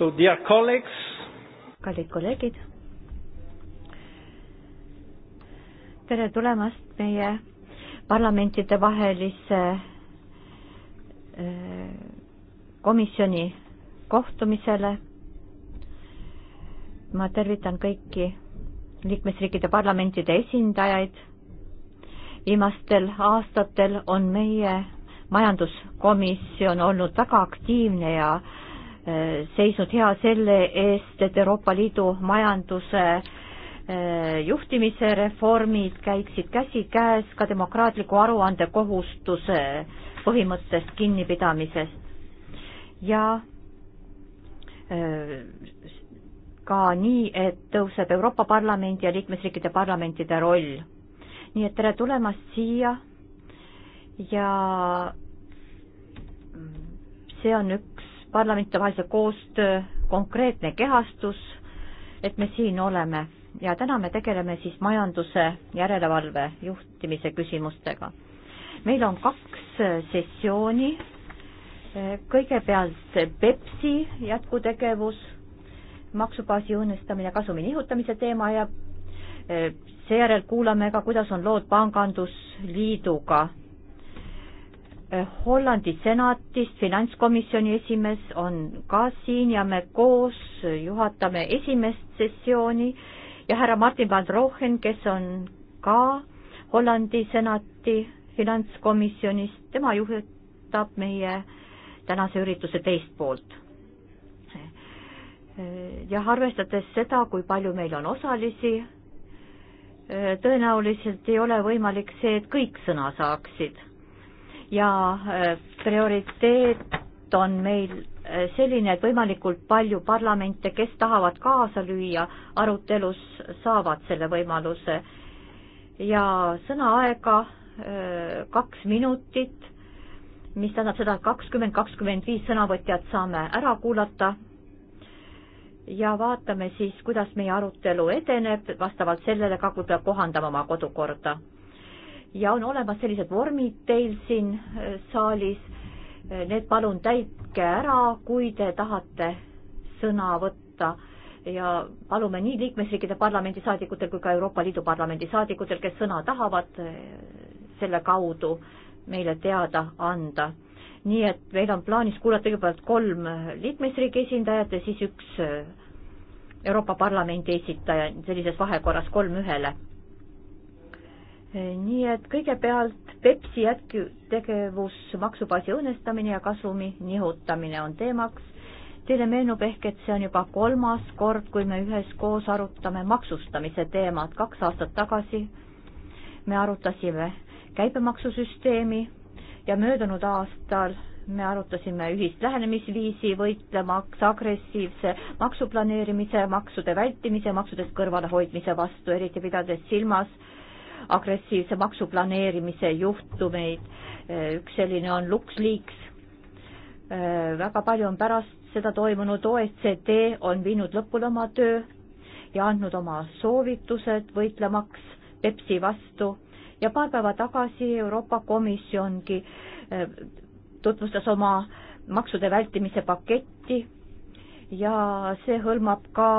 So dear colleagues. kallid kolleegid. tere tulemast meie parlamentidevahelise äh, komisjoni kohtumisele. ma tervitan kõiki liikmesriikide parlamentide esindajaid. viimastel aastatel on meie majanduskomisjon olnud väga aktiivne ja äh, Äh, seisnud hea selle eest, et Euroopa Liidu majanduse äh, juhtimise reformid käiksid käsikäes ka demokraatliku aruandekohustuse põhimõttest kinnipidamisest ja äh, ka nii, et tõuseb Euroopa Parlamendi ja liikmesriikide parlamentide roll. nii et tere tulemast siia ja see on üks parlamentivahelise koostöö konkreetne kehastus, et me siin oleme ja täna me tegeleme siis majanduse järelevalve juhtimise küsimustega. meil on kaks sessiooni, kõigepealt Pepsi jätkutegevus, maksubaasi õõnestamine, kasumi nihutamise teema ja eh, seejärel kuulame ka, kuidas on lood pangandusliiduga Eh, Hollandi senatist finantskomisjoni esimees on ka siin ja me koos juhatame esimest sessiooni ja härra Martin van Rohen, kes on ka Hollandi senati finantskomisjonist, tema juhatab meie tänase ürituse teist poolt. Eh, jah, arvestades seda, kui palju meil on osalisi, eh, tõenäoliselt ei ole võimalik see, et kõik sõna saaksid ja äh, prioriteet on meil äh, selline, et võimalikult palju parlamente, kes tahavad kaasa lüüa arutelus, saavad selle võimaluse. ja sõnaaega äh, kaks minutit, mis tähendab seda, et kakskümmend, kakskümmend viis sõnavõtjat saame ära kuulata ja vaatame siis, kuidas meie arutelu edeneb, vastavalt sellele ka, kui peab kohandama oma kodukorda ja on olemas sellised vormid teil siin äh, saalis. Äh, need palun täitke ära, kui te tahate sõna võtta ja palume nii liikmesriikide parlamendisaadikutel kui ka Euroopa Liidu parlamendisaadikutel, kes sõna tahavad, äh, selle kaudu meile teada anda. nii et meil on plaanis kuulata kõigepealt kolm liikmesriigi esindajat ja siis üks Euroopa Parlamendi esitaja sellises vahekorras kolm ühele nii et kõigepealt Pepsi jätkutegevus, maksubaasi õõnestamine ja kasumi nihutamine on teemaks. Teile meenub ehk, et see on juba kolmas kord, kui me üheskoos arutame maksustamise teemat. kaks aastat tagasi me arutasime käibemaksusüsteemi ja möödunud aastal me arutasime ühist lähenemisviisi võitlemaks agressiivse maksuplaneerimise, maksude vältimise, maksudest kõrvalehoidmise vastu, eriti pidades silmas äh, agressiivse maksuplaneerimise juhtumeid. Eh, üks selline on LuxLeaks. Eh, väga palju on pärast seda toimunud, OECD on viinud lõpule oma töö ja andnud oma soovitused võitlemaks Pepsi vastu ja paar päeva tagasi Euroopa Komisjongi eh, tutvustas oma maksude vältimise paketti ja see hõlmab ka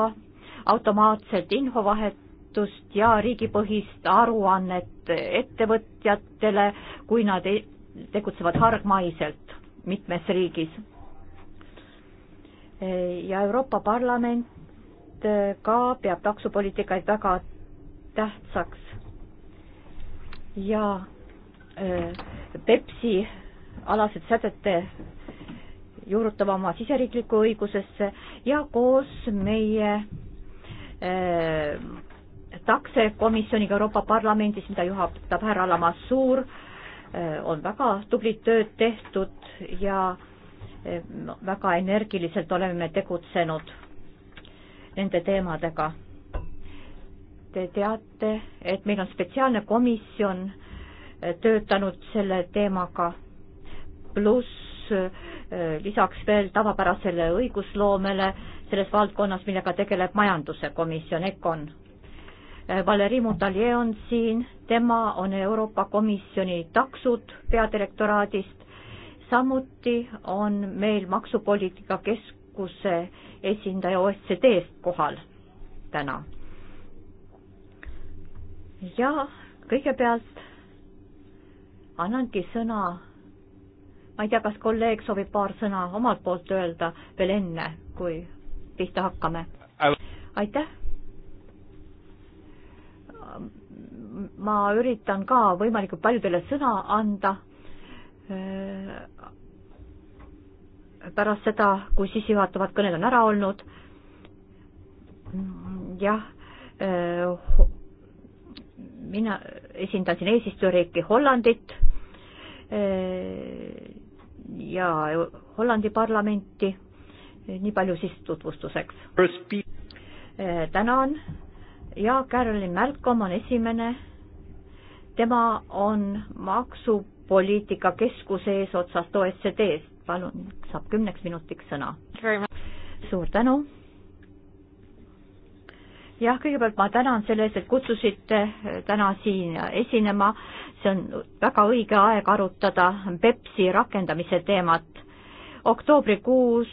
automaatselt infovahet vastutust ja riigipõhist aruannet ettevõtjatele, kui nad tegutsevad hargmaiselt mitmes riigis. ja Euroopa Parlament ka peab taksopoliitikaid väga tähtsaks ja e, Pepsi alased sätete juurutama oma siseriiklikku õigusesse ja koos meie e, takse komisjoniga Euroopa Parlamendis, mida juhatab härra Lamassuur, äh, on väga tublit tööd tehtud ja äh, väga energiliselt oleme tegutsenud nende teemadega. Te teate, et meil on spetsiaalne komisjon äh, töötanud selle teemaga, pluss lisaks veel tavapärasele õigusloomele selles valdkonnas, millega tegeleb majanduse komisjon EKON Valeri Mutalje on siin, tema on Euroopa Komisjoni taksud peadirektoraadist. samuti on meil Maksupoliitika Keskuse esindaja OSCD-st kohal täna. ja kõigepealt annangi sõna, ma ei tea, kas kolleeg soovib paar sõna omalt poolt öelda veel enne, kui pihta hakkame. aitäh ma üritan ka võimalikult paljudele sõna anda äh, pärast seda, kui sissejuhatavad kõned on ära olnud. jah, äh, mina esindan siin eesistujariiki Hollandit äh, ja Hollandi parlamenti. nii palju siis tutvustuseks. tänan ja Carolyn Malcolm on esimene. tema on maksupoliitika keskuse eesotsast OECD-st. palun, saab kümneks minutiks sõna. suur tänu. jah, kõigepealt ma tänan selle eest, et kutsusite täna siin esinema. see on väga õige aeg arutada Pepsi rakendamise teemat oktoobrikuus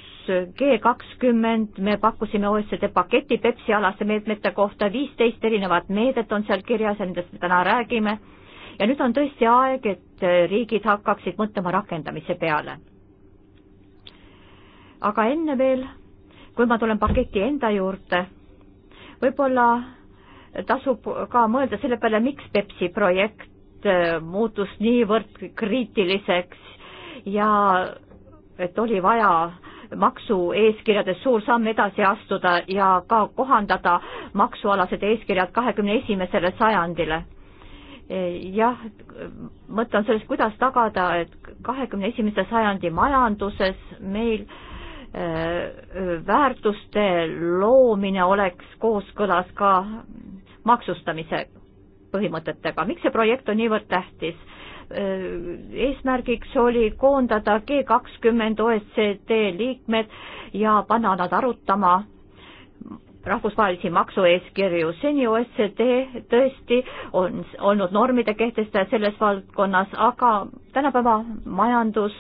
G kakskümmend me pakkusime OECD paketi Pepsi alaste meetmete kohta, viisteist erinevat meedet on seal kirjas ja nendest me täna räägime. ja nüüd on tõesti aeg, et riigid hakkaksid mõtlema rakendamise peale. aga enne veel, kui ma tulen paketi enda juurde, võib-olla tasub ka mõelda selle peale, miks Pepsi projekt äh, muutus niivõrd kriitiliseks ja et oli vaja maksueeskirjades suur samm edasi astuda ja ka kohandada maksualased eeskirjad kahekümne esimesele sajandile. jah, mõte on selles, kuidas tagada, et kahekümne esimese sajandi majanduses meil äh, väärtuste loomine oleks kooskõlas ka maksustamise põhimõtetega. miks see projekt on niivõrd tähtis? eesmärgiks oli koondada G kakskümmend OECD liikmed ja panna nad arutama rahvusvahelisi maksueeskirju. seni OECD tõesti on olnud normide kehtestaja selles valdkonnas, aga tänapäeva majandus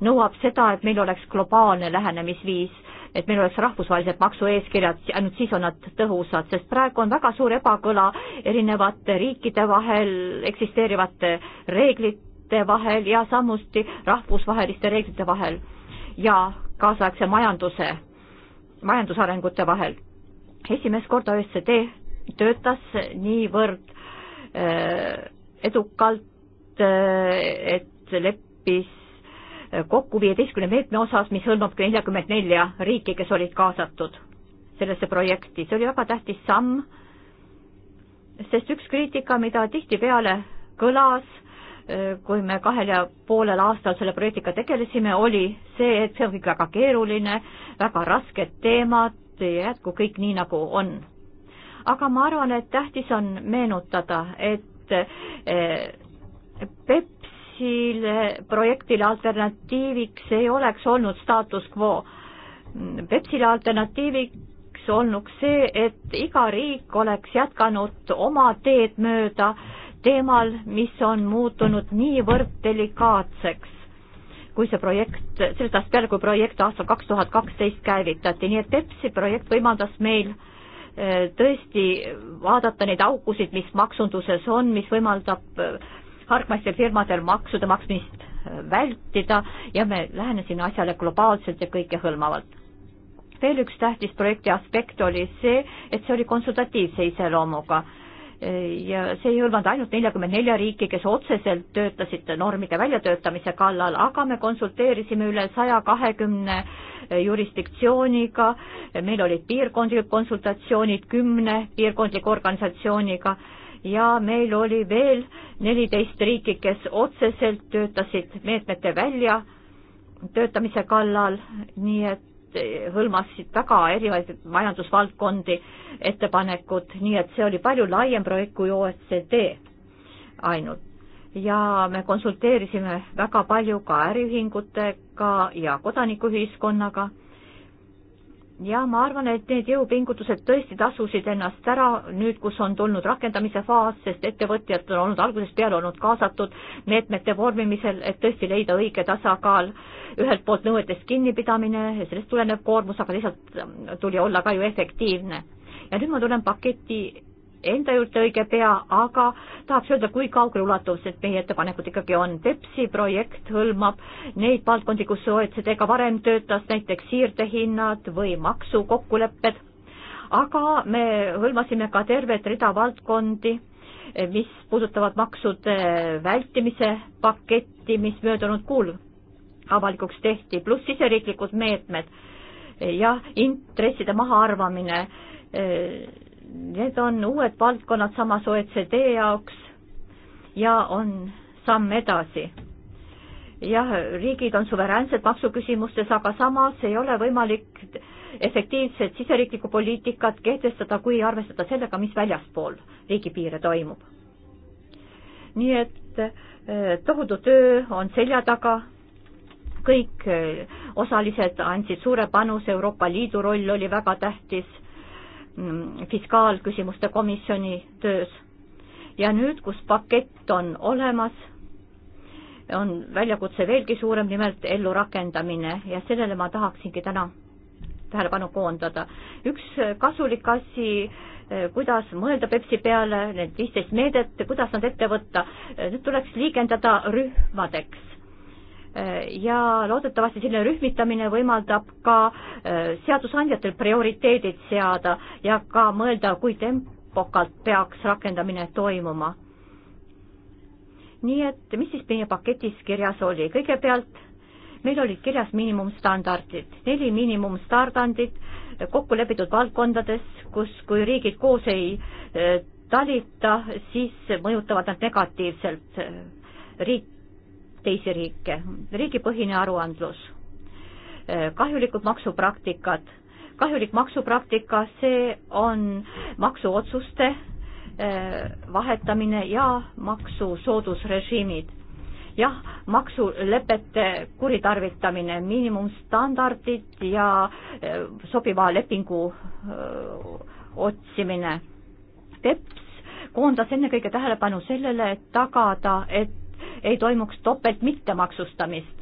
nõuab seda, et meil oleks globaalne lähenemisviis et meil oleks rahvusvahelised maksueeskirjad, ainult siis on nad tõhusad, sest praegu on väga suur ebakõla erinevate riikide vahel eksisteerivate reeglite vahel ja samuti rahvusvaheliste reeglite vahel ja kaasaegse majanduse, majandusarengute vahel. esimest korda OECD töötas niivõrd äh, edukalt, äh, et leppis kokku viieteistkümne meetme osas, mis hõlmab ka neljakümmet nelja riiki, kes olid kaasatud sellesse projekti. see oli väga tähtis samm, sest üks kriitika, mida tihtipeale kõlas, eh, kui me kahel ja poolel aastal selle projektiga tegelesime, oli see, et see on kõik väga keeruline, väga rasked teemad, ei jätku kõik nii, nagu on. aga ma arvan, et tähtis on meenutada, et eh, PEP Pepsile projektile alternatiiviks ei oleks olnud staatus quo. Pepsile alternatiiviks olnuks see, et iga riik oleks jätkanud oma teed mööda teemal, mis on muutunud niivõrd delikaatseks, kui see projekt, sellest ajast peale, kui projekt aastal kaks tuhat kaksteist käivitati, nii et Pepsi projekt võimaldas meil eh, tõesti vaadata neid aukusid, mis maksunduses on, mis võimaldab eh, hargmaistel firmadel maksude maksmist äh, vältida ja me lähenesime asjale globaalselt ja kõikehõlmavalt. veel üks tähtis projekti aspekt oli see, et see oli konsultatiivse iseloomuga äh, ja see ei hõlmanud ainult neljakümmend nelja riiki, kes otseselt töötasid normide väljatöötamise kallal, aga me konsulteerisime üle saja kahekümne äh, jurisdiktsiooniga, meil olid piirkondlikud konsultatsioonid kümne piirkondliku organisatsiooniga ja meil oli veel neliteist riiki, kes otseselt töötasid meetmete välja töötamise kallal, nii et eh, hõlmasid väga erinevaid majandusvaldkondi ettepanekud, nii et see oli palju laiem projekt kui OECD ainult. ja me konsulteerisime väga palju ka äriühingutega ja kodanikuühiskonnaga ja ma arvan, et need jõupingutused tõesti tasusid ennast ära nüüd, kus on tulnud rakendamise faas, sest ettevõtjad on olnud algusest peale olnud kaasatud meetmete vormimisel, et tõesti leida õige tasakaal. ühelt poolt nõuetest kinnipidamine ja sellest tulenev koormus, aga lihtsalt tuli olla ka ju efektiivne. ja nüüd ma tulen paketi enda juurde õige pea, aga tahaks öelda, kui kaugeleulatused meie ettepanekud ikkagi on. Pepsi projekt hõlmab neid valdkondi, kus OECD ka varem töötas, näiteks siirdehinnad või maksukokkulepped, aga me hõlmasime ka tervet rida valdkondi, mis puudutavad maksude vältimise paketti, mis möödunud kuul avalikuks tehti, pluss siseriiklikud meetmed ja intresside mahaarvamine Need on uued valdkonnad samas OECD jaoks ja on samm edasi. jah, riigid on suveräänsed maksuküsimustes, aga samas ei ole võimalik efektiivset siseriiklikku poliitikat kehtestada, kui ei arvestada sellega, mis väljaspool riigipiire toimub. nii et eh, tohutu töö on selja taga, kõik eh, osalised andsid suure panuse, Euroopa Liidu roll oli väga tähtis Mm, fiskaalküsimuste komisjoni töös. ja nüüd, kus pakett on olemas, on väljakutse veelgi suurem, nimelt ellurakendamine ja sellele ma tahaksingi täna tähelepanu koondada. üks kasulik asi, eh, kuidas mõelda Pepsi peale, need viisteist meedet, kuidas nad ette võtta, eh, need tuleks liigendada rühmadeks Äh, ja loodetavasti selline rühmitamine võimaldab ka äh, seadusandjatel prioriteedid seada ja ka mõelda, kui tempokalt peaks rakendamine toimuma. nii et mis siis meie paketis kirjas oli, kõigepealt meil olid kirjas miinimumstandardid, neli miinimumstandardit kokku lepitud valdkondades, kus, kui riigid koos ei äh, talita, siis mõjutavad nad negatiivselt riik teisi riike, riigipõhine aruandlus, äh, kahjulikud maksupraktikad, kahjulik maksupraktika, see on maksuotsuste äh, vahetamine ja maksusoodusrežiimid. jah, maksulepete kuritarvitamine, miinimumstandardid ja äh, sobiva lepingu otsimine. PEPS koondas ennekõike tähelepanu sellele, et tagada, et ei toimuks topelt mittemaksustamist,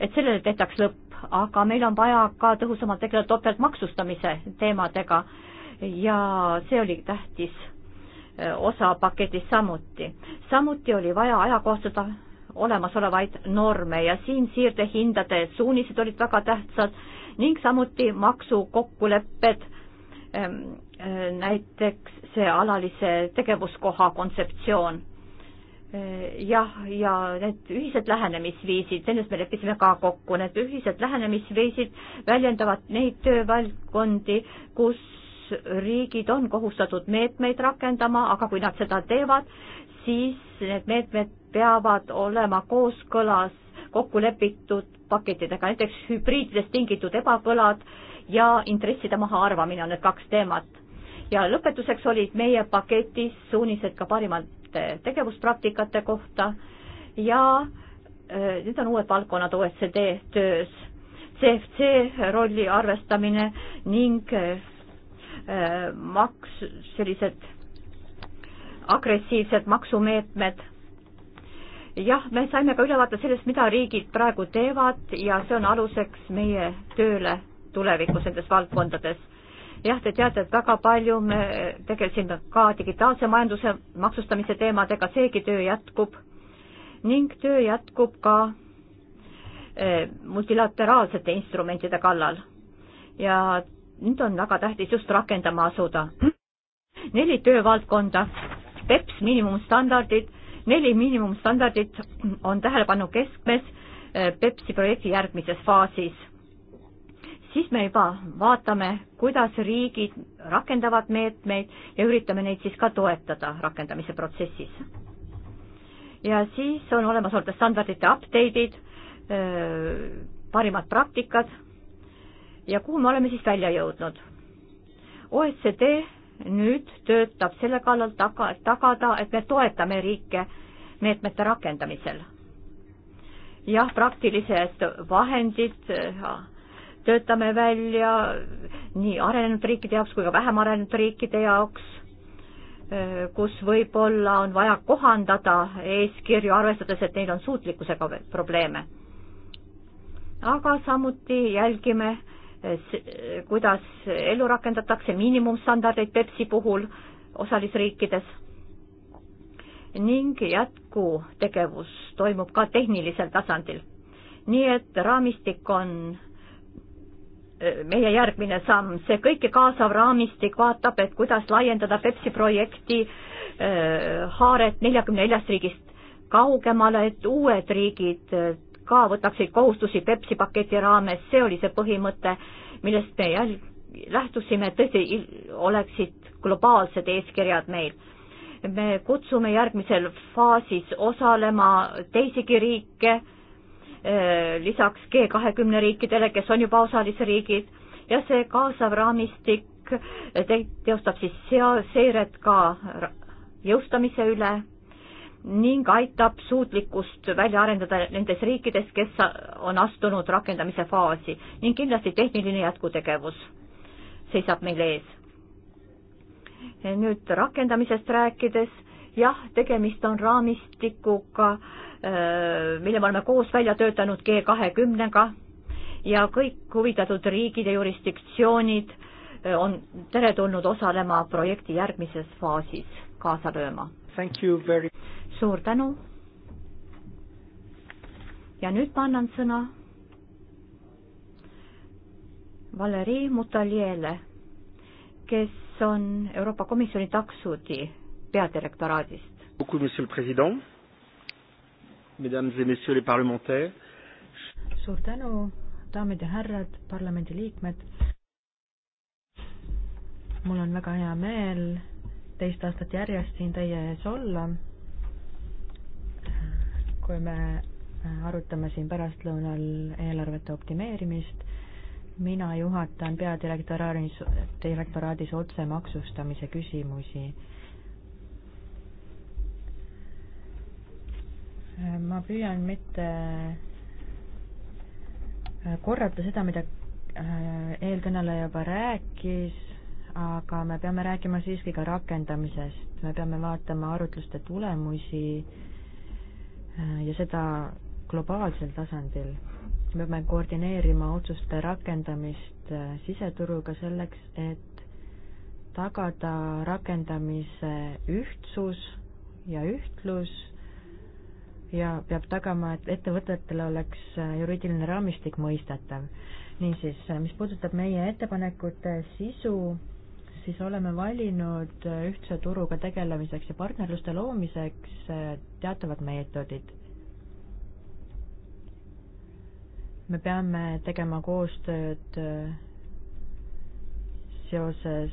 et sellele tehtaks lõpp, aga meil on vaja ka tõhusamalt tegeleda topeltmaksustamise teemadega ja see oli tähtis eh, osa paketist samuti. samuti oli vaja ajakohastada olemasolevaid norme ja siin siirdehindade suunised olid väga tähtsad ning samuti maksukokkulepped, ehm, eh, näiteks see alalise tegevuskoha kontseptsioon jah, ja need ühised lähenemisviisid, sellest me leppisime ka kokku, need ühised lähenemisviisid väljendavad neid töövaldkondi, kus riigid on kohustatud meetmeid rakendama, aga kui nad seda teevad, siis need meetmed peavad olema kooskõlas kokku lepitud pakettidega, näiteks hübriididest tingitud ebakõlad ja intresside mahaarvamine on need kaks teemat. ja lõpetuseks olid meie paketis suunised ka parimalt parimate tegevuspraktikate kohta ja äh, need on uued valdkonnad OECD töös. CFC rolli arvestamine ning äh, äh, maks, sellised agressiivsed maksumeetmed. jah, me saime ka ülevaate sellest, mida riigid praegu teevad ja see on aluseks meie tööle tulevikus nendes valdkondades jah, te teate, et väga palju me tegelesime ka digitaalse majanduse maksustamise teemadega, seegi töö jätkub ning töö jätkub ka eh, multilateraalsete instrumentide kallal. ja nüüd on väga tähtis just rakendama asuda. neli töövaldkonda, PEPS miinimumstandardid, neli miinimumstandardit on tähelepanu keskmes eh, PEPS-i projekti järgmises faasis siis me juba vaatame, kuidas riigid rakendavad meetmeid ja üritame neid siis ka toetada rakendamise protsessis. ja siis on olemas olnud standardite update'id, äh, parimad praktikad ja kuhu me oleme siis välja jõudnud. OECD nüüd töötab selle kallal taga, tagada, et me toetame riike meetmete rakendamisel. jah, praktilised vahendid äh, töötame välja nii arenenud riikide jaoks kui ka vähem arenenud riikide jaoks, kus võib-olla on vaja kohandada eeskirju, arvestades, et neil on suutlikkusega probleeme. aga samuti jälgime, kuidas ellu rakendatakse miinimumstandardeid Pepsi puhul osalisriikides ning jätkutegevus toimub ka tehnilisel tasandil. nii et raamistik on meie järgmine samm, see kõike kaasav raamistik vaatab, et kuidas laiendada Pepsi projekti äh, haaret neljakümne neljast riigist kaugemale, et uued riigid äh, ka võtaksid kohustusi Pepsi paketi raames, see oli see põhimõte, millest me jälg-, lähtusime, et tõesti oleksid globaalsed eeskirjad meil. me kutsume järgmisel faasis osalema teisigi riike Äh, lisaks G kahekümne riikidele, kes on juba osalisriigid ja see kaasav raamistik äh, teostab siis sea-, seiret ka jõustamise üle ning aitab suutlikkust välja arendada nendes riikides, kes on astunud rakendamise faasi ning kindlasti tehniline jätkutegevus seisab meil ees. nüüd rakendamisest rääkides, jah, tegemist on raamistikuga, Äh, mille me oleme koos välja töötanud G kahekümnega ja kõik huvitatud riigid ja jurisdiktsioonid äh, on teretulnud osalema projekti järgmises faasis kaasa lööma. Very... suur tänu. ja nüüd ma annan sõna Valerii Mutaliele, kes on Euroopa Komisjoni taksodi peadirektoraadist mesdames et messieurs les parlementaires. suur tänu, daamid ja härrad, parlamendiliikmed. mul on väga hea meel teist aastat järjest siin teie ees olla. kui me arutame siin pärastlõunal eelarvete optimeerimist, mina juhatan peadirektoraadis, direktoraadis otsemaksustamise küsimusi ma püüan mitte äh, korrata seda, mida äh, eelkõneleja juba rääkis, aga me peame rääkima siiski ka rakendamisest, me peame vaatama arutluste tulemusi äh, ja seda globaalsel tasandil. me peame koordineerima otsuste rakendamist siseturuga selleks, et tagada rakendamise ühtsus ja ühtlus ja peab tagama, et ettevõtetele oleks äh, juriidiline raamistik mõistetav. niisiis, äh, mis puudutab meie ettepanekute sisu, siis oleme valinud äh, ühtse turuga tegelemiseks ja partnerluste loomiseks teatavad meetodid. me peame tegema koostööd seoses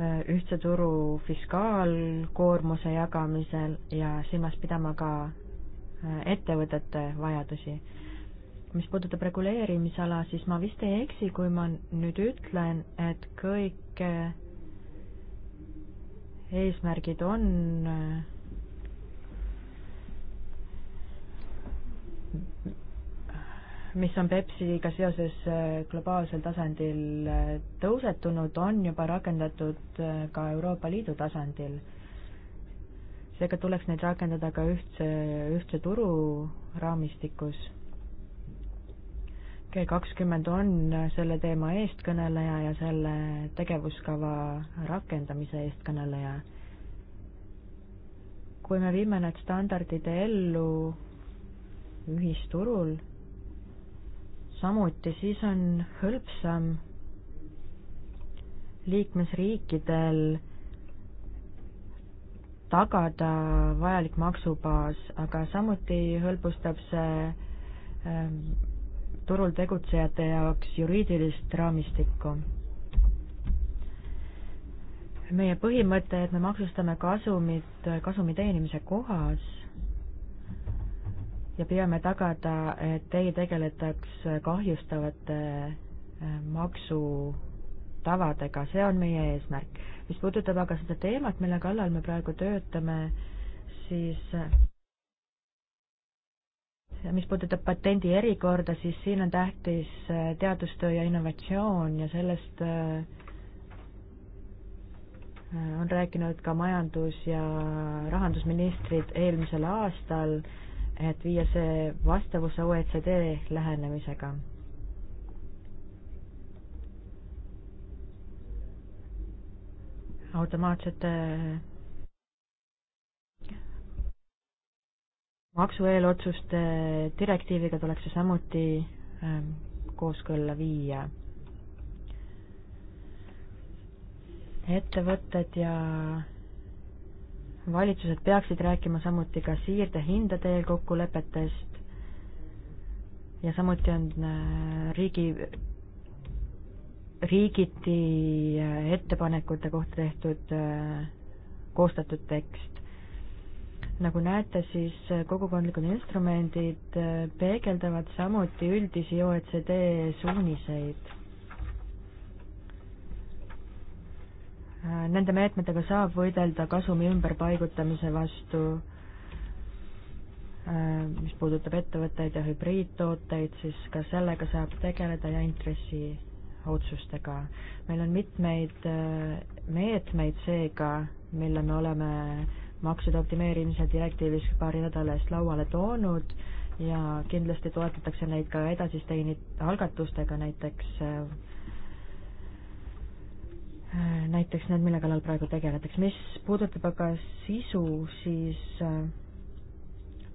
Äh, ühtse turu fiskaalkoormuse jagamisel ja silmas pidama ka äh, ettevõtete vajadusi. mis puudutab reguleerimisala, siis ma vist ei eksi, kui ma nüüd ütlen, et kõik eesmärgid on äh, mis on Pepsiga seoses äh, globaalsel tasandil äh, tõusetunud, on juba rakendatud äh, ka Euroopa Liidu tasandil. seega tuleks neid rakendada ka ühtse, ühtse turu raamistikus. G kakskümmend on selle teema eestkõneleja ja selle tegevuskava rakendamise eestkõneleja. kui me viime need standardid ellu ühisturul samuti, siis on hõlpsam liikmesriikidel tagada vajalik maksubaas, aga samuti hõlbustab see ähm, turul tegutsejate jaoks juriidilist raamistikku. meie põhimõte, et me maksustame kasumit kasumi teenimise kohas ja püüame tagada, et ei tegeletaks kahjustavate äh, maksutavadega, see on meie eesmärk. mis puudutab aga seda teemat, mille kallal me praegu töötame, siis äh, mis puudutab patendi erikorda, siis siin on tähtis äh, teadustöö ja innovatsioon ja sellest on rääkinud ka majandus- ja rahandusministrid eelmisel aastal et viia see vastavusse OECD lähenemisega. automaatsete maksueelotsuste direktiiviga tuleks see samuti ähm, kooskõlla viia. ettevõtted ja valitsused peaksid rääkima samuti ka siirdehindade kokkulepetest ja samuti on äh, riigi, riigiti äh, ettepanekute kohta tehtud, äh, koostatud tekst. nagu näete, siis kogukondlikud instrumendid peegeldavad samuti üldisi OECD suuniseid Äh, nende meetmetega saab võidelda kasumi ümberpaigutamise vastu, äh, mis puudutab ettevõtteid ja hübriidtooteid, siis ka sellega saab tegeleda ja intressiotsustega. meil on mitmeid äh, meetmeid seega, mille me oleme maksude optimeerimise direktiivis paari nädala eest lauale toonud ja kindlasti toetatakse neid ka edasiste algatustega, näiteks Äh, näiteks need, mille kallal praegu tegeletakse. mis puudutab aga sisu, siis äh,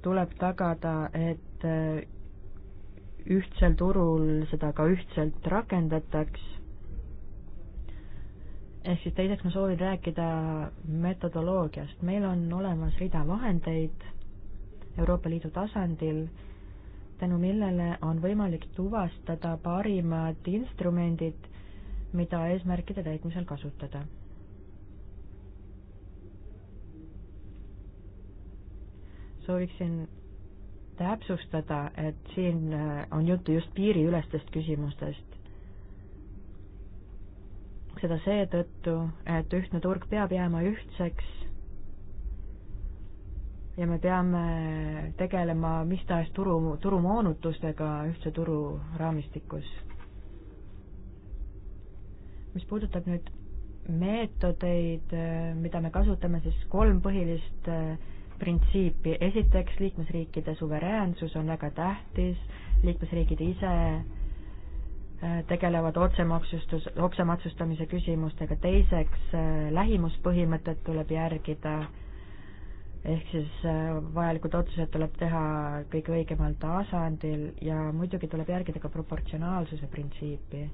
tuleb tagada, et äh, ühtsel turul seda ka ühtselt rakendataks. ehk siis teiseks ma soovin rääkida metodoloogiast. meil on olemas rida vahendeid Euroopa Liidu tasandil, tänu millele on võimalik tuvastada parimad instrumendid mida eesmärkide täitmisel kasutada. sooviksin täpsustada, et siin äh, on juttu just piiriülestest küsimustest. seda seetõttu, et ühtne turg peab jääma ühtseks ja me peame tegelema mis tahes turu, turumoonutustega ühtse turu raamistikus mis puudutab nüüd meetodeid, äh, mida me kasutame, siis kolm põhilist äh, printsiipi. esiteks, liikmesriikide suveräänsus on väga tähtis, liikmesriigid ise äh, tegelevad otsemaksustus, otsemaksustamise küsimustega, teiseks lähimuspõhimõtet tuleb järgida, ehk siis vajalikud otsused tuleb teha kõige õigemal tasandil ja muidugi tuleb järgida ka proportsionaalsuse printsiipi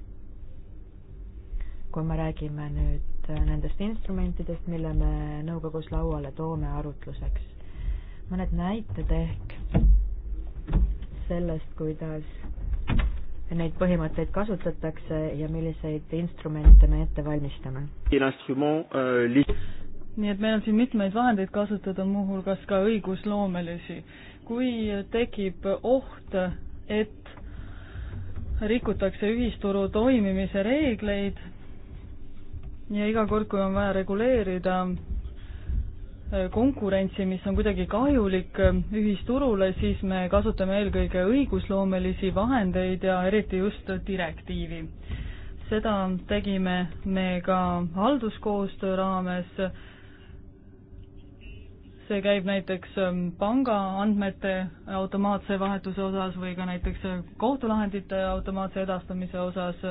kui me räägime nüüd nendest instrumentidest, mille me nõukogus lauale toome arutluseks. mõned näited ehk sellest, kuidas neid põhimõtteid kasutatakse ja milliseid instrumente me ette valmistame. Euh, nii et meil on siin mitmeid vahendeid kasutada, muuhulgas ka õigusloomelisi. kui tekib oht, et rikutakse ühisturu toimimise reegleid, ja iga kord, kui on vaja reguleerida äh, konkurentsi, mis on kuidagi kahjulik äh, ühisturule, siis me kasutame eelkõige õigusloomelisi vahendeid ja eriti just direktiivi. seda tegime me ka halduskoostöö raames, see käib näiteks ähm, panga andmete automaatse vahetuse osas või ka näiteks äh, kohtulahendite automaatse edastamise osas,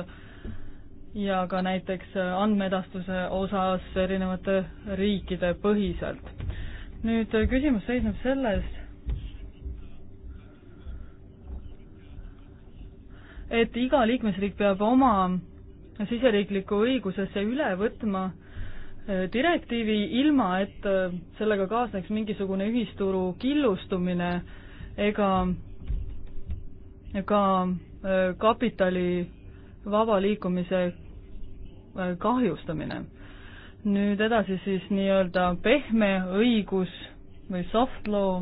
ja ka näiteks andmeedastuse osas erinevate riikide põhiselt. nüüd küsimus seisneb selles, et iga liikmesriik peab oma siseriiklikku õigusesse üle võtma eh, direktiivi, ilma et eh, sellega kaasneks mingisugune ühisturu killustumine ega ka eh, kapitali vaba liikumise Äh, kahjustamine. nüüd edasi siis nii-öelda pehme õigus või soft law,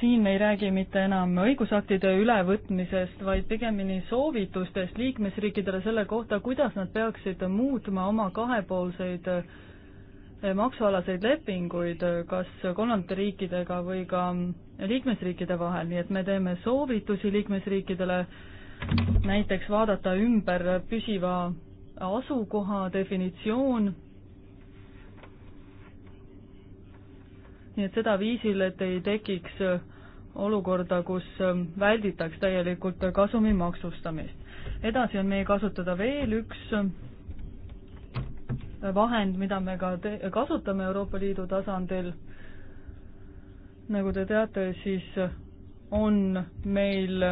siin me ei räägi mitte enam õigusaktide ülevõtmisest, vaid pigemini soovitustest liikmesriikidele selle kohta, kuidas nad peaksid muutma oma kahepoolseid äh, maksualaseid lepinguid äh, kas kolmandate riikidega või ka mm, liikmesriikide vahel, nii et me teeme soovitusi liikmesriikidele näiteks vaadata ümber püsiva asukoha definitsioon. nii et seda viisil, et ei tekiks olukorda, kus välditaks täielikult kasumi maksustamist. edasi on meie kasutada veel üks vahend, mida me ka kasutame Euroopa Liidu tasandil. nagu te teate, siis on meil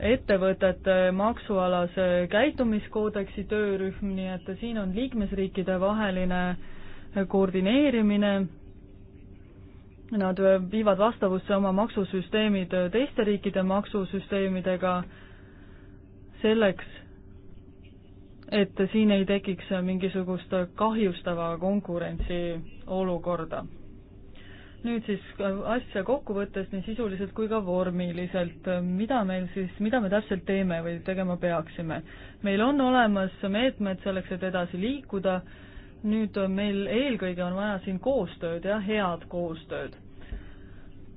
ettevõtete maksualase käitumiskoodeksi töörühm, nii et siin on liikmesriikide vaheline koordineerimine. Nad viivad vastavusse oma maksusüsteemid teiste riikide maksusüsteemidega selleks, et siin ei tekiks mingisugust kahjustava konkurentsi olukorda nüüd siis äh, asja kokkuvõttes nii sisuliselt kui ka vormiliselt, äh, mida meil siis, mida me täpselt teeme või tegema peaksime? meil on olemas meetmed selleks, et edasi liikuda, nüüd äh, meil eelkõige on vaja siin koostööd ja head koostööd.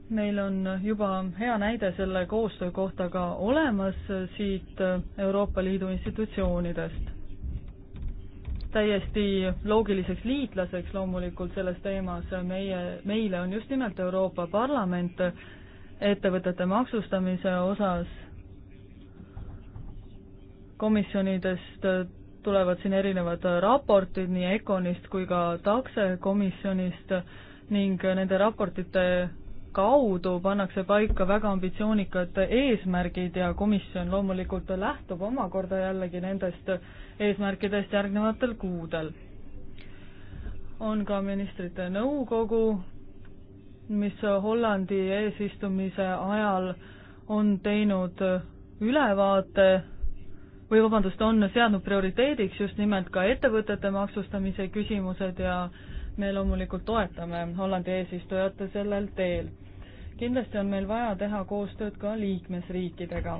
meil on juba hea näide selle koostöö kohta ka olemas siit Euroopa Liidu institutsioonidest täiesti loogiliseks liitlaseks loomulikult selles teemas, meie, meile on just nimelt Euroopa Parlament ettevõtete maksustamise osas komisjonidest tulevad siin erinevad raportid nii Econist kui ka takse komisjonist ning nende raportite kaudu pannakse paika väga ambitsioonikad eesmärgid ja komisjon loomulikult lähtub omakorda jällegi nendest eesmärkidest järgnevatel kuudel. on ka ministrite nõukogu, mis Hollandi eesistumise ajal on teinud ülevaate või vabandust, on seadnud prioriteediks just nimelt ka ettevõtete maksustamise küsimused ja me loomulikult toetame Hollandi eesistujat sellel teel kindlasti on meil vaja teha koostööd ka liikmesriikidega.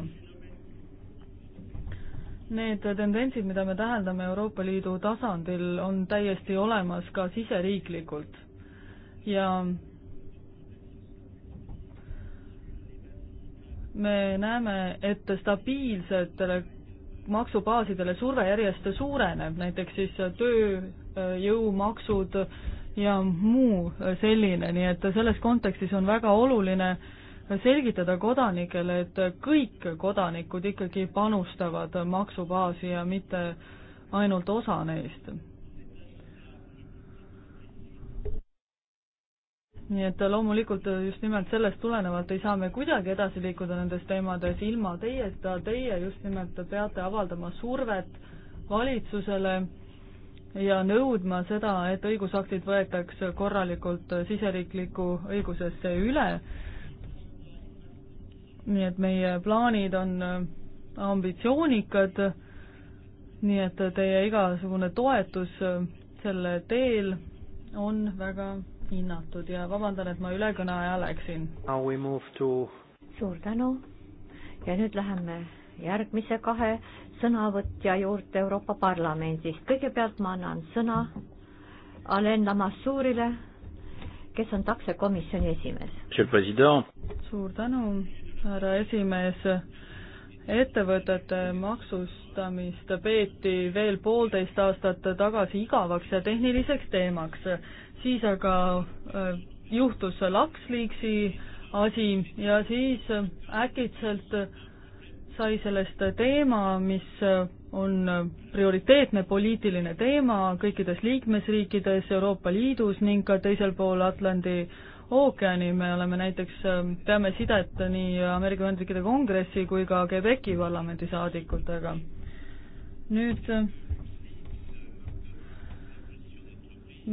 Need tendentsid, mida me täheldame Euroopa Liidu tasandil, on täiesti olemas ka siseriiklikult ja me näeme, et stabiilsetele maksubaasidele surve järjest suureneb, näiteks siis tööjõumaksud äh, ja muu selline, nii et selles kontekstis on väga oluline selgitada kodanikele, et kõik kodanikud ikkagi panustavad maksubaasi ja mitte ainult osa neist. nii et loomulikult just nimelt sellest tulenevalt ei saa me kuidagi edasi liikuda nendes teemades ilma teieta, teie just nimelt peate avaldama survet valitsusele ja nõudma seda, et õigusaktid võetaks korralikult siseriikliku õigusesse üle. nii et meie plaanid on äh, ambitsioonikad, nii et teie igasugune toetus äh, selle teel on väga hinnatud ja vabandan, et ma üle kõneaja läksin. To... suur tänu ja nüüd läheme järgmise kahe sõnavõtja juurde Euroopa Parlamendist. kõigepealt ma annan sõna Alain Lamassuurile, kes on takse komisjoni esimees. suur tänu, härra esimees. ettevõtete maksustamist peeti veel poolteist aastat tagasi igavaks ja tehniliseks teemaks, siis aga äh, juhtus LuxLeaksi asi ja siis äkitselt sai sellest teema, mis on prioriteetne poliitiline teema kõikides liikmesriikides, Euroopa Liidus ning ka teisel pool Atlandi ookeani, me oleme näiteks, peame sidet nii Ameerika Ühendriikide Kongressi kui ka Quebeci parlamendi saadikutega. nüüd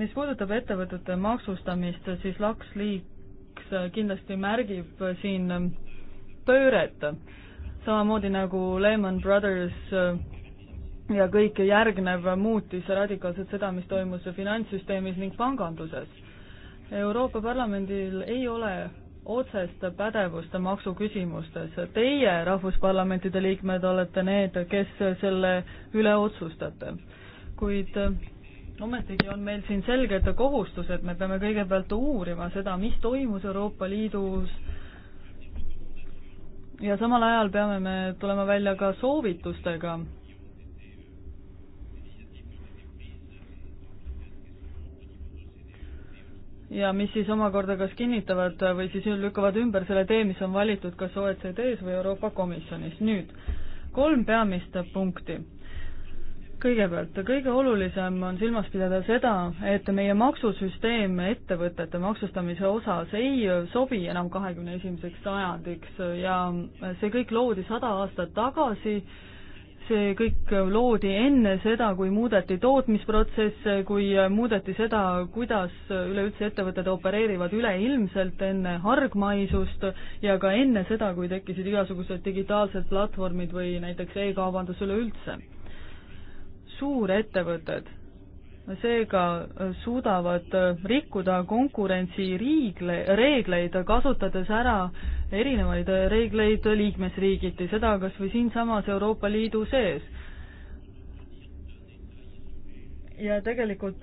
mis puudutab ettevõtete maksustamist, siis LuxLeaks kindlasti märgib siin pööret samamoodi nagu Lehman Brothers äh, ja kõik järgnev muutis radikaalselt seda, mis toimus finantssüsteemis ning panganduses. Euroopa Parlamendil ei ole otsest pädevust maksuküsimustes. Teie, rahvusparlamentide liikmed, olete need, kes selle üle otsustate. kuid äh, ometigi on meil siin selged kohustused, me peame kõigepealt uurima seda, mis toimus Euroopa Liidus ja samal ajal peame me tulema välja ka soovitustega. ja mis siis omakorda kas kinnitavad või siis lükkavad ümber selle tee, mis on valitud kas OECD-s või Euroopa Komisjonis. nüüd kolm peamist punkti kõigepealt, kõige olulisem on silmas pidada seda, et meie maksusüsteem ettevõtete maksustamise osas ei sobi enam kahekümne esimeseks sajandiks ja see kõik loodi sada aastat tagasi, see kõik loodi enne seda, kui muudeti tootmisprotsesse, kui muudeti seda, kuidas üleüldse ettevõtted opereerivad üleilmselt enne hargmaisust ja ka enne seda, kui tekkisid igasugused digitaalsed platvormid või näiteks e-kaubandus üleüldse suurettevõtted seega äh, suudavad äh, rikkuda konkurentsiriigle, reegleid, kasutades ära erinevaid äh, reegleid liikmesriigiti, seda kas või siinsamas Euroopa Liidu sees. ja tegelikult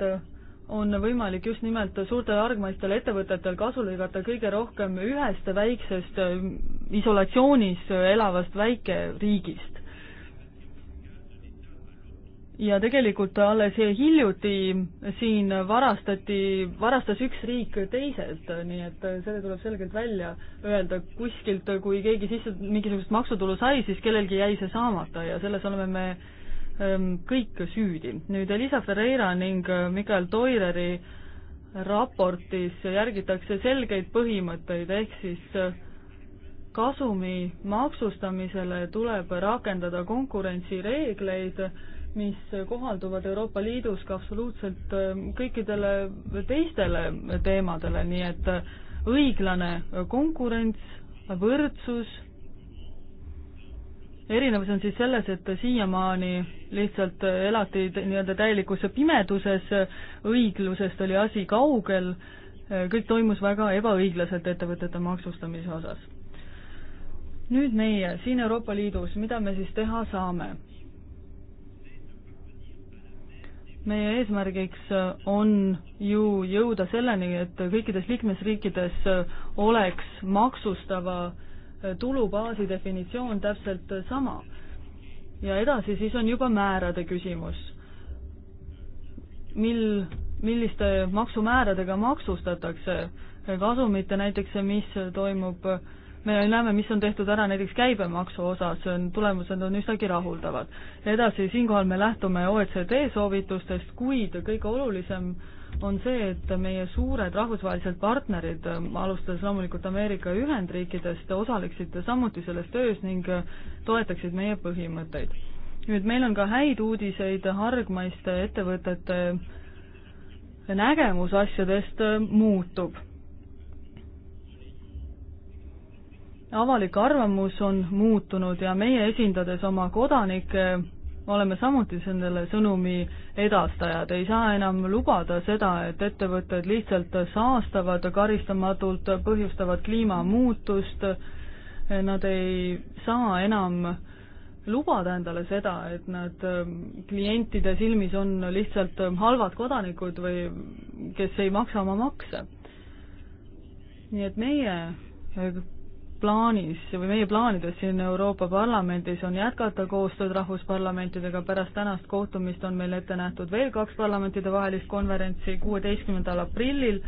on võimalik just nimelt suurtel argmaistel ettevõtetel kasu lõigata kõige rohkem ühest väiksest isolatsioonis elavast väikeriigist ja tegelikult alles hiljuti siin varastati, varastas üks riik teiselt, nii et selle tuleb selgelt välja öelda, kuskilt, kui keegi sisse mingisugust maksutulu sai, siis kellelgi jäi see saamata ja selles oleme me ähm, kõik süüdi. nüüd Elisa Ferreira ning Mikael Toireri raportis järgitakse selgeid põhimõtteid, ehk siis kasumi maksustamisele tuleb rakendada konkurentsireegleid mis kohalduvad Euroopa Liidus ka absoluutselt ähm, kõikidele teistele teemadele, nii et äh, õiglane äh, konkurents, võrdsus, erinevus on siis selles, et siiamaani lihtsalt äh, elati nii-öelda täielikus pimeduses, õiglusest oli asi kaugel, kõik toimus väga ebaõiglaselt ettevõtete maksustamise osas. nüüd meie siin Euroopa Liidus, mida me siis teha saame? meie eesmärgiks äh, on ju jõuda selleni, et kõikides liikmesriikides äh, oleks maksustava äh, tulubaasi definitsioon täpselt sama. ja edasi siis on juba määrade küsimus. mil, milliste maksumääradega maksustatakse kasumite näiteks, mis toimub äh, me näeme, mis on tehtud ära näiteks käibemaksu osas, tulemused on üsnagi rahuldavad. edasi, siinkohal me lähtume OECD soovitustest, kuid kõige olulisem on see, et meie suured rahvusvahelised partnerid, alustades loomulikult Ameerika Ühendriikidest, osaleksid samuti selles töös ning toetaksid meie põhimõtteid. nüüd meil on ka häid uudiseid hargmaiste ettevõtete nägemus asjadest muutub avalik arvamus on muutunud ja meie, esindades oma kodanikke, oleme samuti selle sõnumi edastajad, ei saa enam lubada seda, et ettevõtted lihtsalt saastavad karistamatult, põhjustavad kliimamuutust, nad ei saa enam lubada endale seda, et nad ähm, klientide silmis on lihtsalt ähm, halvad kodanikud või kes ei maksa oma makse. nii et meie äh, plaanis või meie plaanides siin Euroopa Parlamendis on jätkata koostööd rahvusparlamentidega, pärast tänast kohtumist on meil ette nähtud veel kaks parlamentidevahelist konverentsi kuueteistkümnendal aprillil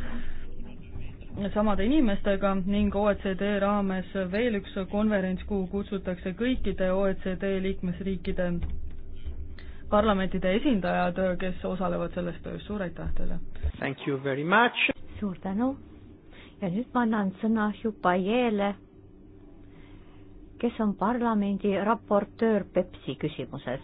samade inimestega ning OECD raames veel üks konverents, kuhu kutsutakse kõikide OECD liikmesriikide parlamentide esindajad, kes osalevad selles töös, suur aitäh teile! suur tänu! ja nüüd ma annan sõna Jupajeele kes on parlamendi raportöör Pepsi küsimuses.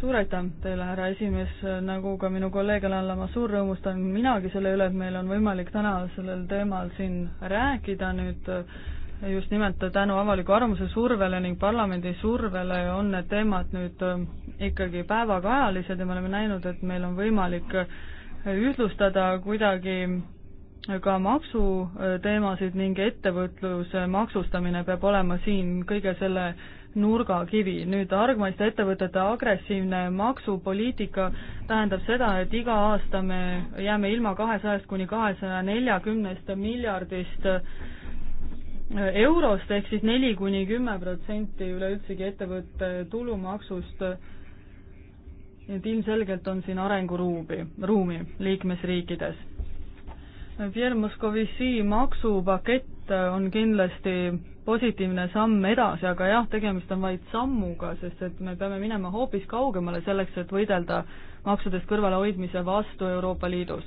suur aitäh teile, härra esimees, nagu ka minu kolleeg Alan Lamassoor, rõõmustan minagi selle üle, et meil on võimalik täna sellel teemal siin rääkida nüüd eh, just nimelt tänu avaliku arvamuse survele ning parlamendi survele on need teemad nüüd eh, ikkagi päevakajalised ja me oleme näinud, et meil on võimalik eh, ühtlustada kuidagi ka maksuteemasid äh, ning ettevõtluse maksustamine peab olema siin kõige selle nurgakivi. nüüd argmaiste ettevõtete agressiivne maksupoliitika tähendab seda, et iga aasta me jääme ilma kahesajast kuni kahesaja neljakümnest miljardist äh, eurost ehk siis neli kuni kümme protsenti üleüldsegi ettevõtte tulumaksust. et ilmselgelt on siin arenguruumi, ruumi liikmesriikides Pierre Moscovici maksupakett on kindlasti positiivne samm edasi, aga jah, tegemist on vaid sammuga, sest et me peame minema hoopis kaugemale selleks, et võidelda maksudest kõrvalehoidmise vastu Euroopa Liidus.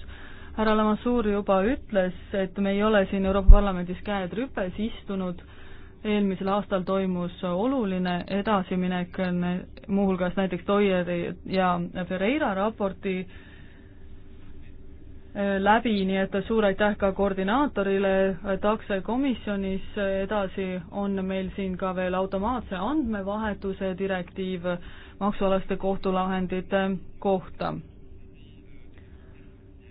härra Lamassoor juba ütles, et me ei ole siin Euroopa Parlamendis käed rüpes istunud, eelmisel aastal toimus oluline edasiminek, muuhulgas näiteks Toieri ja Ferreira raporti äh, läbi, nii et suur aitäh ka koordinaatorile, et aktsiakomisjonis edasi on meil siin ka veel automaatse andmevahetuse direktiiv maksualaste kohtulahendite kohta.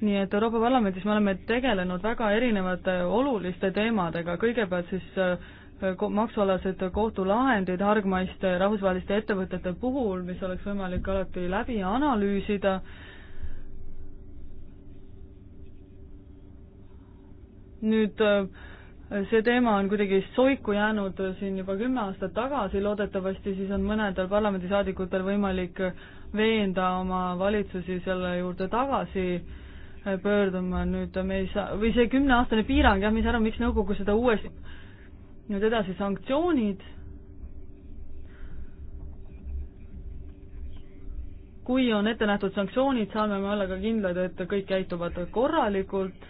nii et Euroopa Parlamendis me oleme tegelenud väga erinevate oluliste teemadega, kõigepealt siis äh, maksualased kohtulahendid hargmaiste rahvusvaheliste ettevõtete puhul, mis oleks võimalik alati läbi analüüsida nüüd äh, see teema on kuidagi soiku jäänud äh, siin juba kümme aastat tagasi, loodetavasti siis on mõnedel parlamendisaadikutel võimalik veenda oma valitsusi selle juurde tagasi äh, pöörduma, nüüd me ei saa, või see kümneaastane piirang, jah, me ei saa aru, miks nõukogu seda uuesti, nüüd edasi sanktsioonid, kui on ette nähtud sanktsioonid, saame me olla ka kindlad, et kõik käituvad korralikult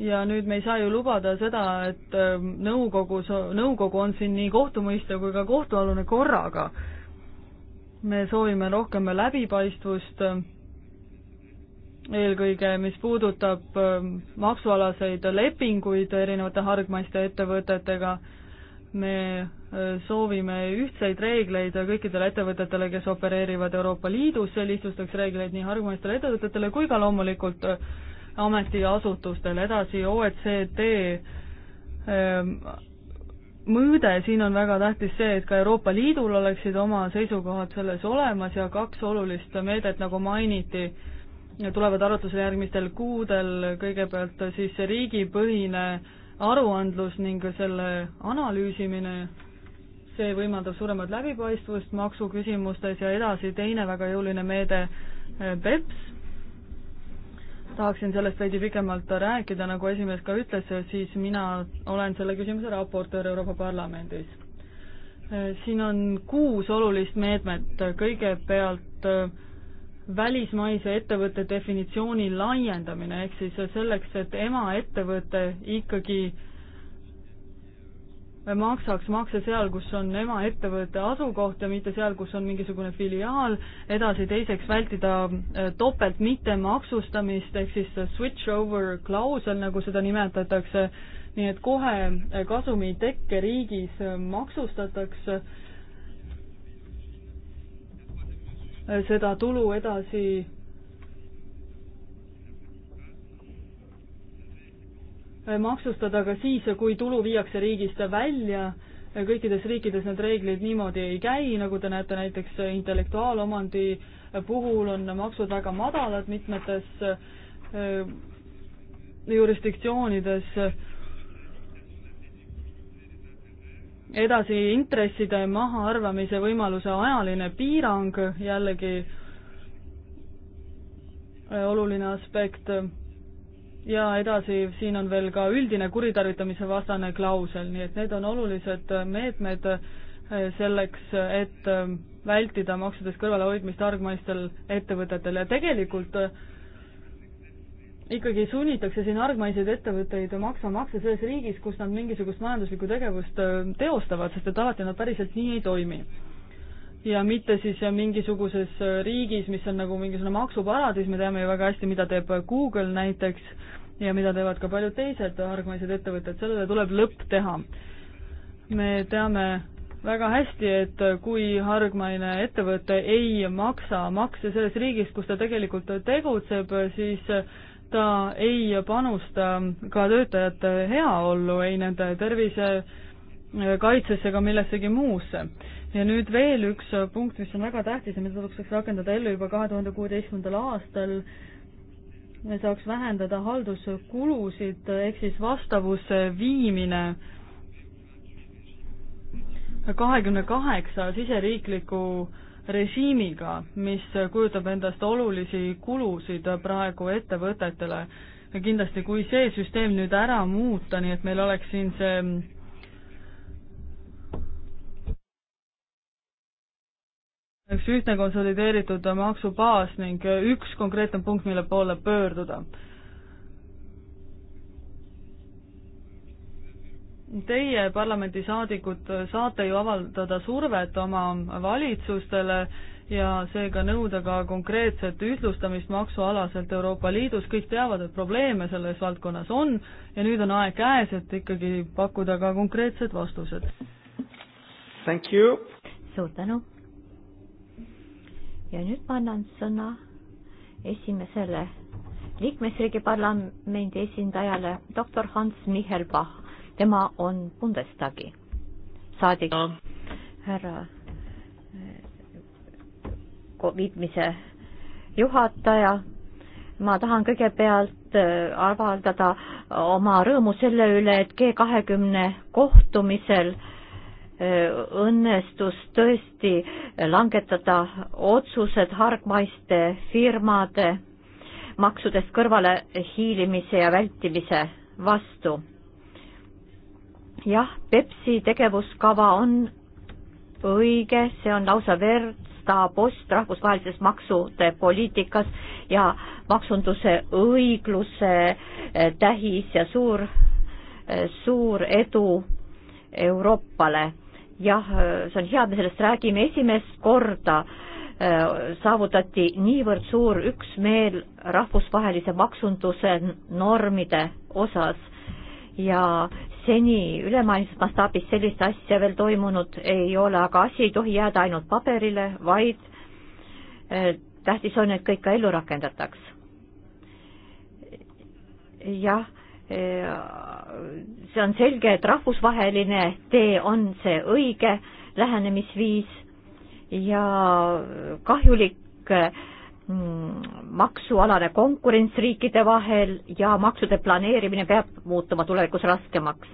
ja nüüd me ei saa ju lubada seda, et ähm, nõukogus, nõukogu on siin nii kohtumõistja kui ka kohtualune korraga. me soovime rohkem läbipaistvust, eelkõige mis puudutab ähm, maksualaseid lepinguid erinevate hargmaiste ettevõtetega, me äh, soovime ühtseid reegleid kõikidele ettevõtetele, kes opereerivad Euroopa Liidus, see lihtsustaks reegleid nii hargmaistele ettevõtetele kui ka loomulikult äh, ametiasutustel, edasi OECD ehm, mõõde, siin on väga tähtis see, et ka Euroopa Liidul oleksid oma seisukohad selles olemas ja kaks olulist meedet, nagu mainiti, tulevad arutlusele järgmistel kuudel, kõigepealt siis see riigipõhine aruandlus ning selle analüüsimine, see võimaldab suuremat läbipaistvust maksuküsimustes ja edasi teine väga jõuline meede, BEPS, eh, tahaksin sellest veidi pikemalt rääkida, nagu esimees ka ütles, siis mina olen selle küsimuse raportöör Euroopa Parlamendis. siin on kuus olulist meetmet, kõigepealt äh, välismaise ettevõtte definitsiooni laiendamine, ehk siis selleks, et emaettevõte ikkagi maksaks makse seal, kus on ema ettevõtte asukoht ja mitte seal, kus on mingisugune filiaal, edasi teiseks vältida äh, topelt mittemaksustamist ehk siis switch over klausel, nagu seda nimetatakse, nii et kohe äh, kasumi tekke riigis äh, maksustatakse seda tulu edasi maksustada ka siis, kui tulu viiakse riigist välja. kõikides riikides need reeglid niimoodi ei käi, nagu te näete näiteks intellektuaalomandi puhul on maksud väga madalad mitmetes äh, jurisdiktsioonides. edasi intresside mahaarvamise võimaluse ajaline piirang, jällegi äh, oluline aspekt ja edasi, siin on veel ka üldine kuritarvitamise vastane klausel, nii et need on olulised meetmed eh, selleks, et eh, vältida maksudest kõrvalehoidmist argmaistel ettevõtetel ja tegelikult eh, ikkagi sunnitakse siin argmaiseid ettevõtteid maksma makse selles riigis, kus nad mingisugust majanduslikku tegevust teostavad, sest et alati nad päriselt nii ei toimi. ja mitte siis mingisuguses riigis, mis on nagu mingisugune maksuparadiis, me teame ju väga hästi, mida teeb Google näiteks ja mida teevad ka paljud teised hargmaised ettevõtted, sellele tuleb lõpp teha. me teame väga hästi, et kui hargmaine ettevõte ei maksa makse selles riigis, kus ta tegelikult tegutseb, siis ta ei panusta ka töötajate heaollu, ei nende tervisekaitsesse äh, ega millessegi muusse. ja nüüd veel üks punkt, mis on väga tähtis ja mida tuleks rakendada ellu juba kahe tuhande kuueteistkümnendal aastal, saaks vähendada halduskulusid, ehk siis vastavusse viimine kahekümne kaheksa siseriikliku režiimiga, mis kujutab endast olulisi kulusid praegu ettevõtetele. kindlasti, kui see süsteem nüüd ära muuta, nii et meil oleks siin see üks ühtne konsolideeritud maksubaas ning üks konkreetne punkt, mille poole pöörduda. Teie parlamendisaadikud saate ju avaldada survet oma valitsustele ja seega nõuda ka konkreetset ühtlustamist maksualaselt Euroopa Liidus, kõik teavad, et probleeme selles valdkonnas on ja nüüd on aeg käes, et ikkagi pakkuda ka konkreetsed vastused. suur tänu ja nüüd ma annan sõna esimesele liikmesriigi parlamendi esindajale, doktor Hans Michelbach. tema on Bundestagi saadik no., härra eh, viitmise juhataja. ma tahan kõigepealt eh, avaldada oma rõõmu selle üle, et G kahekümne kohtumisel äh, Äh, õnnestus tõesti langetada otsused hargmaiste firmade maksudest kõrvale hiilimise ja vältimise vastu. jah, Pepsi tegevuskava on õige, see on lausa verstapost rahvusvahelises maksude poliitikas ja maksunduse õigluse äh, tähis ja suur, äh, suur edu Euroopale jah, see on hea, et me sellest räägime, esimest korda äh, saavutati niivõrd suur üksmeel rahvusvahelise maksunduse normide osas ja seni ülemaailmses mastaabis sellist asja veel toimunud ei ole, aga asi ei tohi jääda ainult paberile, vaid äh, tähtis on, et kõik ka ellu rakendataks. jah see on selge, et rahvusvaheline tee on see õige lähenemisviis ja kahjulik äh, mm, maksualane konkurents riikide vahel ja maksude planeerimine peab muutuma tulevikus raskemaks.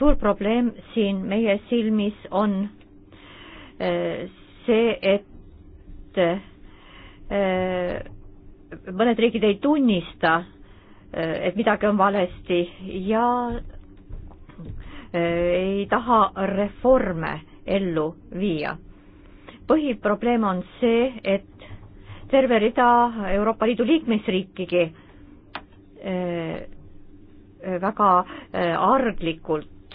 suur probleem siin meie silmis on äh, see, et äh, mõned riigid ei tunnista Äh, et midagi on valesti ja äh, ei taha reforme ellu viia. põhiprobleem on see, et terve rida Euroopa Liidu liikmesriikigi äh, väga arglikult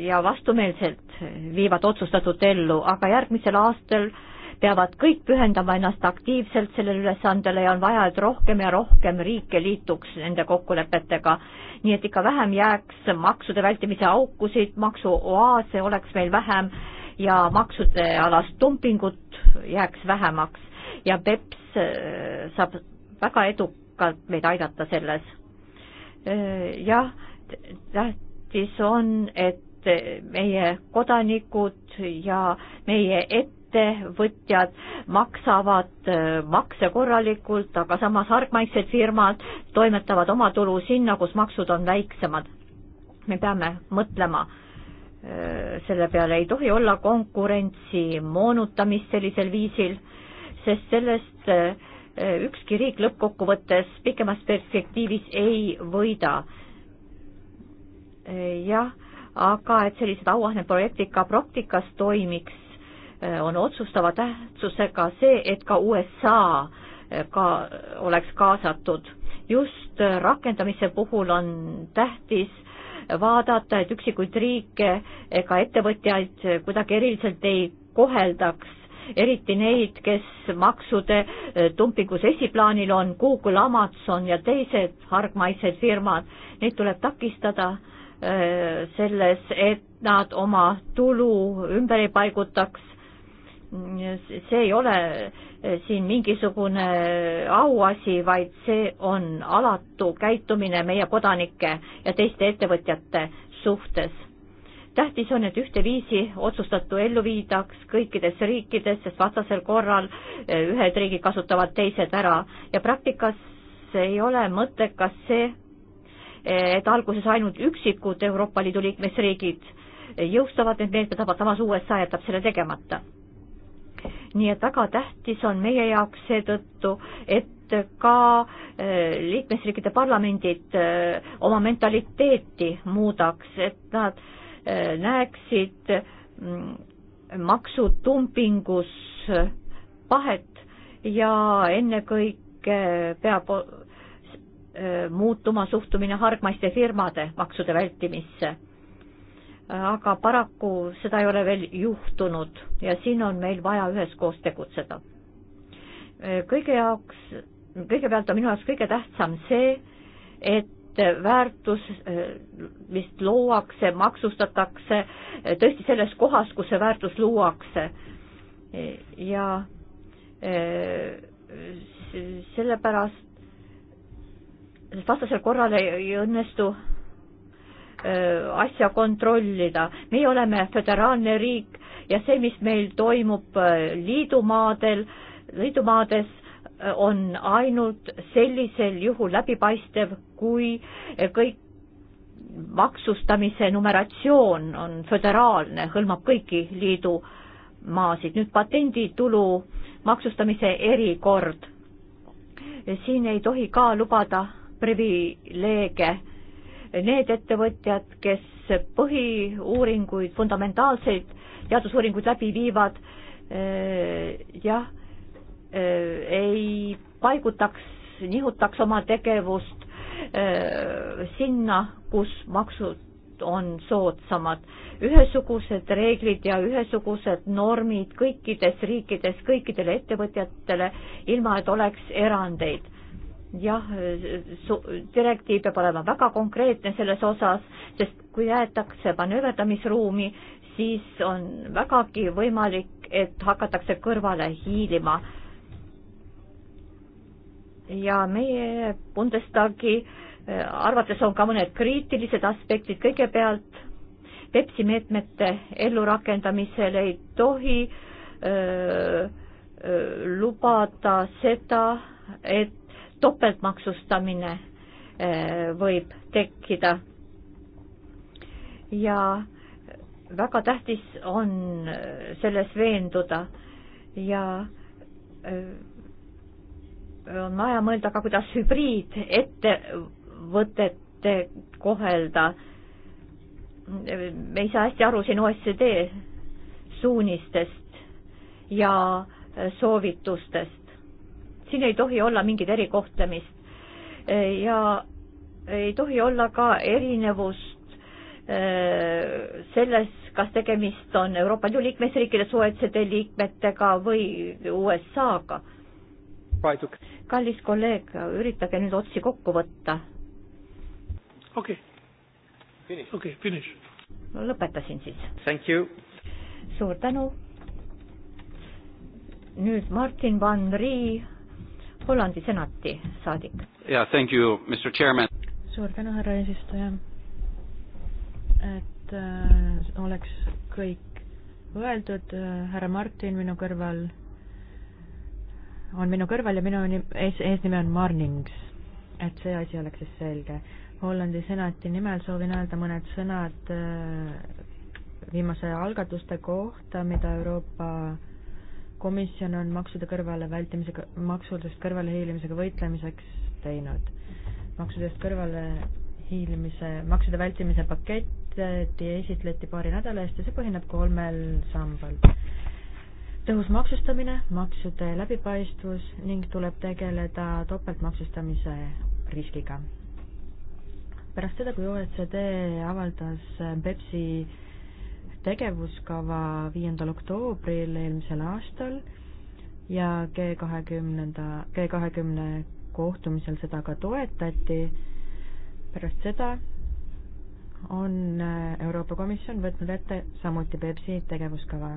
ja vastumeelselt viivad otsustatud ellu, aga järgmisel aastal äh, peavad kõik pühendama ennast aktiivselt sellele ülesandele ja on vaja, et rohkem ja rohkem riike liituks nende kokkulepetega. nii et ikka vähem jääks maksude vältimise aukusid, maksuoaase oleks meil vähem ja maksude alast dumpingut jääks vähemaks ja BEPS äh, saab väga edukalt meid aidata selles. Äh, jah, tähtis on, et meie kodanikud ja meie ettevõtted ettevõtjad maksavad äh, makse korralikult, aga samas hargmaised firmad toimetavad oma tulu sinna, kus maksud on väiksemad. me peame mõtlema äh, selle peale, ei tohi olla konkurentsi moonutamist sellisel viisil, sest sellest äh, ükski riik lõppkokkuvõttes pikemas perspektiivis ei võida. jah, aga et sellised auahned projektid ka praktikas toimiks, Eh, on otsustava tähtsusega see, et ka USA eh, ka oleks kaasatud. just eh, rakendamise puhul on tähtis vaadata, et üksikuid riike ega ettevõtjaid kuidagi eriliselt ei koheldaks, eriti neid, kes maksude dumpingus esiplaanil on, Google, Amazon ja teised hargmaised firmad, neid tuleb takistada selles, et nad oma tulu ümber ei paigutaks see ei ole eh, siin mingisugune eh, auasi, vaid see on alatu käitumine meie kodanike ja teiste ettevõtjate suhtes. tähtis on, et ühteviisi otsustatu ellu viidaks kõikides riikides, sest vastasel korral eh, ühed riigid kasutavad teised ära ja praktikas ei ole mõttekas see, et alguses ainult üksikud Euroopa Liidu liikmesriigid jõustavad need meetmed, aga samas USA jätab selle tegemata nii et väga tähtis on meie jaoks seetõttu, et ka äh, liikmesriikide parlamendid äh, oma mentaliteeti muudaks, et nad äh, näeksid mm, maksutumpingus pahet ja ennekõike peab muutuma suhtumine hargmaiste firmade maksude vältimisse aga paraku seda ei ole veel juhtunud ja siin on meil vaja üheskoos tegutseda. kõige jaoks, kõigepealt on minu jaoks kõige tähtsam see, et väärtus, mis luuakse, maksustatakse tõesti selles kohas, kus see väärtus luuakse. ja sellepärast, sest vastasel korral ei õnnestu asja kontrollida. meie oleme föderaalne riik ja see, mis meil toimub liidumaadel, liidumaades, on ainult sellisel juhul läbipaistev, kui kõik maksustamise numeratsioon on föderaalne, hõlmab kõiki liidumaasid. nüüd patenditulu maksustamise erikord. siin ei tohi ka lubada privileege need ettevõtjad, kes põhiuuringuid, fundamentaalseid teadusuuringuid läbi viivad, eh, jah, eh, ei paigutaks, nihutaks oma tegevust eh, sinna, kus maksud on soodsamad. ühesugused reeglid ja ühesugused normid kõikides riikides kõikidele ettevõtjatele, ilma et oleks erandeid jah, direktiiv peab olema väga konkreetne selles osas, sest kui jäetakse manööverdamisruumi, siis on vägagi võimalik, et hakatakse kõrvale hiilima. ja meie Bundestagi äh, arvates on ka mõned kriitilised aspektid, kõigepealt Pepsi meetmete ellurakendamisel ei tohi öö, äh, öö, äh, lubada seda, et topeltmaksustamine eh, võib tekkida. ja väga tähtis on eh, selles veenduda ja eh, on vaja mõelda ka, kuidas hübriidettevõtete kohelda. me ei saa hästi aru siin OECD suunistest ja soovitustest siin ei tohi olla mingit erikohtlemist ja ei tohi olla ka erinevust äh, selles, kas tegemist on Euroopa Liidu liikmesriikides OECD liikmetega või USA-ga. kallis kolleeg, üritage nüüd otsi kokku võtta. okei okay., okei okay,, finish. no lõpetasin siis. Thank you. suur tänu. nüüd Martin Van Rii Hollandi senati saadik. jaa, thank you, Mr Chairman. suur tänu, härra eesistuja. et äh, oleks kõik öeldud äh,, härra Martin minu kõrval on minu kõrval ja minu nim, ees, eesnimi on Marnings. et see asi oleks siis selge. Hollandi senati nimel soovin öelda mõned sõnad äh, viimase algatuste kohta, mida Euroopa äh, komisjon on maksude kõrvale vältimisega, maksudest kõrvalehiilimisega võitlemiseks teinud. maksudest kõrvalehiilimise, maksude vältimise paketti eh, esitleti paari nädala eest ja see põhineb kolmel sambal. tõhus maksustamine, maksude läbipaistvus ning tuleb tegeleda topeltmaksustamise riskiga. pärast seda, kui OECD avaldas BEPS-i tegevuskava viiendal oktoobril eelmisel aastal ja G kahekümnenda, G kahekümne kohtumisel seda ka toetati. pärast seda on äh, Euroopa Komisjon võtnud ette samuti Peipsi tegevuskava.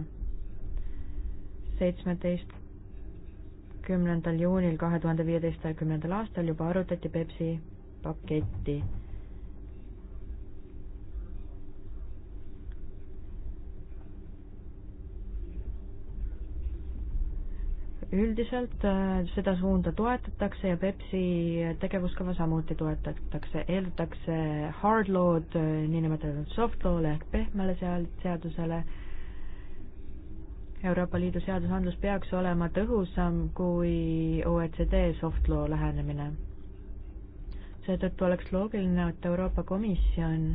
seitsmeteistkümnendal juunil kahe tuhande viieteistkümnendal aastal juba arutati Peipsi paketti üldiselt äh, seda suunda toetatakse ja Pepsi tegevuskava samuti toetatakse, eeldatakse hard law'd äh, niinimetatud soft law'le ehk pehmele seadusele. Euroopa Liidu seadusandlus peaks olema tõhusam kui OECD soft law lähenemine. seetõttu oleks loogiline, et Euroopa Komisjon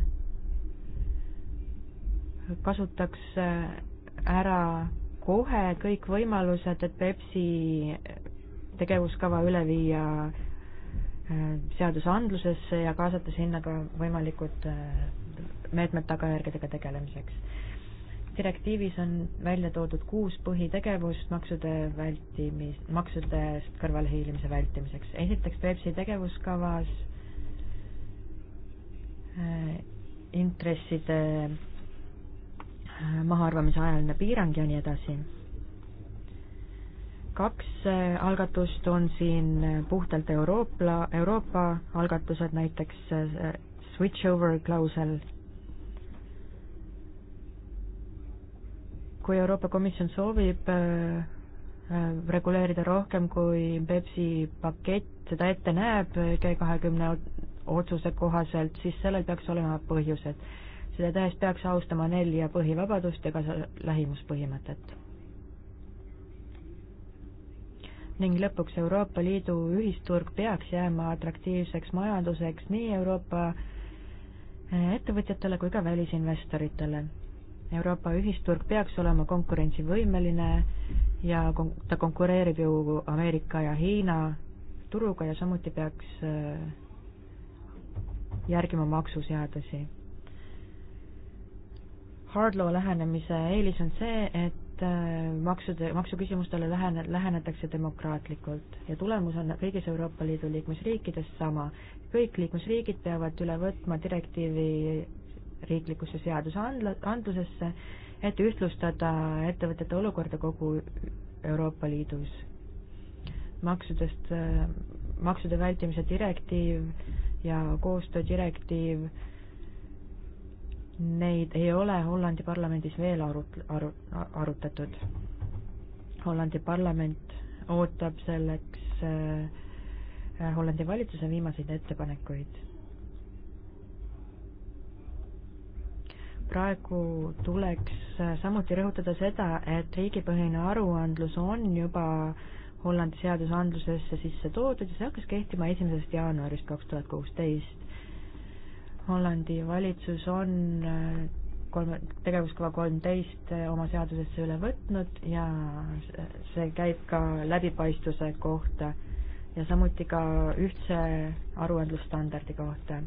kasutaks äh, ära kohe kõik võimalused, et Pepsi tegevuskava üle viia äh, seadusandlusesse ja kaasata sinna ka võimalikud äh, meetmed tagajärgedega tegelemiseks. direktiivis on välja toodud kuus põhitegevust maksude vältimis, maksudest kõrvalehiilimise vältimiseks. esiteks Pepsi tegevuskavas äh, intresside mahaarvamise ajaline piirang ja nii edasi. kaks äh, algatust on siin puhtalt Euroopa, Euroopa algatused, näiteks äh, switch over klausel. kui Euroopa Komisjon soovib äh, reguleerida rohkem, kui Pepsi pakett seda ette näeb G kahekümne otsuse kohaselt, siis sellel peaks olema põhjused seda tehes peaks austama nelja põhivabadust ja ka lähimuspõhimõtet. ning lõpuks Euroopa Liidu ühisturg peaks jääma atraktiivseks majanduseks nii Euroopa eh, ettevõtjatele kui ka välisinvestoritele. Euroopa ühisturg peaks olema konkurentsivõimeline ja kon-, ta konkureerib ju Ameerika ja Hiina turuga ja samuti peaks eh, järgima maksuseadusi Hardlaw lähenemise eelis on see, et äh, maksude, maksuküsimustele lähene, lähenetakse demokraatlikult ja tulemus on kõigis Euroopa Liidu liikmesriikides sama. kõik liikmesriigid peavad üle võtma direktiivi riiklikusse seadusandlusesse, et ühtlustada ettevõtete olukorda kogu Euroopa Liidus. maksudest, äh, maksude vältimise direktiiv ja koostöödirektiiv neid ei ole Hollandi parlamendis veel arut-, aru-, arutatud. Hollandi parlament ootab selleks äh, Hollandi valitsuse viimaseid ettepanekuid. praegu tuleks äh, samuti rõhutada seda, et riigipõhine aruandlus on juba Hollandi seadusandlusesse sisse toodud ja see hakkas kehtima esimesest jaanuarist kaks tuhat kuusteist Hollandi valitsus on äh, kolme, tegevuskava kolmteist äh, oma seadusesse üle võtnud ja see käib ka läbipaistvuse kohta ja samuti ka ühtse aruandlusstandardi kohta.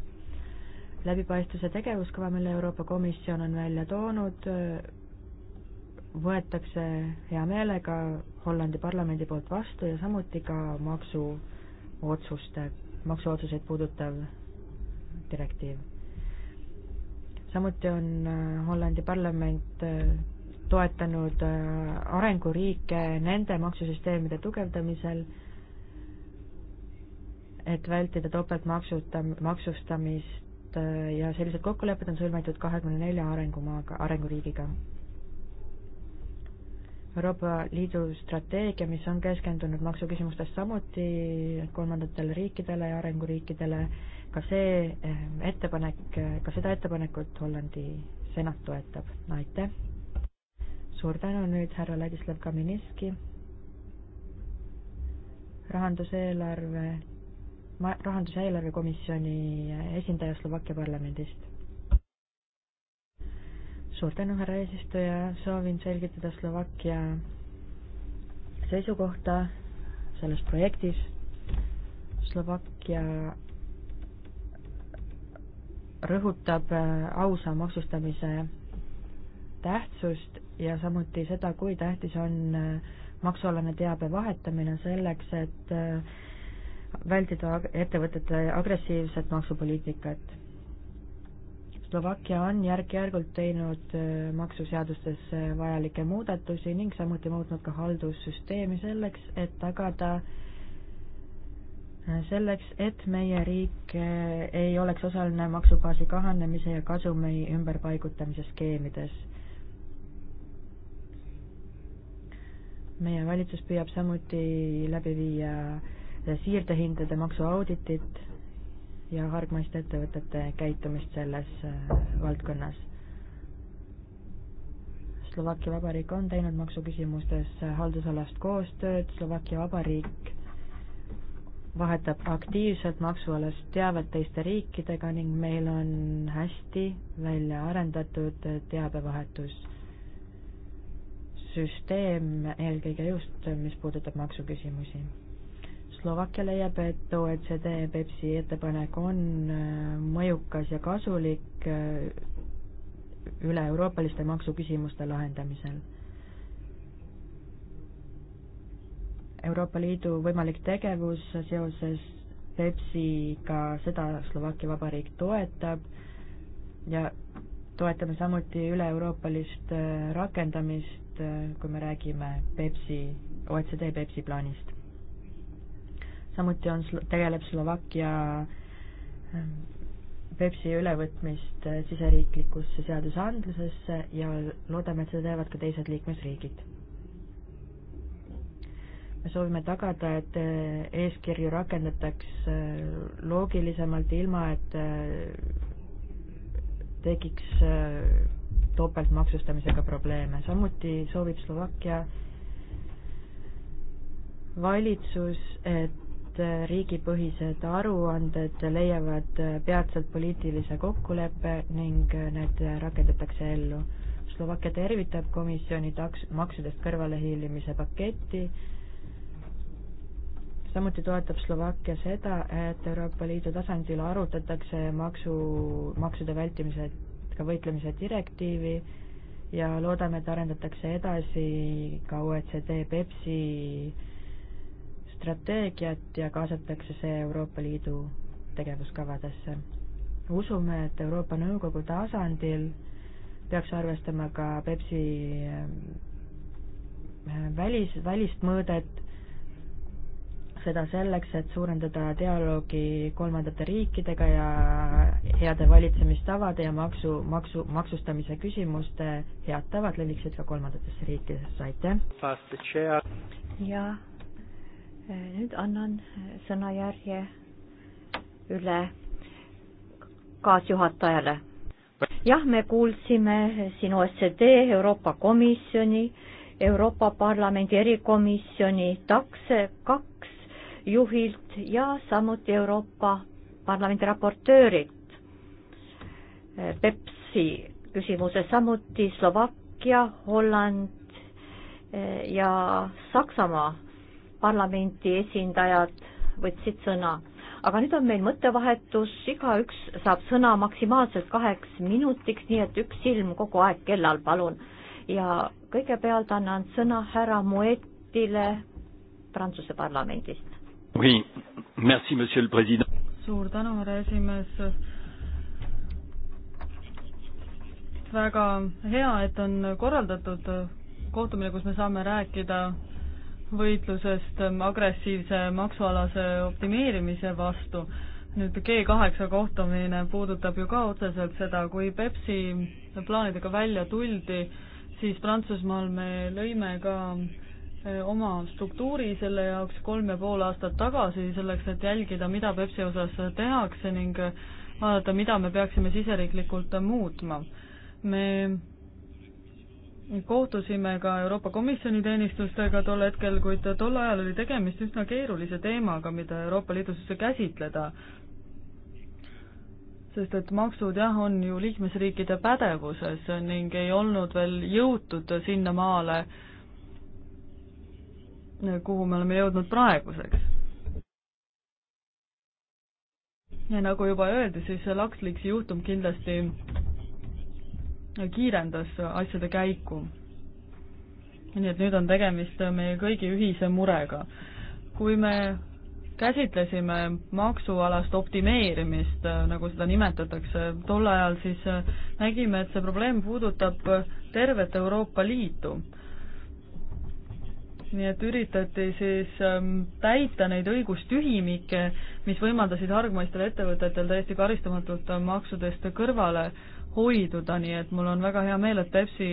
läbipaistvuse tegevuskava, mille Euroopa Komisjon on välja toonud, äh, võetakse hea meelega Hollandi parlamendi poolt vastu ja samuti ka maksuotsuste, maksuotsuseid puudutav direktiiv samuti on äh, Hollandi parlament äh, toetanud äh, arenguriike nende maksusüsteemide tugevdamisel, et vältida topeltmaksustam-, maksustamist ja sellised kokkulepped on sõlmitud kahekümne nelja arengumaaga, arenguriigiga. Euroopa Liidu strateegia, mis on keskendunud maksuküsimustes samuti kolmandatele riikidele ja arenguriikidele, ka see ehm, ettepanek, ka seda ettepanekut Hollandi senat toetab, aitäh. suur tänu nüüd härra Ladislav Kaminski. rahanduseelarve, rahandus- ja eelarvekomisjoni esindaja Slovakkia parlamendist. suur tänu, härra eesistuja, soovin selgitada Slovakkia seisukohta selles projektis. Slovakkia rõhutab äh, ausa maksustamise tähtsust ja samuti seda, kui tähtis on äh, maksualane teabe vahetamine selleks, et äh, vältida ettevõtete agressiivset maksupoliitikat. Slovakkia on järk-järgult teinud maksuseadustesse vajalikke muudatusi ning samuti muutnud ka haldussüsteemi selleks, et tagada selleks, et meie riik eh, ei oleks osaline maksubaasi kahanemise ja kasumi ümberpaigutamise skeemides. meie valitsus püüab samuti läbi viia siirdehindade maksuauditit ja hargmaiste ettevõtete käitumist selles eh, valdkonnas. Slovakkia Vabariik on teinud maksuküsimustes eh, haldusalast koostööd, Slovakkia Vabariik vahetab aktiivselt maksualast teavet teiste riikidega ning meil on hästi välja arendatud teabevahetussüsteem, eelkõige just, mis puudutab maksuküsimusi. Slovakkia leiab, et OECD Pepsi ettepanek on äh, mõjukas ja kasulik äh, üle-euroopaliste maksuküsimuste lahendamisel Euroopa Liidu võimalik tegevus seoses Pepsiga, seda Slovakkia Vabariik toetab ja toetame samuti üle-euroopalist äh, rakendamist, äh, kui me räägime Pepsi, OECD Pepsi plaanist. samuti on, tegeleb Slovakkia ähm, Pepsi ülevõtmist äh, siseriiklikusse seadusandlusesse ja loodame, et seda teevad ka teised liikmesriigid me soovime tagada, et äh, eeskirju rakendataks äh, loogilisemalt, ilma et äh, tekiks topeltmaksustamisega probleeme. samuti soovib Slovakkia valitsus, et riigipõhised aruanded leiavad peatselt poliitilise kokkuleppe ning need rakendatakse ellu. Slovakkia tervitab komisjoni taks-, maksudest kõrvalehiilimise paketti samuti toetab Slovakkia seda, et Euroopa Liidu tasandil arutatakse maksu, maksude vältimisega võitlemise direktiivi ja loodame, et arendatakse edasi ka OECD Pepsi strateegiat ja kaasatakse see Euroopa Liidu tegevuskavadesse. usume, et Euroopa Nõukogu tasandil peaks arvestama ka Pepsi ähm, välis, välist mõõdet seda selleks, et suurendada dialoogi kolmandate riikidega ja heade valitsemistavade ja maksu, maksu, maksustamise küsimuste head tavad leviksid ka kolmandatesse riikidesse, aitäh! ja eh, nüüd annan eh, sõnajärje üle kaasjuhatajale. jah, me kuulsime siin OSCD, Euroopa Komisjoni, Euroopa Parlamendi erikomisjoni takse kaks juhilt ja samuti Euroopa Parlamendi raportöörilt Pepsi küsimuse, samuti Slovakkia, Holland eh, ja Saksamaa parlamenti esindajad võtsid sõna. aga nüüd on meil mõttevahetus, igaüks saab sõna maksimaalselt kaheks minutiks, nii et üks silm kogu aeg kellal, palun. ja kõigepealt annan sõna härra Muetile Prantsuse parlamendist. Oui, merci, monsieur le president. suur tänu, härra esimees. väga hea, et on korraldatud kohtumine, kus me saame rääkida võitlusest agressiivse maksualase optimeerimise vastu. nüüd G kaheksa kohtumine puudutab ju ka otseselt seda, kui Pepsi plaanidega välja tuldi, siis Prantsusmaal me lõime ka Eh, oma struktuuri selle jaoks kolm ja pool aastat tagasi, selleks et jälgida, mida Pepsi osas tehakse ning vaadata, mida me peaksime siseriiklikult muutma. me kohtusime ka Euroopa Komisjoni teenistustega tol hetkel, kuid tol ajal oli tegemist üsna keerulise teemaga, mida Euroopa Liidus üldse käsitleda. sest et maksud jah, on ju liikmesriikide pädevuses ning ei olnud veel jõutud sinnamaale, kuhu me oleme jõudnud praeguseks. ja nagu juba öeldi, siis Luxleaksi juhtum kindlasti kiirendas asjade käiku. nii et nüüd on tegemist meie kõigi ühise murega. kui me käsitlesime maksualast optimeerimist, nagu seda nimetatakse, tol ajal siis nägime, et see probleem puudutab tervet Euroopa Liitu nii et üritati siis ähm, täita neid õigustühimikke, mis võimaldasid hargmaistel ettevõtetel täiesti karistamatult äh, maksudest kõrvale hoiduda, nii et mul on väga hea meel, et Pepsi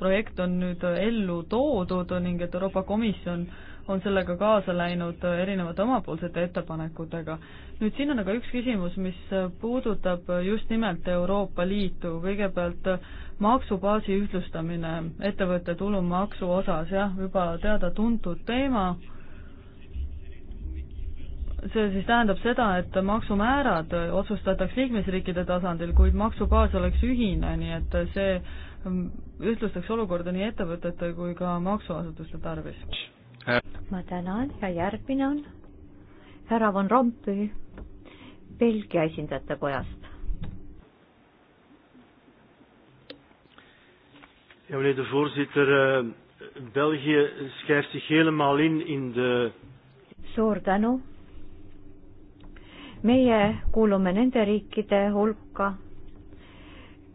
projekt on nüüd äh, ellu toodud ning et Euroopa Komisjon on sellega kaasa läinud äh, erinevate omapoolsete ettepanekutega. nüüd siin on aga üks küsimus, mis puudutab just nimelt Euroopa Liitu, kõigepealt äh, maksubaasi ühtlustamine ettevõtte tulumaksu osas, jah, juba teada-tuntud teema. see siis tähendab seda, et maksumäärad otsustatakse liikmesriikide tasandil, kuid maksubaas oleks ühine, nii et see mm, ühtlustaks olukorda nii ettevõtete kui ka maksuasutuste tarvis. ma tänan ja järgmine on härra Von Rompuy Belgia esindajate kojast. Ja, meneer de voorzitter, uh, België schrijft zich helemaal in in de. suur tänu. meie kuulume nende riikide hulka,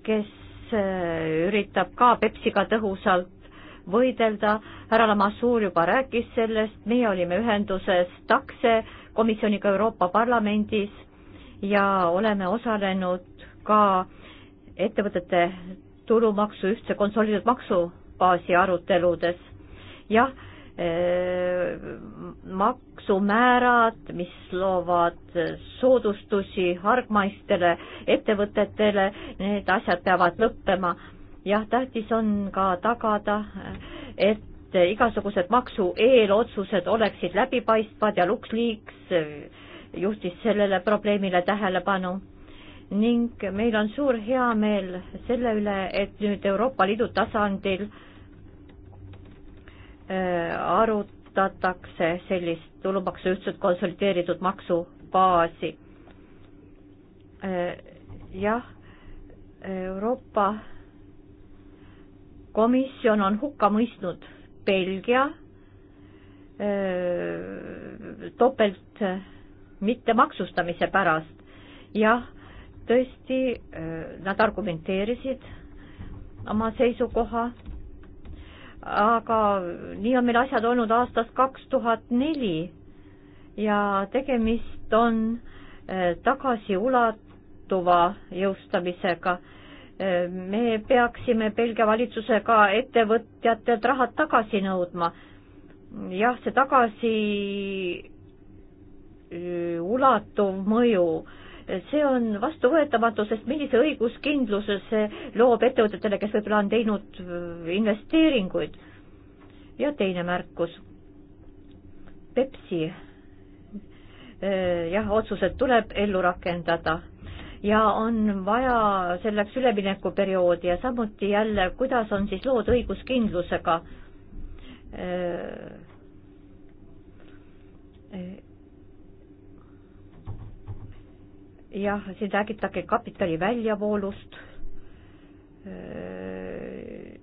kes uh, üritab ka Pepsiga tõhusalt võidelda. härra Lamassuur juba rääkis sellest, meie olime ühenduses takse komisjoniga Euroopa Parlamendis ja oleme osalenud ka ettevõtete tulumaksu ühtse konsolideeritud maksubaasi aruteludes. jah, eh, maksumäärad, mis loovad soodustusi hargmaistele ettevõtetele, need asjad peavad lõppema. jah, tähtis on ka tagada, et igasugused maksu eelotsused oleksid läbipaistvad ja LuxLeaks juhtis sellele probleemile tähelepanu ning meil on suur heameel selle üle, et nüüd Euroopa Liidu tasandil äh, arutatakse sellist tulumaksu ühtset konsolideeritud maksubaasi. Äh, jah, Euroopa Komisjon on hukka mõistnud Belgia äh, topelt mittemaksustamise pärast. jah tõesti, äh, nad argumenteerisid oma seisukoha, aga nii on meil asjad olnud aastast kaks tuhat neli ja tegemist on äh, tagasiulatuva jõustamisega. Äh, me peaksime Belgia valitsusega ettevõtjatelt rahad tagasi nõudma. jah, see tagasiulatuv mõju äh, see on vastuvõetamatu, sest millise õiguskindluse see loob ettevõtetele, kes võib-olla on teinud äh, investeeringuid. ja teine märkus. Pepsi äh, jah, otsused tuleb ellu rakendada ja on vaja selleks üleminekuperioodi ja samuti jälle, kuidas on siis lood õiguskindlusega äh, jah, siin räägitakse kapitali väljavoolust. Äh,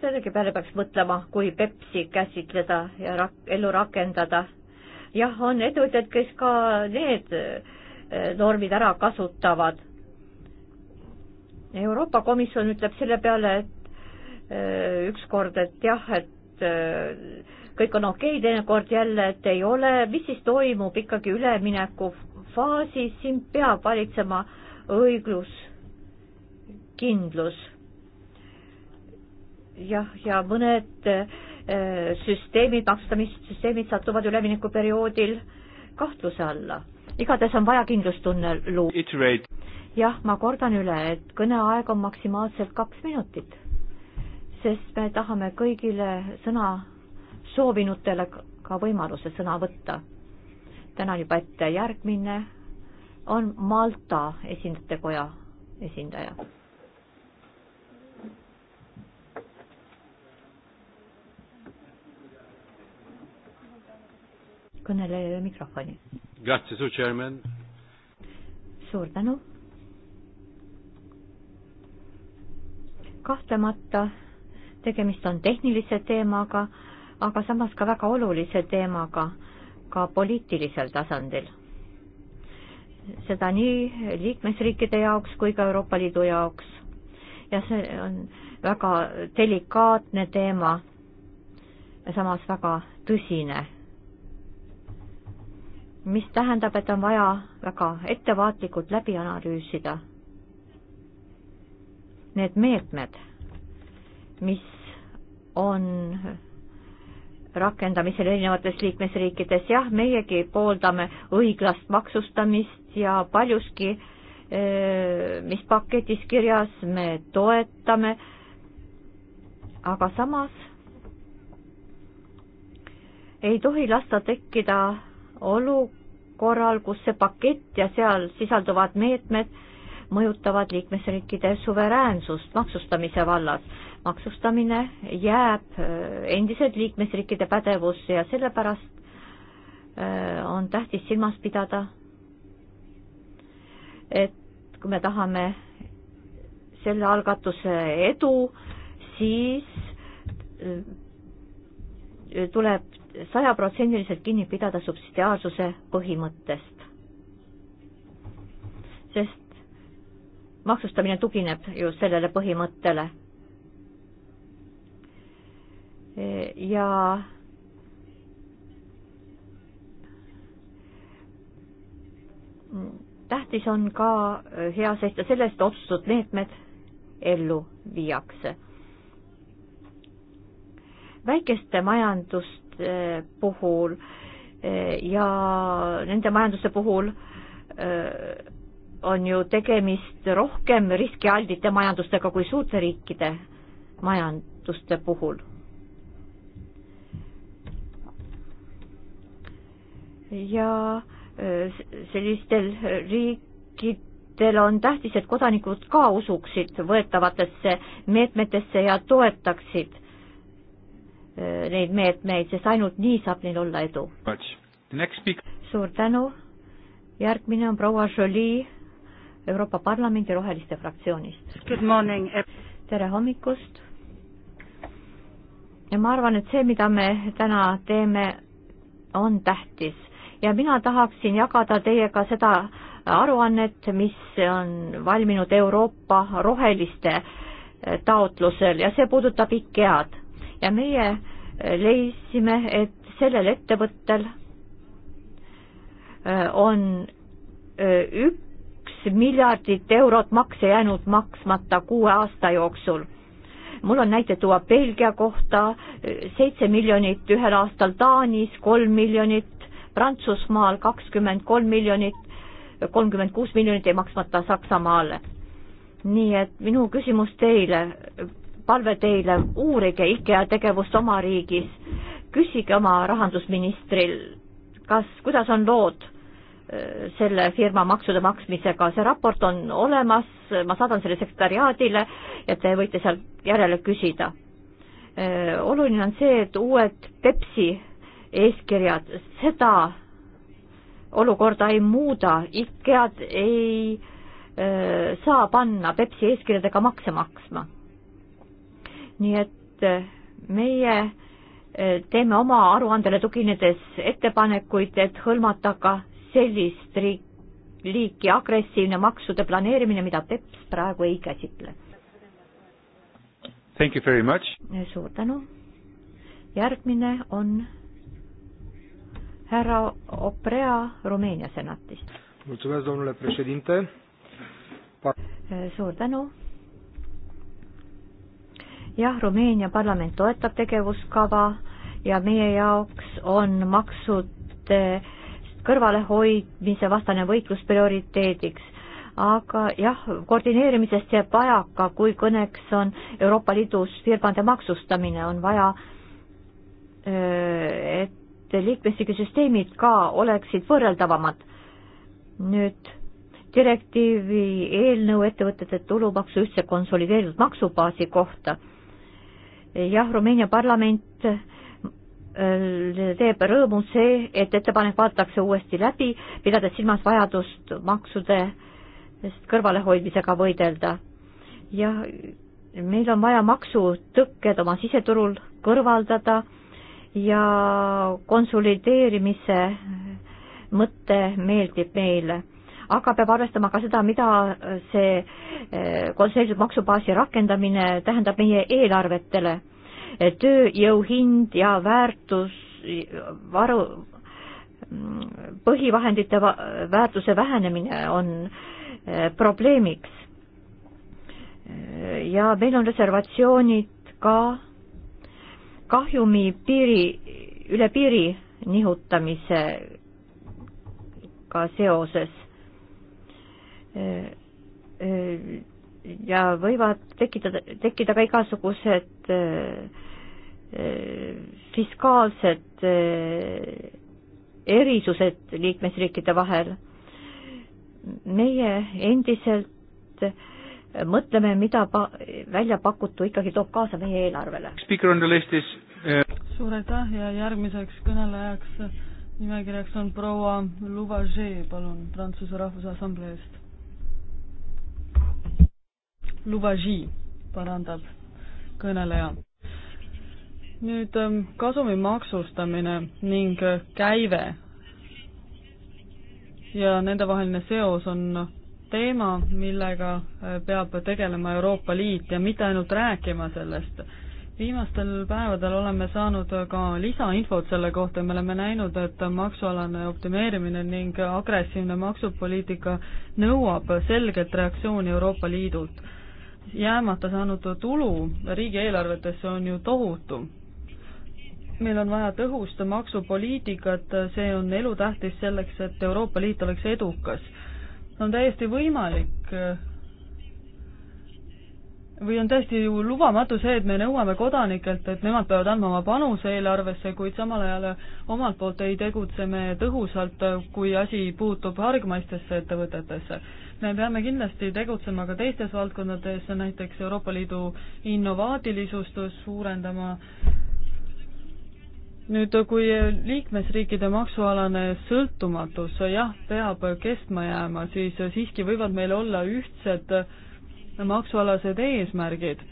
sellegi peale peaks mõtlema, kui Pepsi käsitleda ja rak-, ellu rakendada. jah, on ettevõtjad, kes ka need äh, normid ära kasutavad. Euroopa Komisjon ütleb selle peale, et äh, ükskord, et jah, et kõik on okei okay,, teinekord jälle, et ei ole, mis siis toimub ikkagi üleminekufaasis, siin peab valitsema õiglus, kindlus. jah, ja mõned eh, süsteemid, maksustamissüsteemid satuvad üleminekuperioodil kahtluse alla. igatahes on vaja kindlustunne luua. jah, ma kordan üle, et kõneaeg on maksimaalselt kaks minutit, sest me tahame kõigile sõna soovinutele ka võimaluse sõna võtta. tänan juba ette, järgmine on Malta esindajate koja esindaja. kõnelejale mikrofoni. suur tänu. kahtlemata tegemist on tehnilise teemaga aga samas ka väga olulise teemaga ka poliitilisel tasandil. seda nii liikmesriikide jaoks kui ka Euroopa Liidu jaoks. ja see on väga delikaatne teema ja samas väga tõsine. mis tähendab, et on vaja väga ettevaatlikult läbi analüüsida need meetmed, mis on rakendamisel erinevates liikmesriikides. jah, meiegi pooldame õiglast maksustamist ja paljuski, eh, mis paketis kirjas, me toetame, aga samas ei tohi lasta tekkida olukorral, kus see pakett ja seal sisalduvad meetmed mõjutavad liikmesriikide suveräänsust maksustamise vallas maksustamine jääb äh, endiselt liikmesriikide pädevusse ja sellepärast äh, on tähtis silmas pidada, et kui me tahame selle algatuse edu, siis äh, tuleb sajaprotsendiliselt kinni pidada subsidiaarsuse põhimõttest. sest maksustamine tugineb ju sellele põhimõttele ja tähtis on ka äh, hea seista selle eest, et otsustatud meetmed ellu viiakse. väikeste majanduste äh, puhul äh, ja nende majanduste puhul on ju tegemist rohkem riskialdite majandustega kui suurte riikide majanduste puhul ja äh, sellistel äh, riikidel on tähtis, et kodanikud ka usuksid võetavatesse meetmetesse ja toetaksid äh, neid meetmeid, sest ainult nii saab neil olla edu. suur tänu, järgmine on proua Jolie Euroopa Parlamendi Roheliste fraktsioonist. tere hommikust! ja ma arvan, et see, mida me täna teeme, on tähtis ja mina tahaksin jagada teiega seda aruannet, mis on valminud Euroopa roheliste eh, taotlusel ja see puudutab IKEA-d ja meie eh, leidsime, et sellel ettevõttel eh, on üks miljardit eurot makse jäänud maksmata kuue aasta jooksul. mul on näite tuua Belgia kohta, seitse miljonit ühel aastal Taanis, kolm miljonit Prantsusmaal kakskümmend kolm miljonit, kolmkümmend kuus miljonit jäi maksmata Saksamaale. nii et minu küsimus teile, palve teile, uurige IKEA tegevust oma riigis, küsige oma rahandusministril, kas, kuidas on lood äh, selle firma maksude maksmisega, see raport on olemas, ma saadan selle sekretariaadile ja te võite sealt järele küsida. Äh, oluline on see, et uued Pepsi eeskirjad, seda olukorda ei muuda, IKEA-d ei öö, saa panna Pepsi eeskirjadega makse maksma. nii et meie teeme oma aruandele tuginedes ettepanekuid, et hõlmata ka sellist riik, liiki agressiivne maksude planeerimine, mida PEPS praegu ei käsitle. suur tänu. järgmine on härra Oprea Rumeenia senatist. suur tänu. jah, Rumeenia parlament toetab tegevuskava ja meie jaoks on maksude kõrvalehoidmise vastane võitlus prioriteediks aga jah, koordineerimisest jääb vajaka, kui kõneks on Euroopa Liidus firmade maksustamine, on vaja, et et liikmesriigi süsteemid ka oleksid võrreldavamad. nüüd direktiivi eelnõu ettevõtete tulumaksu ühtse konsolideeritud maksubaasi kohta. jah, Rumeenia parlament äh, teeb rõõmu see, et ettepanek vaadatakse uuesti läbi, pidades silmas vajadust maksudest kõrvalehoidmisega võidelda. jah, meil on vaja maksutõkked oma siseturul kõrvaldada ja konsolideerimise mõte meeldib meile, aga peab arvestama ka seda, mida see eh, konsolideeritud maksubaasi rakendamine tähendab meie eelarvetele. tööjõu hind ja väärtus, varu, põhivahendite väärtuse vähenemine on eh, probleemiks. ja meil on reservatsioonid ka kahjumi piiri, üle piiri nihutamisega seoses ja võivad tekitada, tekkida ka igasugused fiskaalsed erisused liikmesriikide vahel. meie endiselt äh, mõtleme, mida pa-, välja pakutu ikkagi toob kaasa meie eelarvele. Eh. suur aitäh ja järgmiseks kõnelejaks nimekirjaks on proua Louvagie, palun, Prantsuse Rahvusassamblee eest. Louvagie parandab kõneleja. nüüd ähm, kasumi maksustamine ning äh, käive ja nendevaheline seos on teema, millega äh, peab tegelema Euroopa Liit ja mitte ainult rääkima sellest. viimastel päevadel oleme saanud ka lisainfot selle kohta, me oleme näinud, et maksualane optimeerimine ning agressiivne maksupoliitika nõuab selget reaktsiooni Euroopa Liidult. jäämata saanud tulu riigieelarvetesse on ju tohutu meil on vaja tõhust maksupoliitikat, see on elutähtis selleks, et Euroopa Liit oleks edukas on täiesti võimalik või on täiesti ju lubamatu see, et me nõuame kodanikelt, et nemad peavad andma oma panuse eelarvesse, kuid samal ajal omalt poolt ei tegutse me tõhusalt, kui asi puutub hargmaistesse ettevõtetesse. me peame kindlasti tegutsema ka teistes valdkondades, näiteks Euroopa Liidu innovaatilisust suurendama nüüd, kui liikmesriikide maksualane sõltumatus jah, peab kestma jääma, siis siiski võivad meil olla ühtsed maksualased eesmärgid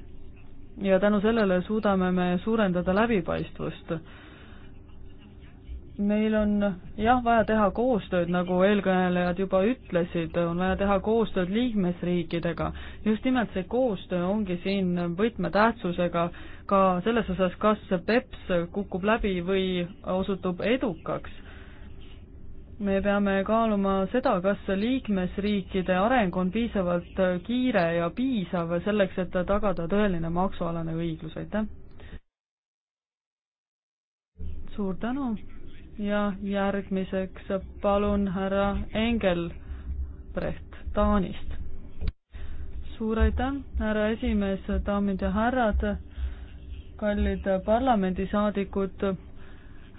ja tänu sellele suudame me suurendada läbipaistvust meil on jah, vaja teha koostööd, nagu eelkõnelejad juba ütlesid, on vaja teha koostööd liikmesriikidega. just nimelt see koostöö ongi siin võtmetähtsusega ka selles osas, kas PEPS kukub läbi või osutub edukaks. me peame kaaluma seda, kas liikmesriikide areng on piisavalt kiire ja piisav selleks, et tagada tõeline maksualane õiglus, aitäh! suur tänu! ja järgmiseks palun härra Engelbrecht Taanist. suur aitäh, härra esimees, daamid ja härrad, kallid parlamendisaadikud,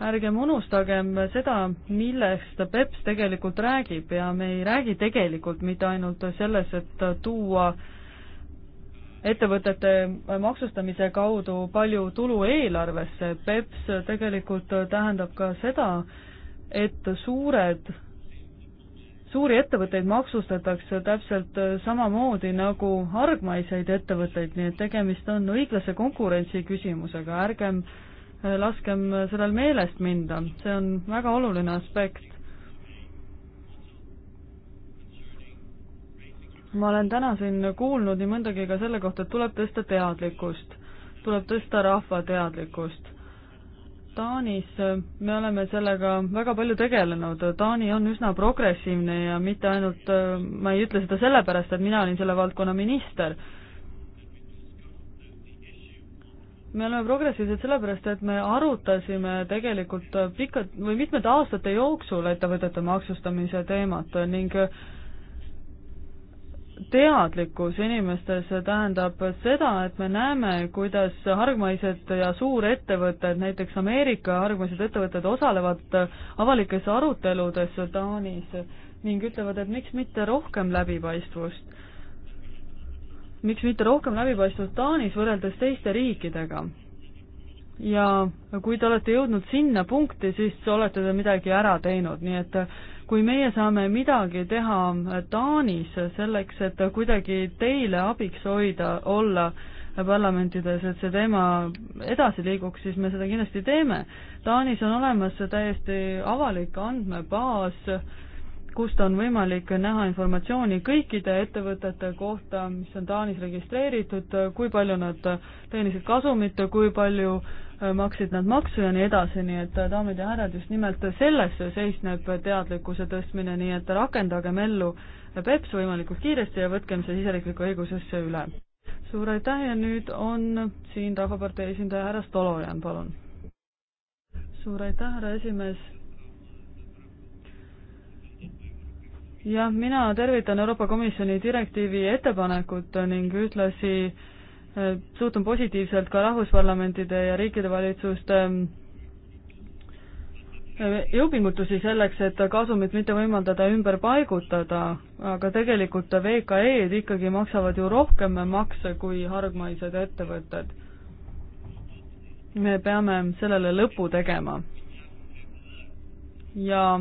ärgem unustagem seda, millest BEPS tegelikult räägib ja me ei räägi tegelikult mitte ainult selles, et tuua äh, ettevõtete maksustamise kaudu palju tulu eelarvesse. PEPS tegelikult tähendab ka seda, et suured, suuri ettevõtteid maksustatakse täpselt samamoodi nagu hargmaiseid ettevõtteid, nii et tegemist on õiglase konkurentsi küsimusega, ärgem laskem sellel meelest minda, see on väga oluline aspekt. ma olen täna siin kuulnud nii mõndagi ka selle kohta, et tuleb tõsta teadlikkust, tuleb tõsta rahva teadlikkust. Taanis äh, me oleme sellega väga palju tegelenud, Taani on üsna progressiivne ja mitte ainult, äh, ma ei ütle seda sellepärast, et mina olin selle valdkonna minister, me oleme progressiivsed sellepärast, et me arutasime tegelikult pikad või mitmete aastate jooksul ettevõtete maksustamise teemat ning teadlikkus inimestes tähendab seda, et me näeme, kuidas hargmaised ja suurettevõtted, näiteks Ameerika hargmaised ettevõtted osalevad avalikes aruteludes Taanis ning ütlevad, et miks mitte rohkem läbipaistvust. miks mitte rohkem läbipaistvust Taanis võrreldes teiste riikidega? ja kui te olete jõudnud sinna punkti, siis olete te midagi ära teinud, nii et kui meie saame midagi teha Taanis selleks, et kuidagi teile abiks hoida, olla parlamentides, et see teema edasi liiguks, siis me seda kindlasti teeme. Taanis on olemas täiesti avalik andmebaas, kust on võimalik näha informatsiooni kõikide ettevõtete kohta, mis on Taanis registreeritud, kui palju nad teenisid kasumit, kui palju äh, maksid nad maksu ja nii edasi, nii et daamid ja härrad, just nimelt selles seisneb teadlikkuse tõstmine, nii et rakendagem ellu PEPS võimalikult kiiresti ja võtkem see siseriiklikku õigusesse üle. suur aitäh ja nüüd on siin Rahvapartei esindaja härra Stolojan, palun. suur aitäh, härra esimees jah, mina tervitan Euroopa Komisjoni direktiivi ettepanekut ning ühtlasi suhtun positiivselt ka rahvusparlamentide ja riikide valitsuste ähm, äh, jõupingutusi selleks, et kasumit mitte võimaldada ümber paigutada, aga tegelikult VKE-d ikkagi maksavad ju rohkem makse kui hargmaised ettevõtted. me peame sellele lõpu tegema. ja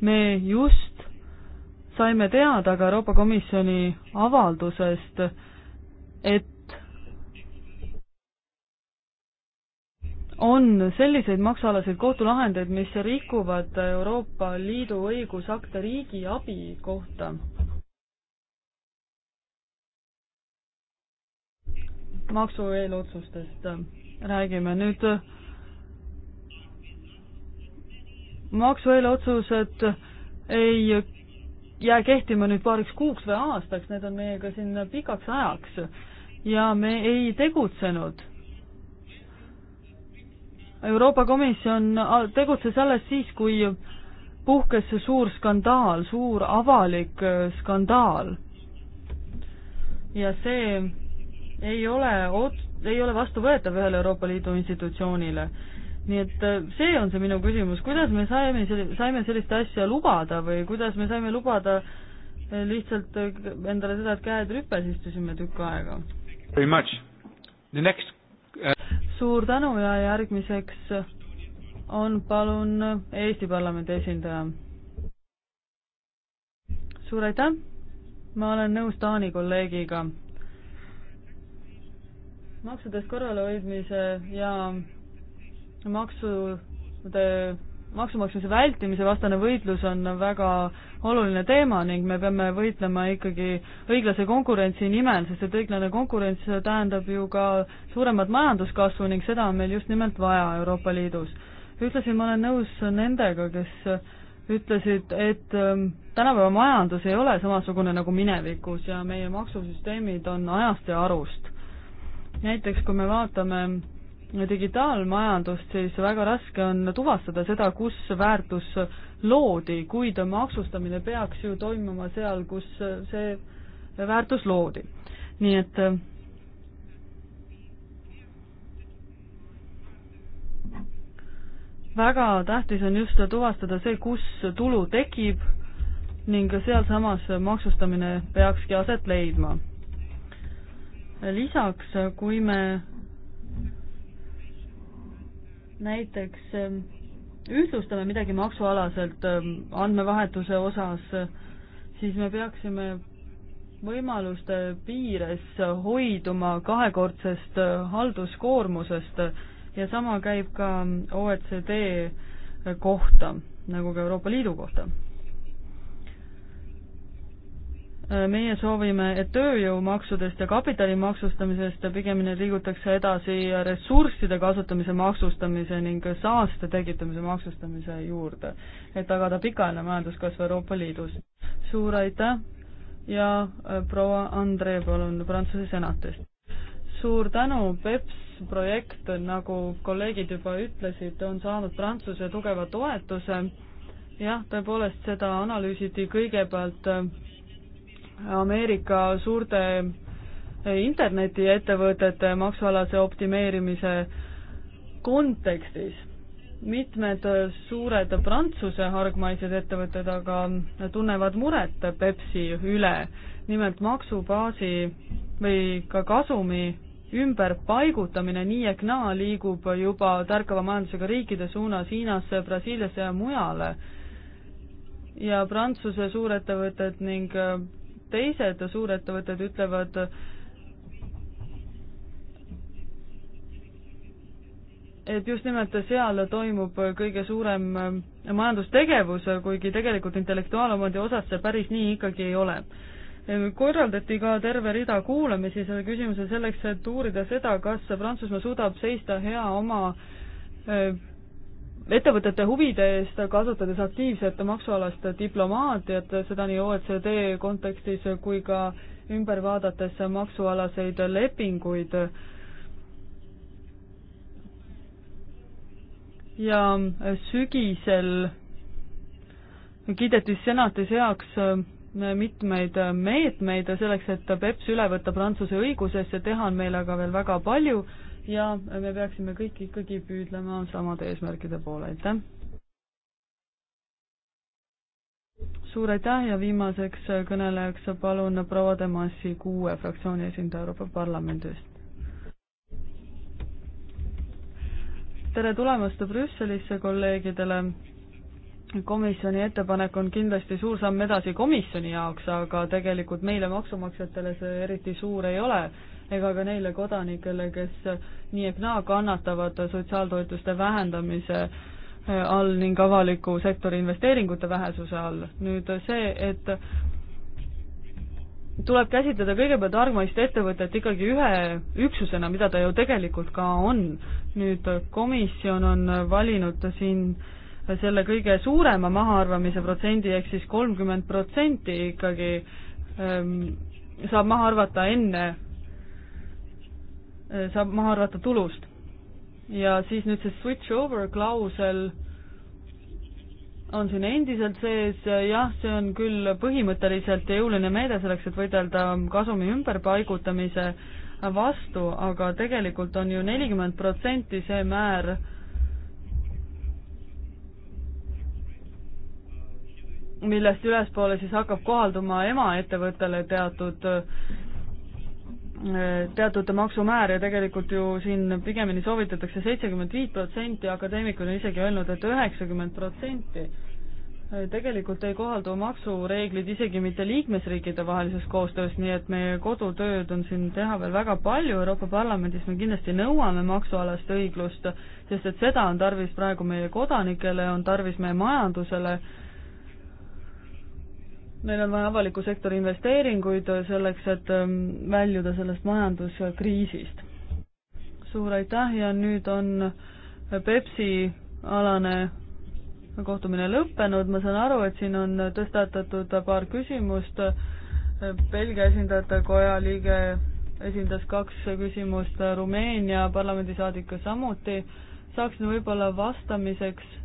me just saime teada ka Euroopa Komisjoni avaldusest, et on selliseid maksualaseid kohtulahendeid, mis rikuvad Euroopa Liidu õigusakte riigiabi kohta. maksu eelotsustest räägime nüüd. maksu eelotsused ei jää kehtima nüüd paariks kuuks või aastaks, need on meiega siin pikaks ajaks ja me ei tegutsenud Euroopa Komisjon tegutses alles siis, kui puhkes see suur skandaal, suur avalik äh, skandaal. ja see ei ole ot-, ei ole vastuvõetav ühele Euroopa Liidu institutsioonile. nii et äh, see on see minu küsimus, kuidas me saime, saime sellist asja lubada või kuidas me saime lubada äh, lihtsalt endale seda, et käed rüpes istusime tükk aega? Very much. The next uh, suur tänu ja järgmiseks on palun Eesti Parlamendi esindaja. suur aitäh, ma olen nõus Taani kolleegiga. maksudest kõrvalehoidmise ja maksude maksumaksmise vältimise vastane võitlus on väga oluline teema ning me peame võitlema ikkagi õiglase konkurentsi nimel, sest et õiglane konkurents tähendab ju ka suuremat majanduskasvu ning seda on meil just nimelt vaja Euroopa Liidus. ühtlasi ma olen nõus nendega, kes ütlesid, et ähm, tänapäeva majandus ei ole samasugune nagu minevikus ja meie maksusüsteemid on ajast ja arust. näiteks kui me vaatame digitaalmajandust, siis väga raske on tuvastada seda, kus väärtus loodi, kuid maksustamine peaks ju toimuma seal, kus see väärtus loodi. nii et väga tähtis on just tuvastada see, kus tulu tekib ning sealsamas maksustamine peakski aset leidma. lisaks, kui me näiteks ähm, ühtlustame midagi maksualaselt ähm, andmevahetuse osas, siis me peaksime võimaluste piires hoiduma kahekordsest äh, halduskoormusest ja sama käib ka ähm, OECD kohta nagu ka Euroopa Liidu kohta Äh, meie soovime, et tööjõumaksudest ja kapitali maksustamisest pigemini liigutakse edasi ressursside kasutamise maksustamise ning saaste tekitamise maksustamise juurde, et tagada pikaajaline majanduskasv Euroopa Liidus. suur aitäh ja äh, proua Andre, palun, Prantsuse senatist. suur tänu, PEPS projekt, nagu kolleegid juba ütlesid, on saanud Prantsuse tugeva toetuse. jah, tõepoolest, seda analüüsiti kõigepealt äh, Ameerika suurte internetiettevõtete maksualase optimeerimise kontekstis. mitmed suured Prantsuse hargmaised ettevõtted aga tunnevad muret Pepsi üle, nimelt maksubaasi või ka kasumi ümberpaigutamine nii ehk naa liigub juba tärkava majandusega riikide suunas Hiinasse, Brasiiliasse ja mujale. ja Prantsuse suurettevõtted ning teised suurettevõtted ütlevad, et just nimelt seal toimub kõige suurem majandustegevus, kuigi tegelikult intellektuaalomandi osas see päris nii ikkagi ei ole. korraldati ka terve rida kuulamisi selle küsimuse selleks, et uurida seda, kas Prantsusmaa suudab seista hea oma ettevõtete huvide eest, kasutades aktiivset maksualast diplomaatiat, seda nii OECD kontekstis kui ka ümber vaadates maksualaseid lepinguid. ja sügisel kiideti senatis heaks mitmeid meetmeid selleks, et BEPS üle võtta Prantsuse õigusesse, teha on meil aga veel väga palju ja me peaksime kõik ikkagi püüdlema samade eesmärkide poole, aitäh! suur aitäh ja viimaseks kõnelejaks palun proua Demassi kuue fraktsiooni esindaja Euroopa Parlamendist. tere tulemast Brüsselisse kolleegidele. komisjoni ettepanek on kindlasti suur samm edasi komisjoni jaoks, aga tegelikult meile maksumaksjatele see eriti suur ei ole ega ka neile kodanikele, kes nii ehk naa kannatavad sotsiaaltoetuste vähendamise äh, all ning avaliku sektori investeeringute vähesuse all. nüüd see, et tuleb käsitleda kõigepealt argmaist ettevõtet ikkagi ühe üksusena, mida ta ju tegelikult ka on. nüüd komisjon on valinud siin selle kõige suurema mahaarvamise protsendi ehk siis kolmkümmend protsenti ikkagi ähm, saab maha arvata enne Äh, saab maha arvata tulust. ja siis nüüd see switch over klausel on siin endiselt sees, äh, jah, see on küll põhimõtteliselt jõuline meede selleks, et võidelda kasumi ümberpaigutamise vastu, aga tegelikult on ju nelikümmend protsenti see määr, millest ülespoole siis hakkab kohalduma emaettevõttele teatud teatud maksumäär ja tegelikult ju siin pigemini soovitatakse seitsekümmend viit protsenti, akadeemikud on isegi öelnud, et üheksakümmend protsenti. tegelikult ei kohaldu maksureeglid isegi mitte liikmesriikide vahelises koostöös, nii et meie kodutööd on siin teha veel väga palju, Euroopa Parlamendis me kindlasti nõuame maksualast õiglust, sest et seda on tarvis praegu meie kodanikele, on tarvis meie majandusele meil on vaja avaliku sektori investeeringuid selleks, et ähm, väljuda sellest majanduskriisist. suur aitäh ja nüüd on Pepsi alane kohtumine lõppenud, ma saan aru, et siin on tõstatatud paar küsimust. Belgia esindajate koja liige esindas kaks küsimust, Rumeenia parlamendisaadik samuti. saaksin võib-olla vastamiseks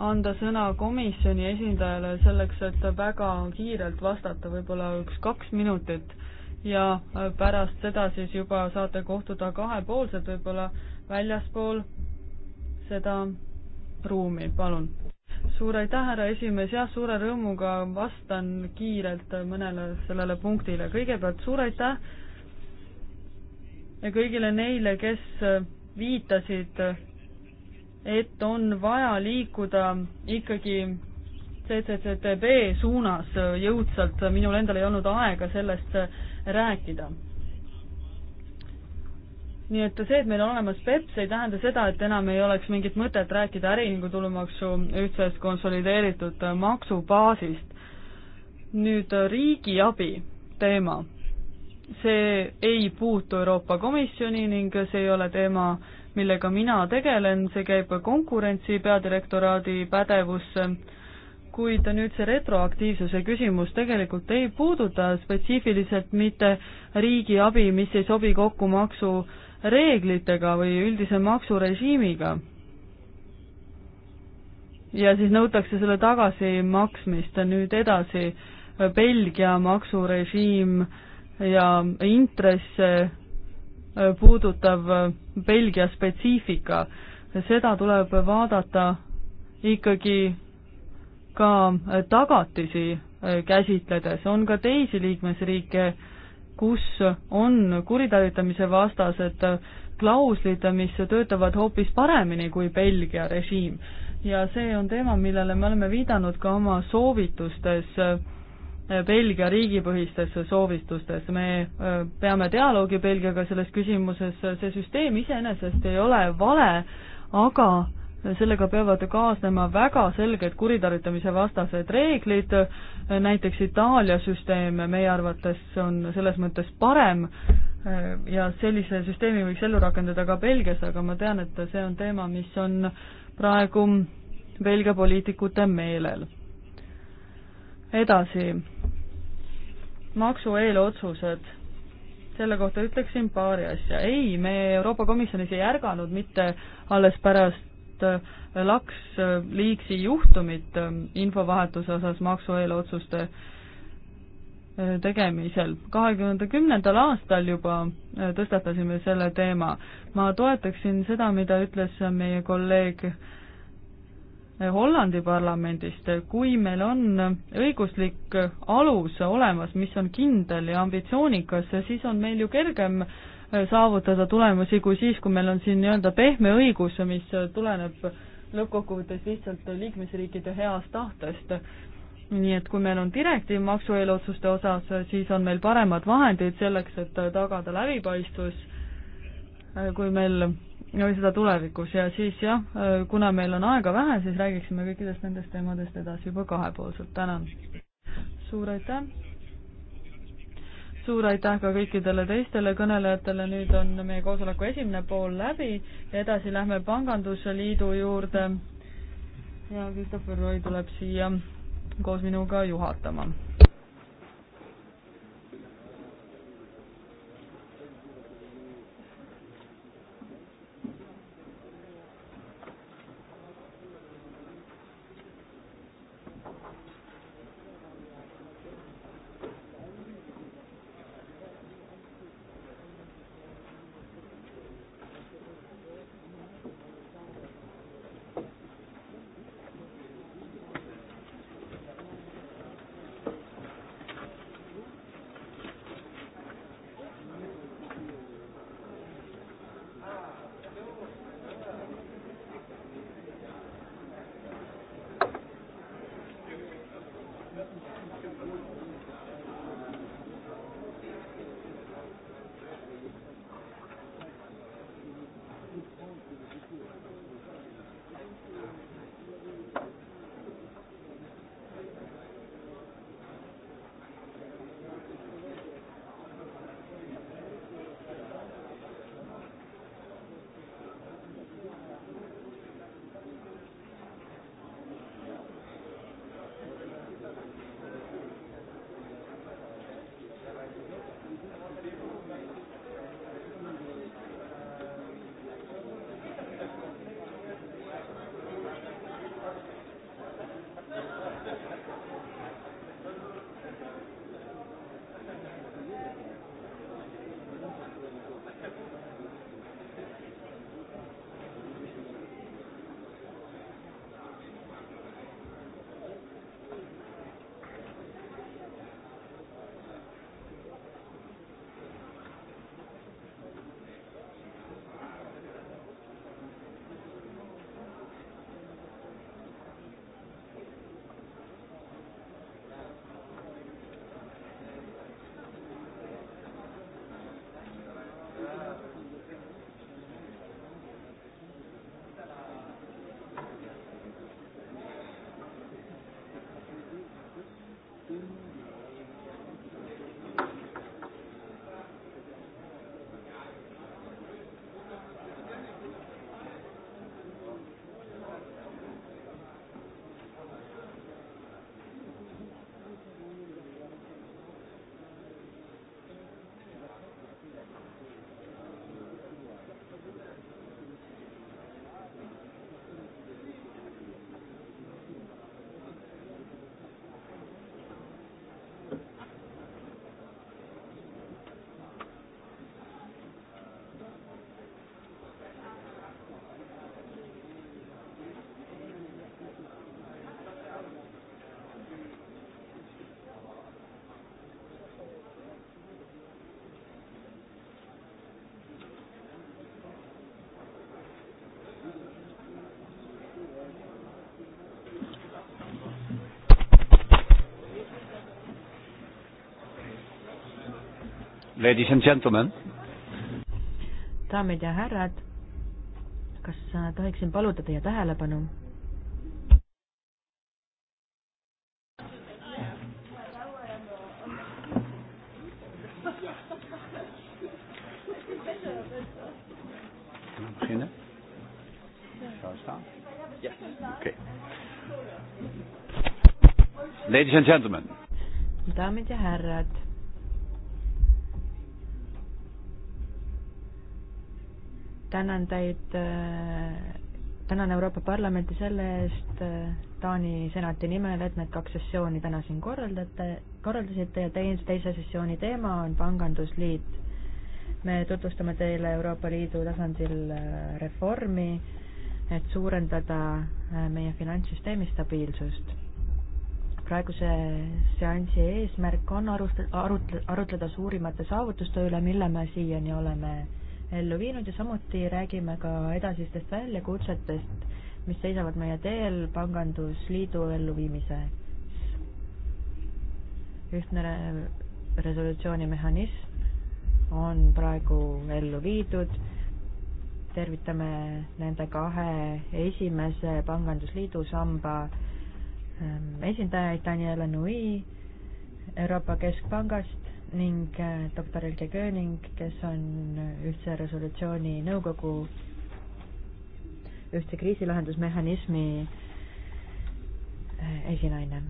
anda sõna komisjoni esindajale selleks, et väga kiirelt vastata, võib-olla üks-kaks minutit ja äh, pärast seda siis juba saate kohtuda kahepoolselt, võib-olla väljaspool seda ruumi, palun. suur aitäh, härra esimees, jah, suure rõõmuga vastan kiirelt mõnele sellele punktile. kõigepealt suur aitäh kõigile neile, kes viitasid et on vaja liikuda ikkagi CCCTB suunas jõudsalt, minul endal ei olnud aega sellest rääkida. nii et see, et meil on olemas PEPS, ei tähenda seda, et enam ei oleks mingit mõtet rääkida äriühingu tulumaksu ühtsest konsolideeritud maksubaasist. nüüd riigiabi teema. see ei puutu Euroopa Komisjoni ning see ei ole teema, millega mina tegelen, see käib konkurentsi peadirektoraadi pädevusse, kuid nüüd see retroaktiivsuse küsimus tegelikult ei puuduta spetsiifiliselt mitte riigiabi, mis ei sobi kokku maksureeglitega või üldise maksurežiimiga. ja siis nõutakse selle tagasimaksmist nüüd edasi Belgia maksurežiim ja intress Äh, puudutav äh, Belgia spetsiifika. seda tuleb vaadata ikkagi ka äh, tagatisi käsitledes, on ka teisi liikmesriike, kus on kuritarvitamise vastased klauslid, mis töötavad hoopis paremini kui Belgia režiim. ja see on teema, millele me oleme viidanud ka oma soovitustes äh, Belgia riigipõhistes soovitustes, me äh, peame dialoogi Belgiaga selles küsimuses, see süsteem iseenesest ei ole vale, aga sellega peavad kaasnema väga selged kuritarvitamise vastased reeglid, näiteks Itaalia süsteem meie arvates on selles mõttes parem äh, ja sellise süsteemi võiks ellu rakendada ka Belgias, aga ma tean, et see on teema, mis on praegu Belgia poliitikute meelel edasi, maksu eelotsused. selle kohta ütleksin paari asja. ei, me Euroopa Komisjonis ei ärganud mitte alles pärast äh, Laks äh, Liigsi juhtumit äh, infovahetuse osas maksu eelotsuste tegemisel. kahekümnenda kümnendal aastal juba tõstatasime selle teema. ma toetaksin seda, mida ütles meie kolleeg Hollandi parlamendist, kui meil on õiguslik alus olemas, mis on kindel ja ambitsioonikas, siis on meil ju kergem äh, saavutada tulemusi kui siis, kui meil on siin nii-öelda pehme õigus, mis tuleneb lõppkokkuvõttes lihtsalt liikmesriikide heast tahtest. nii et kui meil on direktiiv maksueelotsuste osas, siis on meil paremad vahendid selleks, et tagada läbipaistvus, äh, kui meil või seda tulevikus ja siis jah, kuna meil on aega vähe, siis räägiksime kõikidest nendest teemadest edasi juba kahepoolselt, tänan. suur aitäh. suur aitäh ka kõikidele teistele kõnelejatele, nüüd on meie koosoleku esimene pool läbi ja edasi lähme Pangandusliidu juurde. ja Christopher Roy tuleb siia koos minuga juhatama. Ladies and gentlemen. daamid ja härrad, kas tohiksin paluda teie tähelepanu? beginnen? Zou staan? Ja. Oké. Okay. Ladies and gentlemen. Dames en herren. tänan teid, äh, tänan Euroopa Parlamenti selle eest äh, Taani senati nimel, et need kaks sessiooni täna siin korraldate, korraldasite ja teise, teise sessiooni teema on pangandusliit. me tutvustame teile Euroopa Liidu tasandil äh, reformi, et suurendada meie finantssüsteemi stabiilsust praeguse seansi eesmärk on arust-, arut-, arutleda suurimate saavutuste üle, mille me siiani oleme ellu viinud ja samuti räägime ka edasistest väljakutsetest, mis seisavad meie teel pangandusliidu elluviimises. ühtne resolutsiooni mehhanism on praegu ellu viidud, tervitame nende kahe esimese pangandusliidu samba ehm, esindajaid Daniela Nui Euroopa Keskpangast ning äh, doktor Elke Kööning, kes on äh, ühtse resolutsiooni nõukogu ühtse kriisilahendusmehhanismi äh, esinaine.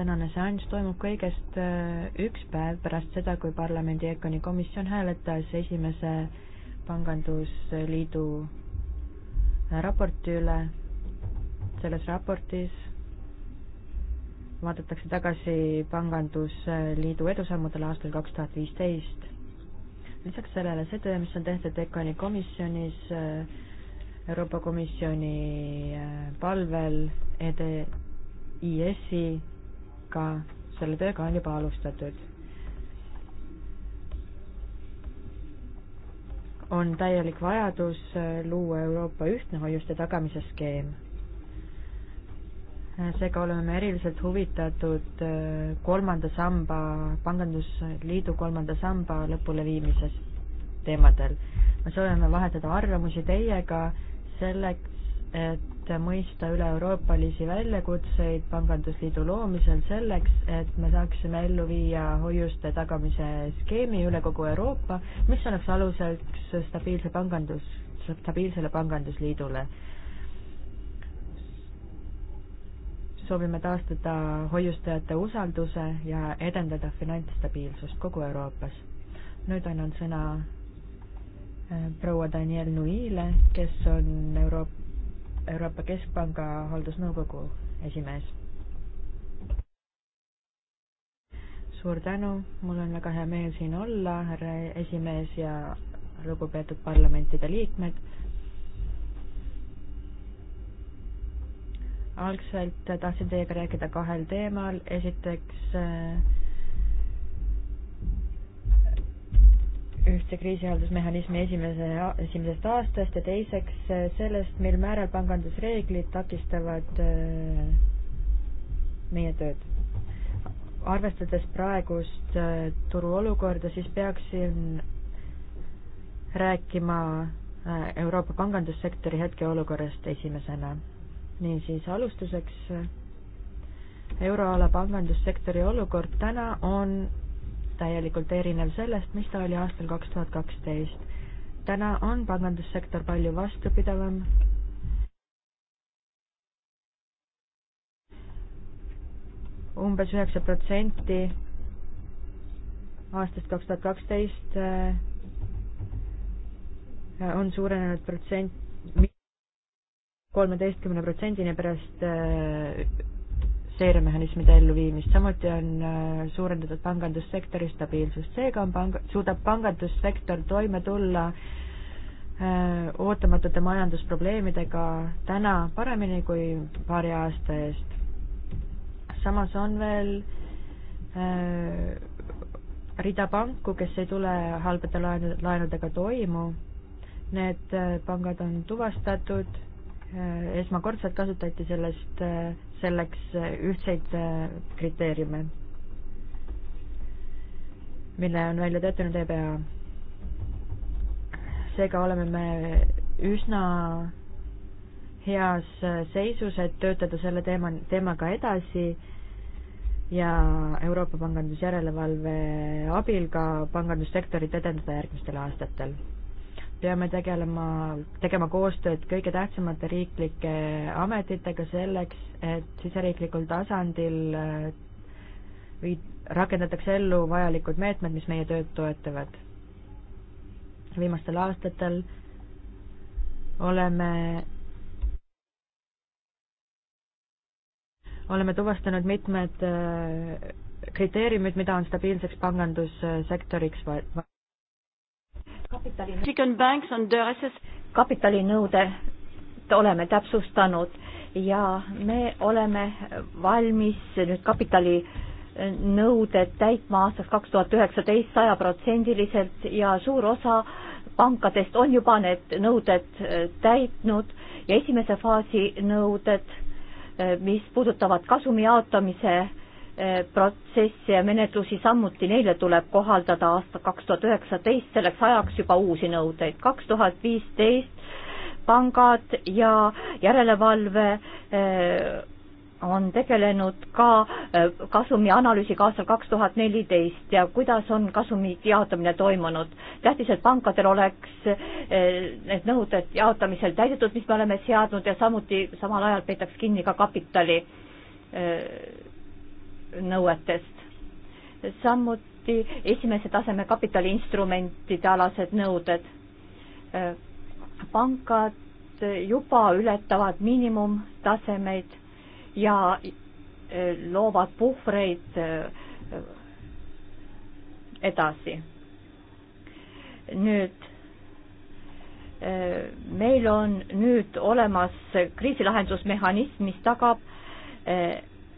tänane seanss toimub kõigest üks päev pärast seda, kui parlamendi EKONi komisjon hääletas esimese pangandusliidu raporti üle. selles raportis vaadatakse tagasi Pangandusliidu edusammudele aastal kaks tuhat viisteist. lisaks sellele see töö, mis on tehtud EKONi komisjonis, Euroopa Komisjoni äh, palvel EDIS-iga, selle tööga on juba alustatud. on täielik vajadus äh, luua Euroopa ühtne hoiuste tagamise skeem seega oleme eriliselt huvitatud äh, kolmanda samba, pangandusliidu kolmanda samba lõpuleviimises teemadel. me soovime vahetada arvamusi teiega selleks, et mõista üle-euroopalisi väljakutseid pangandusliidu loomisel selleks, et me saaksime ellu viia hoiuste tagamise skeemi üle kogu Euroopa, mis oleks aluseks stabiilse pangandus, stabiilsele pangandusliidule soovime taastada hoiustajate usalduse ja edendada finantsstabiilsust kogu Euroopas. nüüd annan sõna äh, proua Daniel Nuile, kes on Euroop-, Euroopa Keskpanga haldusnõukogu esimees. suur tänu, mul on väga hea meel siin olla, härra esimees ja lugupeetud parlamentide liikmed, algselt tahtsin teiega rääkida kahel teemal, esiteks äh, ühtse kriisihaldusmehhanismi esimese, esimesest aastast ja teiseks äh, sellest, mil määral pangandusreeglid takistavad äh, meie tööd. arvestades praegust turuolukorda, siis peaksin rääkima Euroopa pangandussektori hetkeolukorrast esimesena niisiis, alustuseks euroala pangandussektori olukord täna on täielikult erinev sellest, mis ta oli aastal kaks tuhat kaksteist. täna on pangandussektor palju vastupidavam. umbes üheksa protsenti aastast kaks tuhat kaksteist äh, on suurenenud protsent kolmeteistkümne protsendini pärast äh, seiremehhanismide elluviimist, samuti on äh, suurendatud pangandussektori stabiilsust, seega on pang-, suudab pangandussektor toime tulla äh, ootamatute majandusprobleemidega täna paremini kui paari aasta eest. samas on veel rida panku, kes ei tule halbade laenu, laenudega toimu. Need pangad on tuvastatud Äh, esmakordselt kasutati sellest, äh, selleks äh, ühtseid kriteeriume, mille on välja töötanud EBA. seega oleme me üsna heas seisus, et töötada selle teema, teemaga edasi ja Euroopa pangandusjärelevalve abil ka pangandussektorit edendada järgmistel aastatel peame tegelema, tegema koostööd kõige tähtsamate riiklike ametitega selleks, et siseriiklikul tasandil äh, viid-, rakendatakse ellu vajalikud meetmed, mis meie tööd toetavad. viimastel aastatel oleme oleme tuvastanud mitmed äh, kriteeriumid, mida on stabiilseks pangandussektoriks kapitalinõude oleme täpsustanud ja me oleme valmis nüüd kapitalinõuded täitma aastaks kaks tuhat üheksateist sajaprotsendiliselt ja suur osa pankadest on juba need nõuded äh, täitnud ja esimese faasi nõuded, äh, mis puudutavad kasumi jaotamise Eh, protsessi ja menetlusi samuti neile tuleb kohaldada aasta kaks tuhat üheksateist, selleks ajaks juba uusi nõudeid. kaks tuhat viisteist pangad ja järelevalve eh, on tegelenud ka eh, kasumi analüüsiga aastal kaks tuhat neliteist ja kuidas on kasumi jaotamine toimunud. tähtis, et pankadel oleks need nõuded jaotamisel täidetud, mis me oleme seadnud ja samuti samal ajal peetaks kinni ka kapitali nõuetest. samuti esimese taseme kapitaliinstrumentide alased nõuded. pangad juba ületavad miinimumtasemeid ja e, loovad puhvreid e, edasi. nüüd e, meil on nüüd olemas kriisilahendusmehhanism, mis tagab,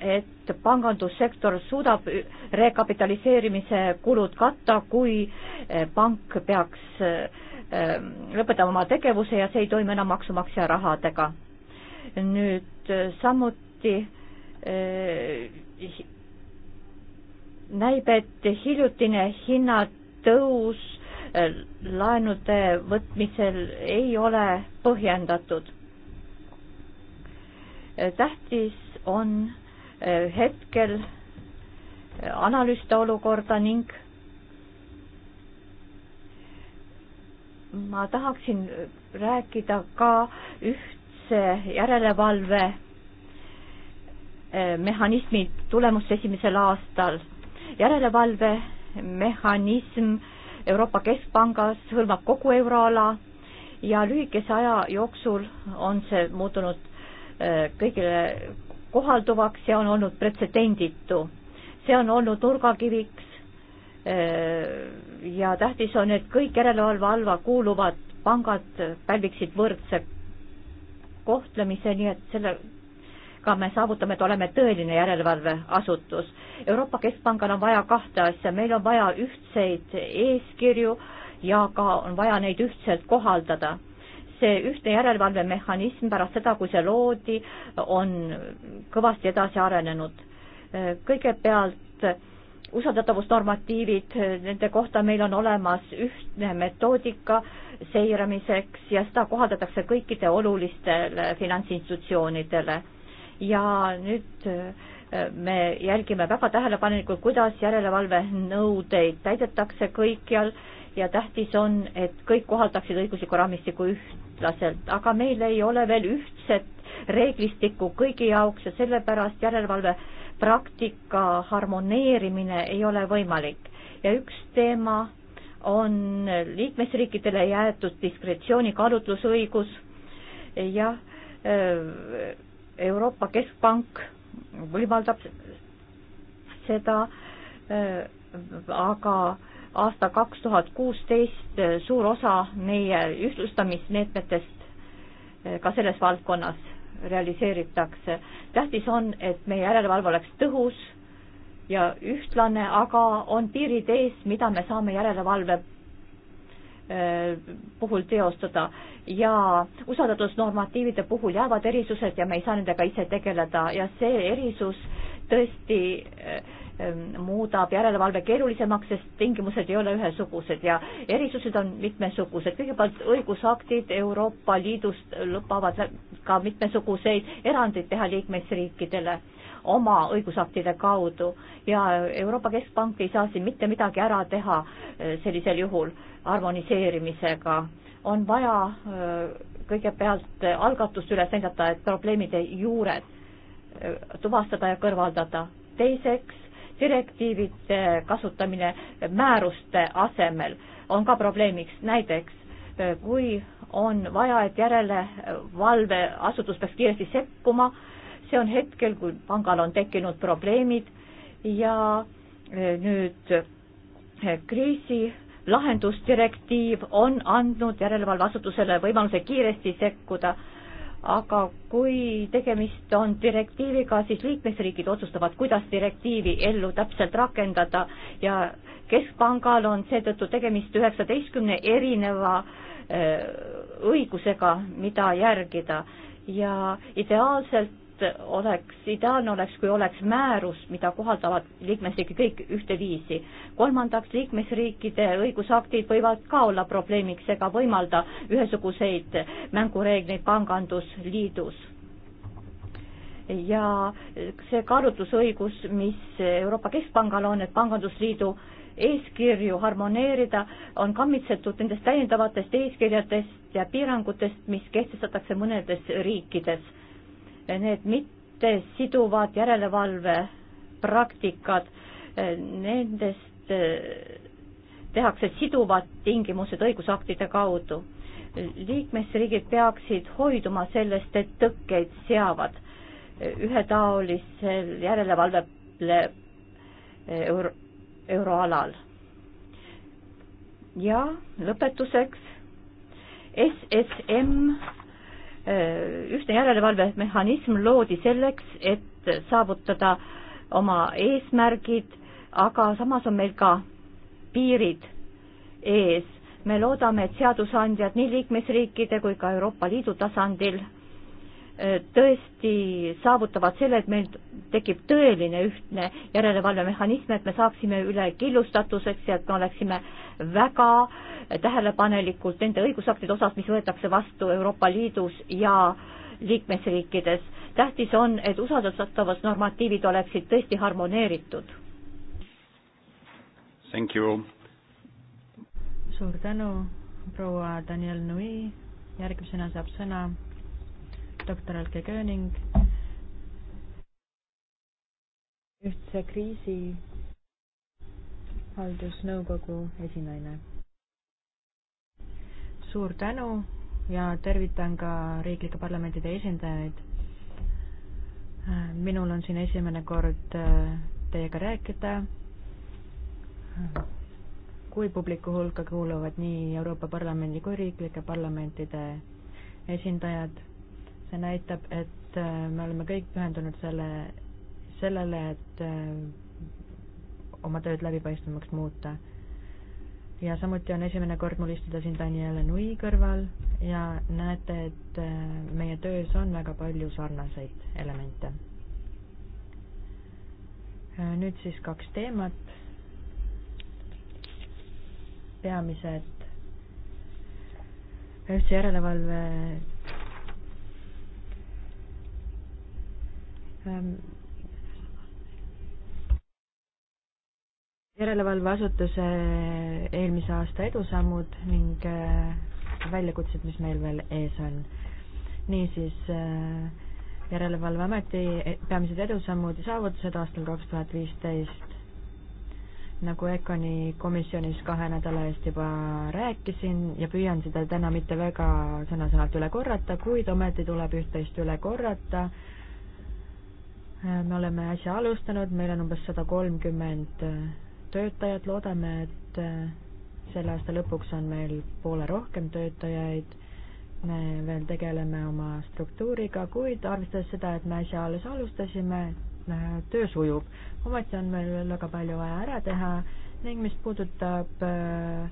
et pangandussektor suudab rekapitaliseerimise kulud katta, kui eh, pank peaks eh, lõpetama oma tegevuse ja see ei toimi enam maksumaksja rahadega. nüüd eh, samuti näib, et hiljutine hinnatõus laenude võtmisel ei ole põhjendatud. tähtis on Äh, hetkel äh, analüüsida olukorda ning ma tahaksin rääkida ka ühtse järelevalve äh, mehhanismi tulemust esimesel aastal. järelevalvemehhanism Euroopa Keskpangas hõlmab kogu euroala ja lühikese aja jooksul on see muutunud kõigile kohalduvaks ja on olnud pretsedenditu. see on olnud nurgakiviks äh, ja tähtis on, et kõik järelevalve alla kuuluvad pangad pälviksid võrdse kohtlemise, nii et sellega me saavutame, et oleme tõeline järelevalveasutus. Euroopa Keskpangal on vaja kahte asja, meil on vaja ühtseid eeskirju ja ka on vaja neid ühtselt kohaldada see ühtne järelevalvemehhanism pärast seda, kui see loodi, on kõvasti edasi arenenud. kõigepealt usaldatavusnormatiivid, nende kohta meil on olemas ühtne metoodika seiramiseks ja seda kohaldatakse kõikide olulistele finantsinstitutsioonidele. ja nüüd äh, me jälgime väga tähelepanelikult, kuidas järelevalvenõudeid täidetakse kõikjal ja tähtis on, et kõik kohaldaksid õiguslikku raamistikku ühtlaselt, aga meil ei ole veel ühtset reeglistikku kõigi jaoks ja sellepärast järelevalve praktika harmoneerimine ei ole võimalik. ja üks teema on liikmesriikidele jäetud diskretsiooni kaalutlusõigus ja äh, Euroopa Keskpank võimaldab seda, äh, aga aasta kaks tuhat kuusteist eh, suur osa meie ühtlustamismeetmetest eh, ka selles valdkonnas realiseeritakse. tähtis on, et meie järelevalve oleks tõhus ja ühtlane, aga on piirid ees, mida me saame järelevalve eh, puhul teostada ja usaldatusnormatiivide puhul jäävad erisused ja me ei saa nendega ise tegeleda ja see erisus tõesti äh, Ähm, muudab järelevalve keerulisemaks, sest tingimused ei ole ühesugused ja erisused on mitmesugused. kõigepealt õigusaktid Euroopa Liidust lubavad ka mitmesuguseid erandeid teha liikmesriikidele oma õigusaktide kaudu ja Euroopa Keskpank ei saa siin mitte midagi ära teha äh, sellisel juhul harmoniseerimisega. on vaja äh, kõigepealt algatust üles näidata, et probleemide juured äh, tuvastada ja kõrvaldada. teiseks direktiivide kasutamine määruste asemel on ka probleemiks. näiteks äh, kui on vaja, et järelevalveasutus peaks kiiresti sekkuma, see on hetkel, kui pangal on tekkinud probleemid ja äh, nüüd äh, kriisi lahendusdirektiiv on andnud järelevalveasutusele võimaluse kiiresti sekkuda äh, aga kui tegemist on direktiiviga, siis liikmesriigid otsustavad, kuidas direktiivi ellu täpselt rakendada ja keskpangal on seetõttu tegemist üheksateistkümne erineva äh, õigusega, mida järgida ja ideaalselt oleks, ideaalne oleks, kui oleks määrus, mida kohaldavad liikmesriigid kõik ühteviisi. kolmandaks, liikmesriikide õigusaktid võivad ka olla probleemiks ega võimalda ühesuguseid mängureegleid pangandusliidus. ja see kaalutlusõigus, mis Euroopa Keskpangal on, et pangandusliidu eeskirju harmoneerida, on kammitsetud nendest täiendavatest eeskirjadest ja piirangutest, mis kehtestatakse mõnedes riikides need mittesiduvad järelevalvepraktikad, nendest eh, tehakse siduvad tingimused õigusaktide kaudu. liikmesriigid peaksid hoiduma sellest, et tõkkeid seavad ühetaolisel järelevalvele eh, euro, euroalal. ja lõpetuseks SSM Äh, ühtne järelevalvemehhanism loodi selleks, et saavutada oma eesmärgid, aga samas on meil ka piirid ees. me loodame, et seadusandjad nii liikmesriikide kui ka Euroopa Liidu tasandil äh, tõesti saavutavad selle, et meil tekib tõeline ühtne järelevalvemehhanism, et me saaksime üle killustatuseks ja et me oleksime äh, väga tähelepanelikult nende õigusaktide osas, mis võetakse vastu Euroopa Liidus ja liikmesriikides. tähtis on, et usaldatavad normatiivid oleksid tõesti harmoneeritud. Thank you. suur tänu, proua Daniel Nui. järgmisena saab sõna doktor Alke Kööning. ühtse kriisi haldusnõukogu esinaine. suur tänu ja tervitan ka riiklike parlamentide esindajaid. minul on siin esimene kord äh, teiega rääkida. kui publiku hulka kuuluvad nii Euroopa Parlamendi kui riiklike parlamentide esindajad, see näitab, et äh, me oleme kõik pühendunud selle, sellele, et äh, oma tööd läbipaistvamaks muuta. ja samuti on esimene kord mul istuda siin Daniele Nui kõrval ja näete, et äh, meie töös on väga palju sarnaseid elemente. Äh, nüüd siis kaks teemat. peamised ühtse järelevalve ähm, järelevalveasutuse eelmise aasta edusammud ning äh, väljakutsed, mis meil veel ees on. niisiis äh, Järelevalveameti peamised edusammud ja saavutused aastal kaks tuhat viisteist. nagu EKONi komisjonis kahe nädala eest juba rääkisin ja püüan seda täna mitte väga sõna-sõnalt üle korrata, kuid ometi tuleb üht-teist üle korrata äh, me oleme äsja alustanud, meil on umbes sada kolmkümmend töötajat, loodame, et äh, selle aasta lõpuks on meil poole rohkem töötajaid. me veel tegeleme oma struktuuriga, kuid arvestades seda, et me äsja alles alustasime, äh, töö sujub. ometi on meil veel väga palju vaja ära teha ning mis puudutab äh,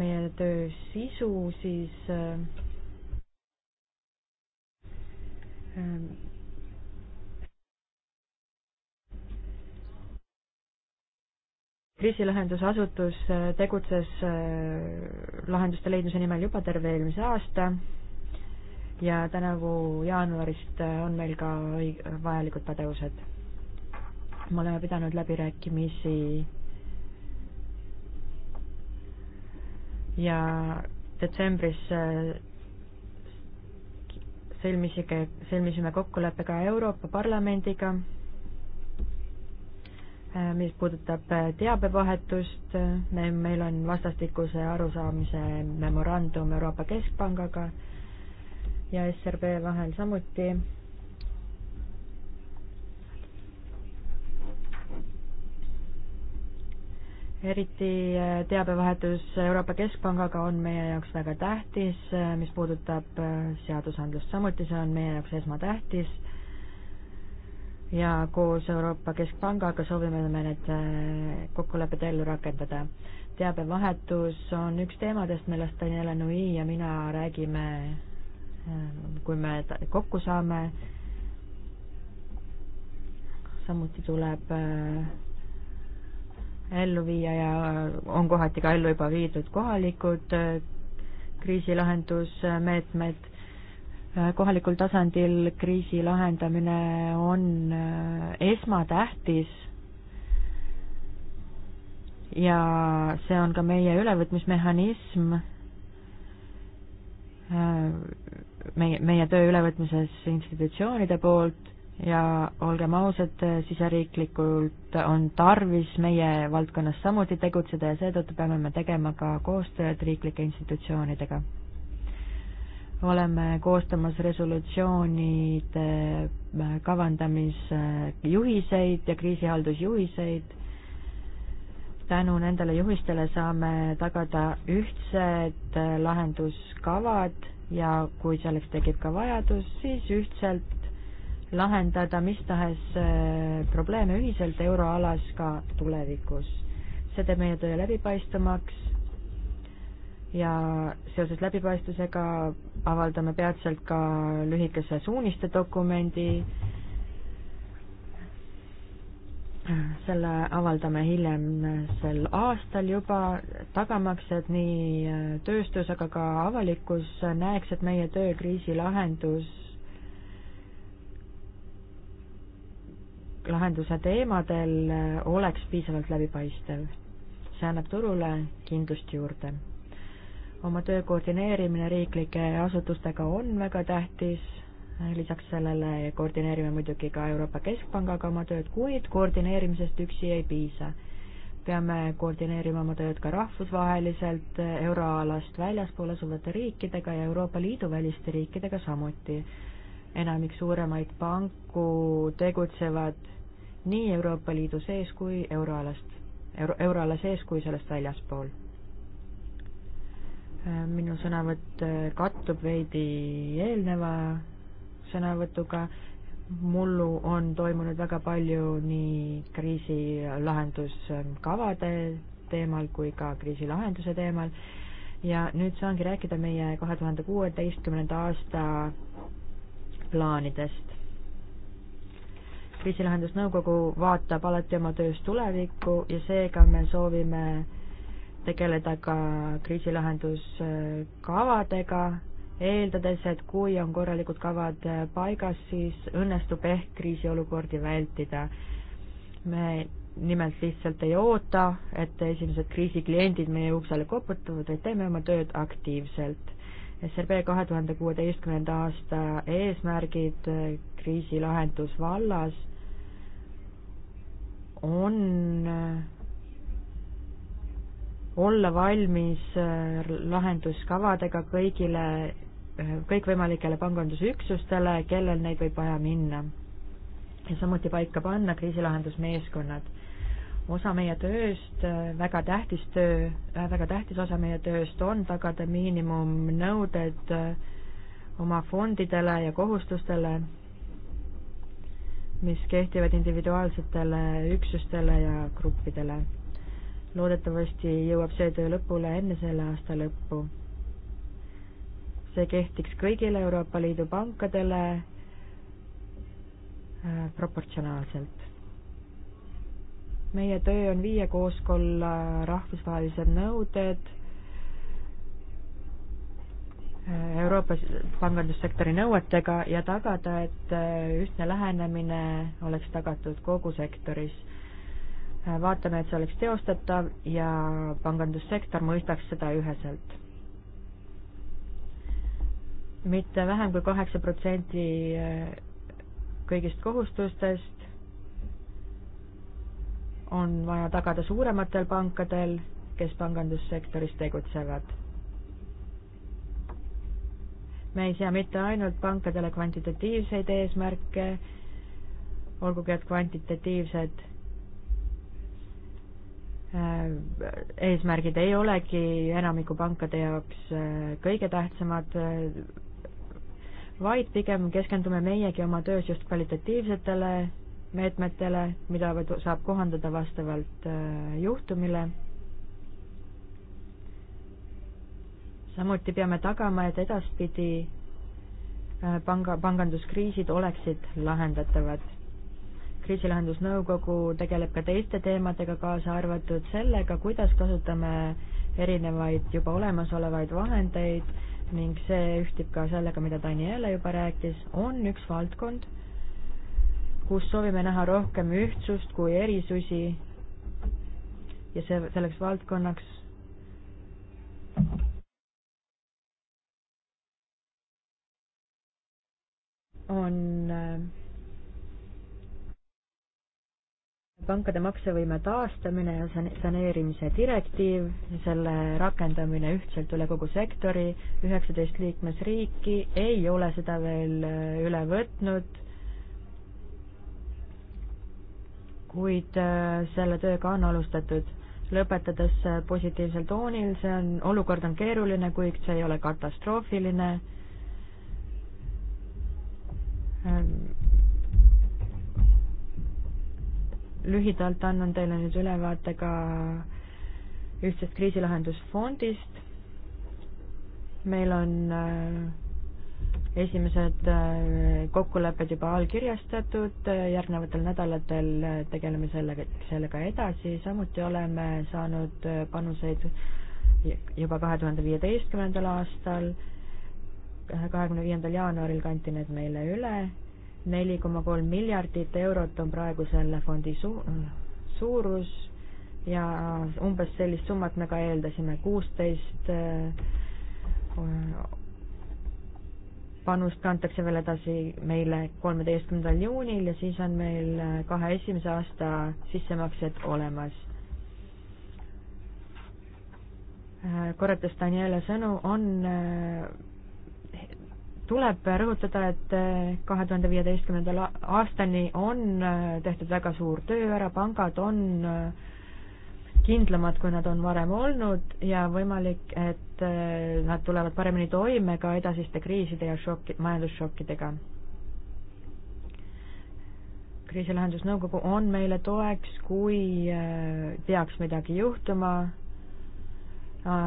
meie töö sisu, siis kriisilahendusasutus äh, tegutses äh, lahenduste leidmise nimel juba terve eelmise aasta ja tänavu jaanuarist äh, on meil ka vajalikud pädevused. me oleme pidanud läbirääkimisi ja detsembris sõlmisime, sõlmisime kokkuleppe ka Euroopa Parlamendiga Äh, mis puudutab äh, teabevahetust, äh, me, meil on vastastikuse arusaamise memorandum Euroopa Keskpangaga ja SRB vahel samuti. eriti teabevahetus Euroopa Keskpangaga on meie jaoks väga tähtis, mis puudutab seadusandlust samuti, see on meie jaoks esmatähtis ja koos Euroopa Keskpangaga soovime me need äh, kokkulepped ellu rakendada. teabevahetus on üks teemadest, millest Daniela Nui ja mina räägime, äh, kui me kokku saame. samuti tuleb äh, ellu viia ja on kohati ka ellu juba viidud kohalikud kriisilahendusmeetmed Äh, kohalikul tasandil kriisi lahendamine on äh, esmatähtis ja see on ka meie ülevõtmismehhanism äh, meie, meie töö ülevõtmises institutsioonide poolt ja olgem ausad, siseriiklikult on tarvis meie valdkonnas samuti tegutseda ja seetõttu peame me tegema ka koostööd riiklike institutsioonidega oleme koostamas resolutsioonide äh, kavandamisjuhiseid ja kriisihaldusjuhiseid. tänu nendele juhistele saame tagada ühtsed äh, lahenduskavad ja kui selleks tekib ka vajadus, siis ühtselt lahendada mis tahes äh, probleeme ühiselt euroalas ka tulevikus. see teeb meie töö läbipaistvamaks ja seoses läbipaistvusega avaldame peatselt ka lühikese suuniste dokumendi. selle avaldame hiljem sel aastal juba, tagamaks, et nii tööstus, aga ka avalikkus näeks, et meie töökriisi lahendus lahenduse teemadel oleks piisavalt läbipaistev. see annab turule kindlust juurde oma töö koordineerimine riiklike asutustega on väga tähtis, lisaks sellele koordineerime muidugi ka Euroopa Keskpangaga oma tööd, kuid koordineerimisest üksi ei piisa. peame koordineerima oma tööd ka rahvusvaheliselt, euroalast väljaspool asuvate riikidega ja Euroopa Liidu väliste riikidega samuti. enamik suuremaid panku tegutsevad nii Euroopa Liidu sees kui euroalast, euro, euroala sees kui sellest väljaspool Äh, minu sõnavõtt äh, kattub veidi eelneva sõnavõtuga. mullu on toimunud väga palju nii kriisi lahenduskavade teemal kui ka kriisi lahenduse teemal ja nüüd saangi rääkida meie kahe tuhande kuueteistkümnenda aasta plaanidest. kriisilahendusnõukogu vaatab alati oma töös tulevikku ja seega me soovime tegeleda ka kriisilahenduskavadega, eeldades, et kui on korralikud kavad paigas, siis õnnestub ehk kriisiolukordi vältida. me nimelt lihtsalt ei oota, et esimesed kriisikliendid meie uksele koputavad, vaid teeme oma tööd aktiivselt. SRB kahe tuhande kuueteistkümnenda aasta eesmärgid kriisilahendusvallas on olla valmis äh, lahenduskavadega kõigile, äh, kõikvõimalikele pangandusüksustele, kellel neid võib vaja minna. ja samuti paika panna kriisilahendusmeeskonnad. osa meie tööst, äh, väga tähtis töö, väga tähtis osa meie tööst on tagada miinimumnõuded oma fondidele ja kohustustele, mis kehtivad individuaalsetele üksustele ja gruppidele loodetavasti jõuab see töö lõpule enne selle aasta lõppu. see kehtiks kõigile Euroopa Liidu pankadele äh, proportsionaalselt. meie töö on viia kooskõlla rahvusvahelised nõuded, äh, Euroopa pangandussektori nõuetega ja tagada, et äh, ühtne lähenemine oleks tagatud kogu sektoris Äh, vaatame, et see oleks teostatav ja pangandussektor mõistaks seda üheselt. mitte vähem kui kaheksa protsenti äh, kõigist kohustustest on vaja tagada suurematel pankadel, kes pangandussektoris tegutsevad. me ei sea mitte ainult pankadele kvantitatiivseid eesmärke, olgugi et kvantitatiivsed Äh, eesmärgid ei olegi enamiku pankade jaoks äh, kõige tähtsamad, äh, vaid pigem keskendume meiegi oma töös just kvalitatiivsetele meetmetele, mida saab kohandada vastavalt juhtumile. samuti peame tagama, et edaspidi panga, panganduskriisid oleksid lahendatavad kriisilahendusnõukogu tegeleb ka teiste teemadega, kaasa arvatud sellega, kuidas kasutame erinevaid juba olemasolevaid vahendeid ning see ühtib ka sellega, mida Daniele juba rääkis, on üks valdkond, kus soovime näha rohkem ühtsust kui erisusi ja see, selleks valdkonnaks on äh, pankade maksevõime taastamine ja saneerimise direktiiv, selle rakendamine ühtselt üle kogu sektori, üheksateist liikmesriiki ei ole seda veel äh, üle võtnud, kuid äh, selle tööga on alustatud. lõpetades äh, positiivsel toonil, see on, olukord on keeruline, kuid see ei ole katastroofiline lühidalt annan teile nüüd ülevaate ka ühtsest kriisilahendusfondist. meil on äh, esimesed äh, kokkulepped juba allkirjastatud, järgnevatel nädalatel äh, tegeleme sellega, sellega edasi, samuti oleme saanud panuseid juba kahe tuhande viieteistkümnendal aastal, kahekümne viiendal jaanuaril kanti need meile üle neli koma kolm miljardit eurot on praegu selle fondi su-, suurus ja umbes sellist summat me ka eeldasime, kuusteist äh, panust kantakse veel edasi meile kolmeteistkümnendal juunil ja siis on meil kahe esimese aasta sissemaksed olemas. Äh, korrates Daniela sõnu, on äh, tuleb rõhutada, et eh, kahe tuhande viieteistkümnendal aastani on eh, tehtud väga suur töö ära, pangad on eh, kindlamad, kui nad on varem olnud ja võimalik, et nad tulevad paremini toime ka edasiste kriiside ja šokki, majandusšokkidega. kriisilahendusnõukogu on meile toeks, kui peaks midagi juhtuma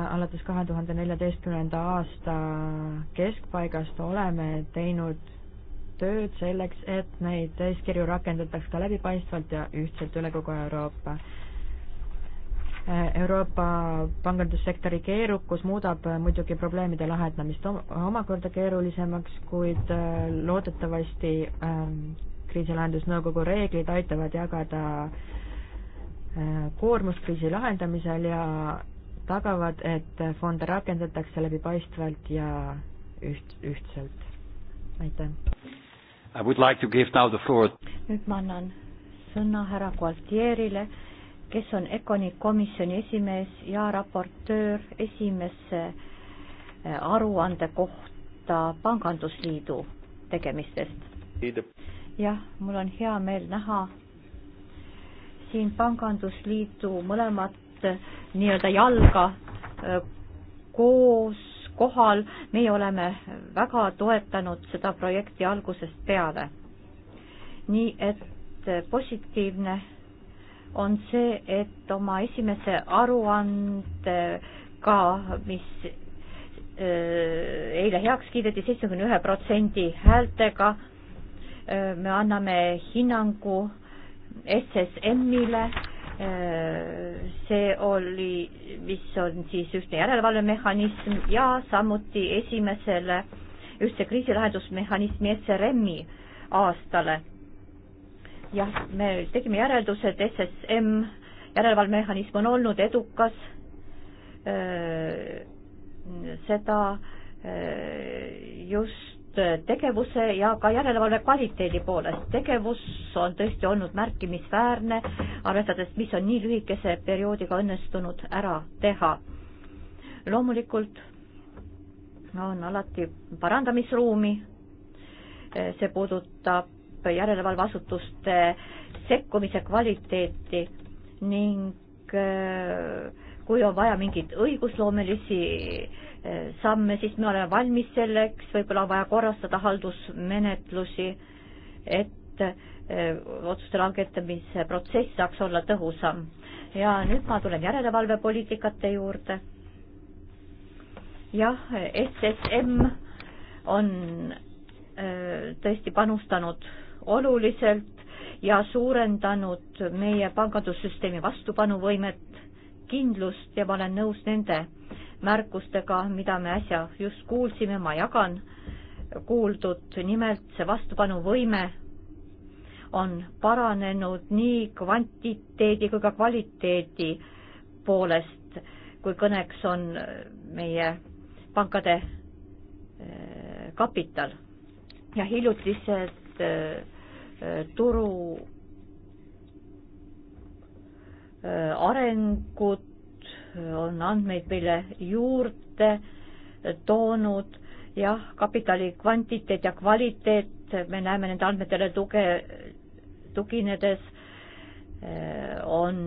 alates kahe tuhande neljateistkümnenda aasta keskpaigast oleme teinud tööd selleks, et neid eeskirju rakendataks ka läbipaistvalt ja ühtselt üle kogu Euroopa. E, Euroopa pangandussektori keerukus muudab muidugi probleemide lahendamist omakorda keerulisemaks, kuid e, loodetavasti e, kriisilahendusnõukogu reeglid aitavad jagada koormust kriisi lahendamisel ja tagavad, et fonde rakendatakse läbipaistvalt ja üht, ühtselt. aitäh! I would like to give now the floor. nüüd ma annan sõna härra Gualtierile, kes on ECONi komisjoni esimees ja raportöör esimese eh, aruande kohta Pangandusliidu tegemistest. jah, mul on hea meel näha siin Pangandusliidu mõlemat ennast nii-öelda jalga koos kohal, meie oleme väga toetanud seda projekti algusest peale. nii et positiivne on see, et oma esimese aruandega, mis eile heaks kiideti seitsmekümne ühe protsendi häältega, me anname hinnangu SSM-ile Äh, see oli, mis on siis ühtne järelevalvemehhanism ja samuti esimesele ühtse kriisilahendusmehhanismi SRM-i aastale. jah, me tegime järelduse, et SSM järelevalvemehhanism on olnud edukas, äh, seda äh, just Äh, tegevuse ja ka järelevalve kvaliteedi poolest. tegevus on tõesti olnud märkimisväärne, arvestades, mis on nii lühikese perioodiga õnnestunud ära teha. loomulikult on alati parandamisruumi, äh, see puudutab järelevalveasutuste sekkumise kvaliteeti ning äh, kui on vaja mingeid õigusloomelisi eh, samme, siis me oleme valmis selleks, võib-olla on vaja korrastada haldusmenetlusi, et eh, otsuste langetamise protsess saaks olla tõhusam. ja nüüd ma tulen järelevalvepoliitikate juurde. jah, SSM on eh, tõesti panustanud oluliselt ja suurendanud meie pangandussüsteemi vastupanuvõimet kindlust ja ma olen nõus nende märkustega, mida me äsja just kuulsime, ma jagan kuuldud, nimelt see vastupanuvõime on paranenud nii kvantiteedi kui ka kvaliteedi poolest, kui kõneks on meie pankade eh, kapital ja hiljutised eh, eh, turu Äh, arengud äh, on andmeid meile juurde äh, toonud, jah, kapitali kvantiteet ja kvaliteet, me näeme nende andmetele tuge, tuginedes, on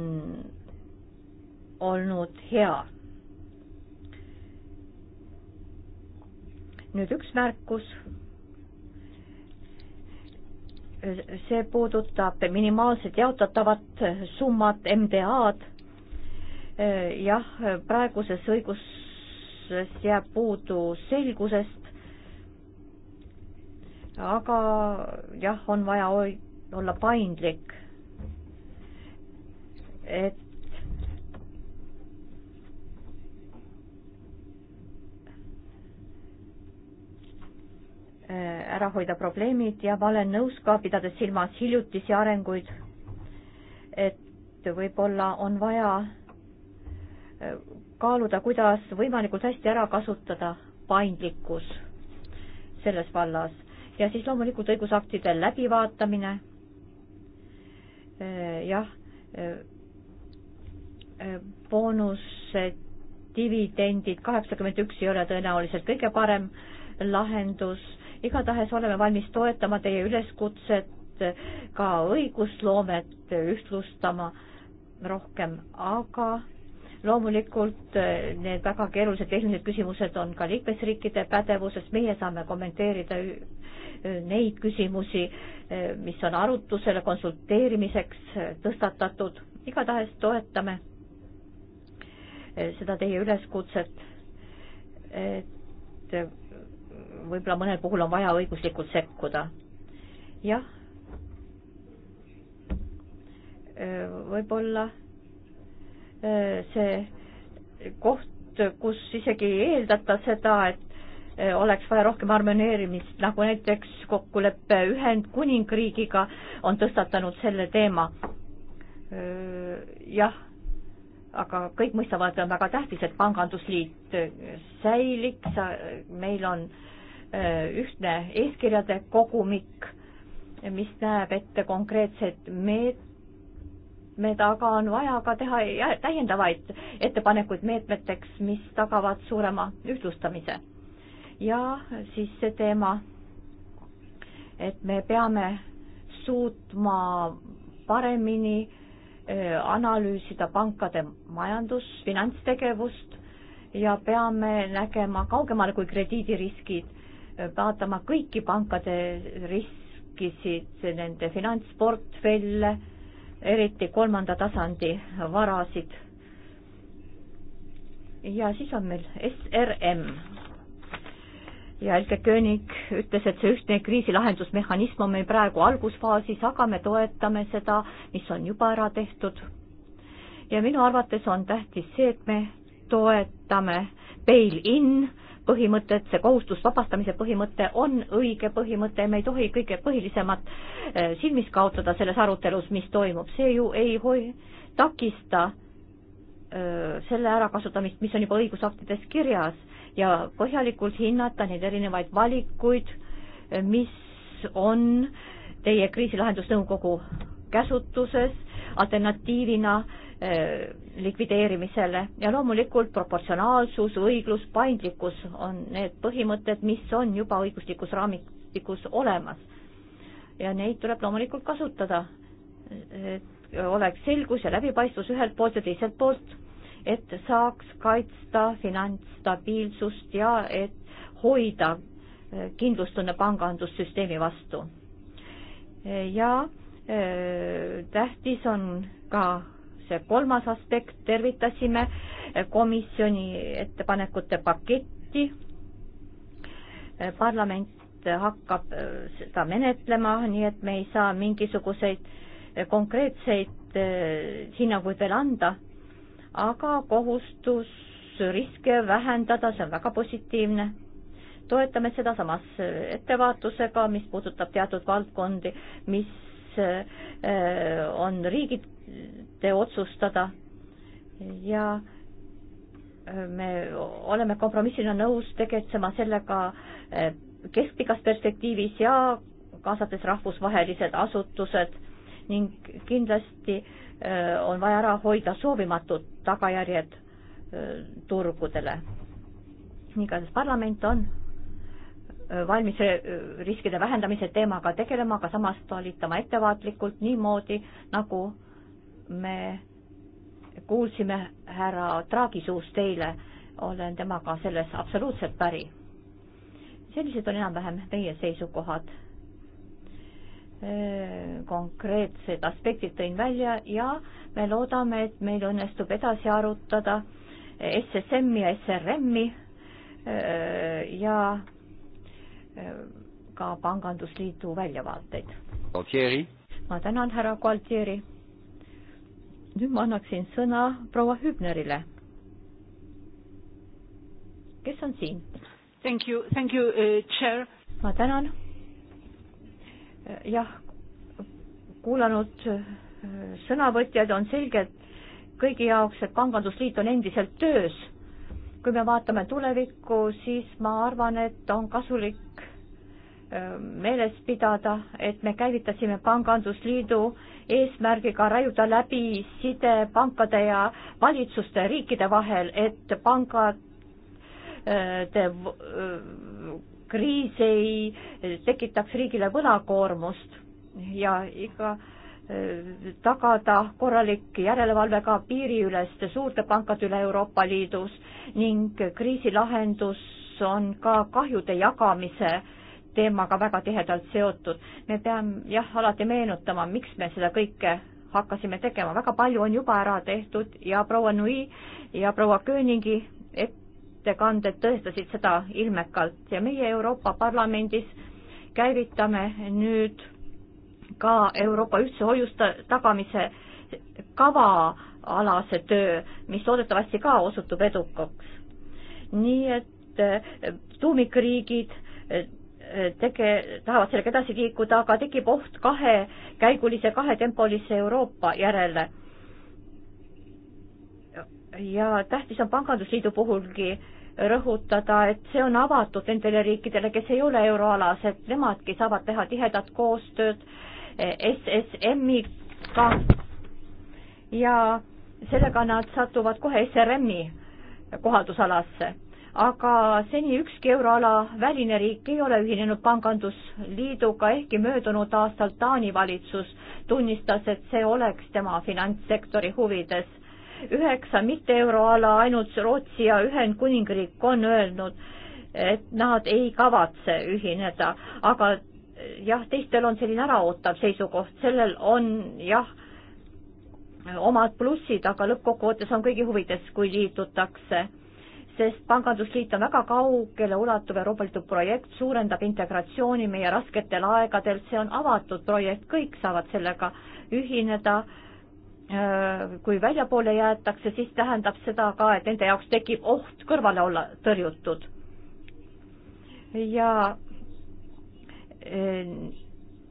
olnud hea. nüüd üks märkus see puudutab minimaalset jaotatavat summat, MDA-d. jah, praeguses õiguses jääb puudu selgusest, aga jah, on vaja olla paindlik, et Äh, ära hoida probleemid ja ma olen nõus ka, pidades silmas hiljutisi arenguid, et võib-olla on vaja äh, kaaluda, kuidas võimalikult hästi ära kasutada paindlikkus selles vallas ja siis loomulikult õigusaktide läbivaatamine. Äh, jah, boonused, dividendid, kaheksakümmend üks ei ole tõenäoliselt kõige parem lahendus igatahes oleme valmis toetama teie üleskutset ka õigusloomet ühtlustama rohkem, aga loomulikult eh, need väga keerulised tehnilised küsimused on ka liikmesriikide pädevuses, meie saame kommenteerida eh, neid küsimusi, eh, mis on arutusele konsulteerimiseks tõstatatud, igatahes toetame seda teie üleskutset, et võib-olla mõnel puhul on vaja õiguslikult sekkuda. jah, võib-olla see koht, kus isegi ei eeldata seda, et oleks vaja rohkem harmoneerimist, nagu näiteks kokkulepe Ühendkuningriigiga on tõstatanud selle teema. jah, aga kõik mõistavad, on väga tähtis, et pangandusliit säiliks, meil on äh, Äh, ühtne eeskirjade kogumik, mis näeb ette konkreetsed meetmed, aga on vaja ka teha täiendavaid ettepanekuid meetmeteks, mis tagavad suurema ühtlustamise. ja siis see teema, et me peame suutma paremini äh, analüüsida pankade majandus, finantstegevust ja peame nägema kaugemale kui krediidiriskid vaatama kõiki pankade riskisid, nende finantsportfelle, eriti kolmanda tasandi varasid. ja siis on meil SRM. ja Elke König ütles, et see ühtne kriisilahendusmehhanism on meil praegu algusfaasis, aga me toetame seda, mis on juba ära tehtud. ja minu arvates on tähtis see, et me toetame bail-in äh, põhimõtet, see kohustus vabastamise põhimõte on õige põhimõte ja me ei tohi kõige põhilisemat eh, silmis kaotada selles arutelus, mis toimub, see ju ei hoi-, takista eh, selle ärakasutamist, mis on juba õigusaktides kirjas ja põhjalikult hinnata neid erinevaid valikuid, eh, mis on teie kriisilahendusnõukogu käsutuses alternatiivina äh, Äh, likvideerimisele ja loomulikult proportsionaalsus, õiglus, paindlikkus on need põhimõtted, mis on juba õiguslikus raamistikus olemas. ja neid tuleb loomulikult kasutada, et oleks selgus ja läbipaistvus ühelt poolt ja teiselt poolt, et saaks kaitsta finantsstabiilsust ja et hoida äh, kindlustunne pangandussüsteemi vastu. ja äh, tähtis on ka see kolmas aspekt, tervitasime komisjoni ettepanekute paketti. parlament hakkab seda menetlema, nii et me ei saa mingisuguseid konkreetseid eh, hinnanguid veel anda, aga kohustus riske vähendada, see on väga positiivne toetame seda samas ettevaatusega, mis puudutab teatud valdkondi, mis eh, on riigid te otsustada ja äh, me oleme kompromissina nõus tegutsema sellega äh, keskpikas perspektiivis ja kaasates rahvusvahelised asutused ning kindlasti äh, on vaja ära hoida soovimatud tagajärjed turgudele. igatahes parlament on valmis riskide vähendamise teemaga tegelema, aga samas talitama ettevaatlikult niimoodi, nagu me kuulsime härra Draagi suust eile, olen temaga selles absoluutselt päri. sellised on enam-vähem meie seisukohad. konkreetsed aspektid tõin välja ja me loodame, et meil õnnestub edasi arutada SSM-i ja SRM-i ja ka pangandusliidu väljavaateid. ma tänan, härra Gualtieri nüüd ma annaksin sõna proua Hübnerile. kes on siin? Thank you, thank you uh,, chair. ma tänan. jah, kuulanud uh, sõnavõtjad, on selge, et kõigi jaoks, et pangandusliit on endiselt töös. kui me vaatame tulevikku, siis ma arvan, et on kasulik meeles pidada, et me käivitasime Pangandusliidu eesmärgiga raiuda läbi side pankade ja valitsuste riikide vahel, et pangade äh, äh, kriis ei tekitaks riigile võlakoormust ja iga äh, tagada korralik järelevalve ka piiriüleste suurte pankade üle Euroopa Liidus ning kriisilahendus on ka kahjude jagamise äh, teemaga väga tihedalt seotud. me peame jah, alati meenutama, miks me seda kõike hakkasime tegema, väga palju on juba ära tehtud ja proua Nui ja proua Kööningi ettekanded tõestasid seda ilmekalt ja meie Euroopa Parlamendis käivitame nüüd ka Euroopa ühtse hoiuste tagamise kava alase töö, mis loodetavasti ka osutub edukaks. nii et eh, tuumikriigid eh, tege-, tahavad sellega edasi liikuda, aga tekib oht kahekäigulise, kahetempolise Euroopa järele. ja tähtis on Pangandusliidu puhulgi rõhutada, et see on avatud nendele riikidele, kes ei ole euroalas, et nemadki saavad teha tihedat koostööd SSM-iga ja sellega nad satuvad kohe SRM-i kohaldusalasse aga seni ükski euroala väline riik ei ole ühinenud pangandusliiduga, ehkki möödunud aastal Taani valitsus tunnistas, et see oleks tema finantssektori huvides. üheksa mitte euroala, ainult Rootsi ja Ühendkuningriik on öelnud, et nad ei kavatse ühineda, aga jah, teistel on selline äraootav seisukoht, sellel on jah, omad plussid, aga lõppkokkuvõttes on kõigi huvides, kui liitutakse sest pangandusliit on väga kaugele ulatuv Euroopa Liidu projekt, suurendab integratsiooni meie rasketel aegadel, see on avatud projekt, kõik saavad sellega ühineda. Äh, kui väljapoole jäetakse, siis tähendab seda ka, et nende jaoks tekib oht kõrvale olla tõrjutud. ja äh,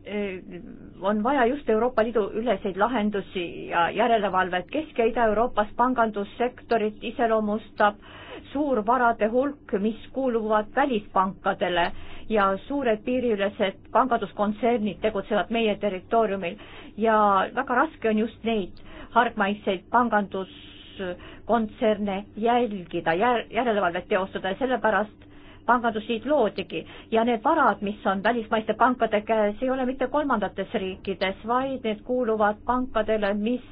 äh, on vaja just Euroopa Liidu üleseid lahendusi ja järelevalvet Kesk- ja Ida-Euroopas pangandussektorit iseloomustab äh, suur varade hulk, mis kuuluvad välispankadele ja suured piiriülesed panganduskontsernid tegutsevad meie territooriumil ja väga raske on just neid hargmaiseid panganduskontserne jälgida, järelevalvet teostada ja sellepärast pangandusliit loodigi ja need varad, mis on välismaiste pankade käes, ei ole mitte kolmandates riikides, vaid need kuuluvad pankadele, mis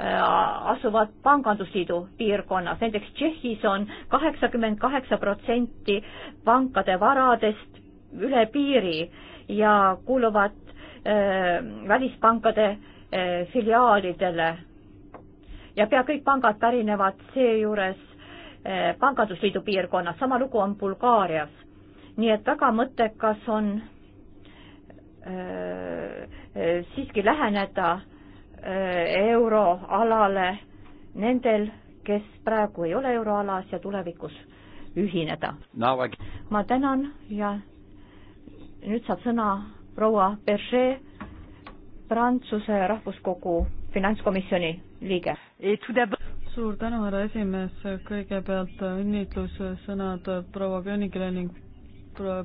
Äh, asuvad pangandusliidu piirkonnas. näiteks Tšehhis on kaheksakümmend kaheksa protsenti pankade varadest üle piiri ja kuuluvad äh, välispankade äh, filiaalidele. ja pea kõik pangad pärinevad seejuures pangandusliidu piirkonnas, sama lugu on Bulgaarias. nii et väga mõttekas on siiski läheneda äh, Äh, euroalale nendel, kes praegu ei ole euroalas ja tulevikus ühineda. ma tänan ja nüüd saab sõna proua Berger, Prantsuse Rahvuskogu finantskomisjoni liige. suur tänu, härra esimees, kõigepealt õnnitlussõnad proua Königile ning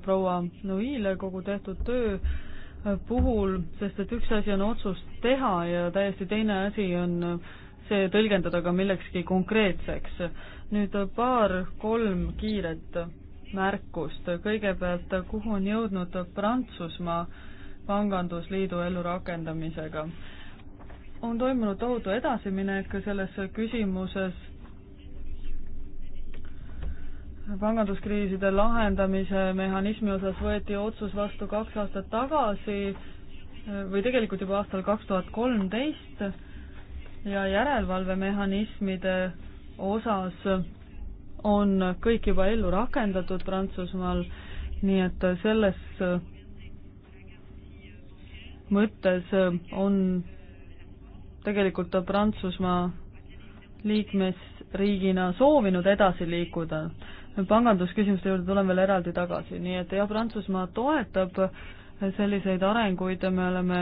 proua Nuile kogu tehtud töö puhul, sest et üks asi on otsus teha ja täiesti teine asi on see tõlgendada ka millekski konkreetseks. nüüd paar-kolm kiiret märkust, kõigepealt kuhu on jõudnud Prantsusmaa pangandusliidu ellurakendamisega. on toimunud tohutu edasiminek selles küsimuses panganduskriiside lahendamise mehhanismi osas võeti otsus vastu kaks aastat tagasi või tegelikult juba aastal kaks tuhat kolmteist ja järelevalvemehhanismide osas on kõik juba ellu rakendatud Prantsusmaal, nii et selles mõttes on tegelikult Prantsusmaa liikmesriigina soovinud edasi liikuda pangandusküsimuste juurde tulen veel eraldi tagasi, nii et jah, Prantsusmaa toetab selliseid arenguid ja me oleme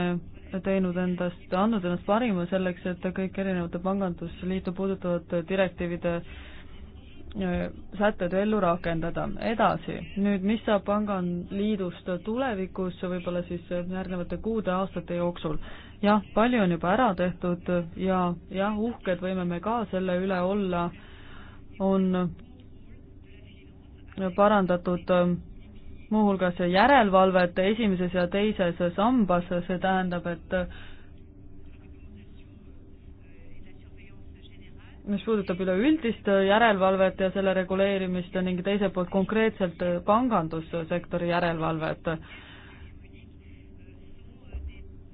teinud endast, andnud ennast parima selleks, et kõik erinevate pangandusliitu puudutavad direktiivide äh, sätted ellu rakendada. edasi, nüüd mis saab pangaliidust tulevikus, võib-olla siis järgnevate kuude, aastate jooksul? jah, palju on juba ära tehtud ja jah, uhked võime me ka selle üle olla, on parandatud äh, muuhulgas järelevalvet esimeses ja teises sambas, see tähendab, et äh, mis puudutab üleüldist järelevalvet ja selle reguleerimist ning teiselt poolt konkreetselt pangandussektori järelevalvet.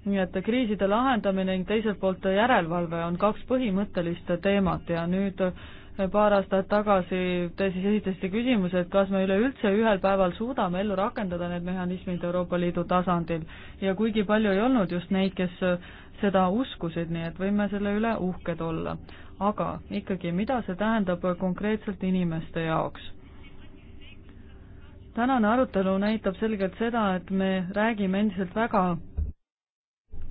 nii et kriiside lahendamine ning teiselt poolt järelevalve on kaks põhimõttelist teemat ja nüüd äh, paar aastat tagasi te siis esitasite küsimuse, et kas me üleüldse ühel päeval suudame ellu rakendada need mehhanismid Euroopa Liidu tasandil ja kuigi palju ei olnud just neid, kes seda uskusid, nii et võime selle üle uhked olla. aga ikkagi, mida see tähendab konkreetselt inimeste jaoks? tänane arutelu näitab selgelt seda, et me räägime endiselt väga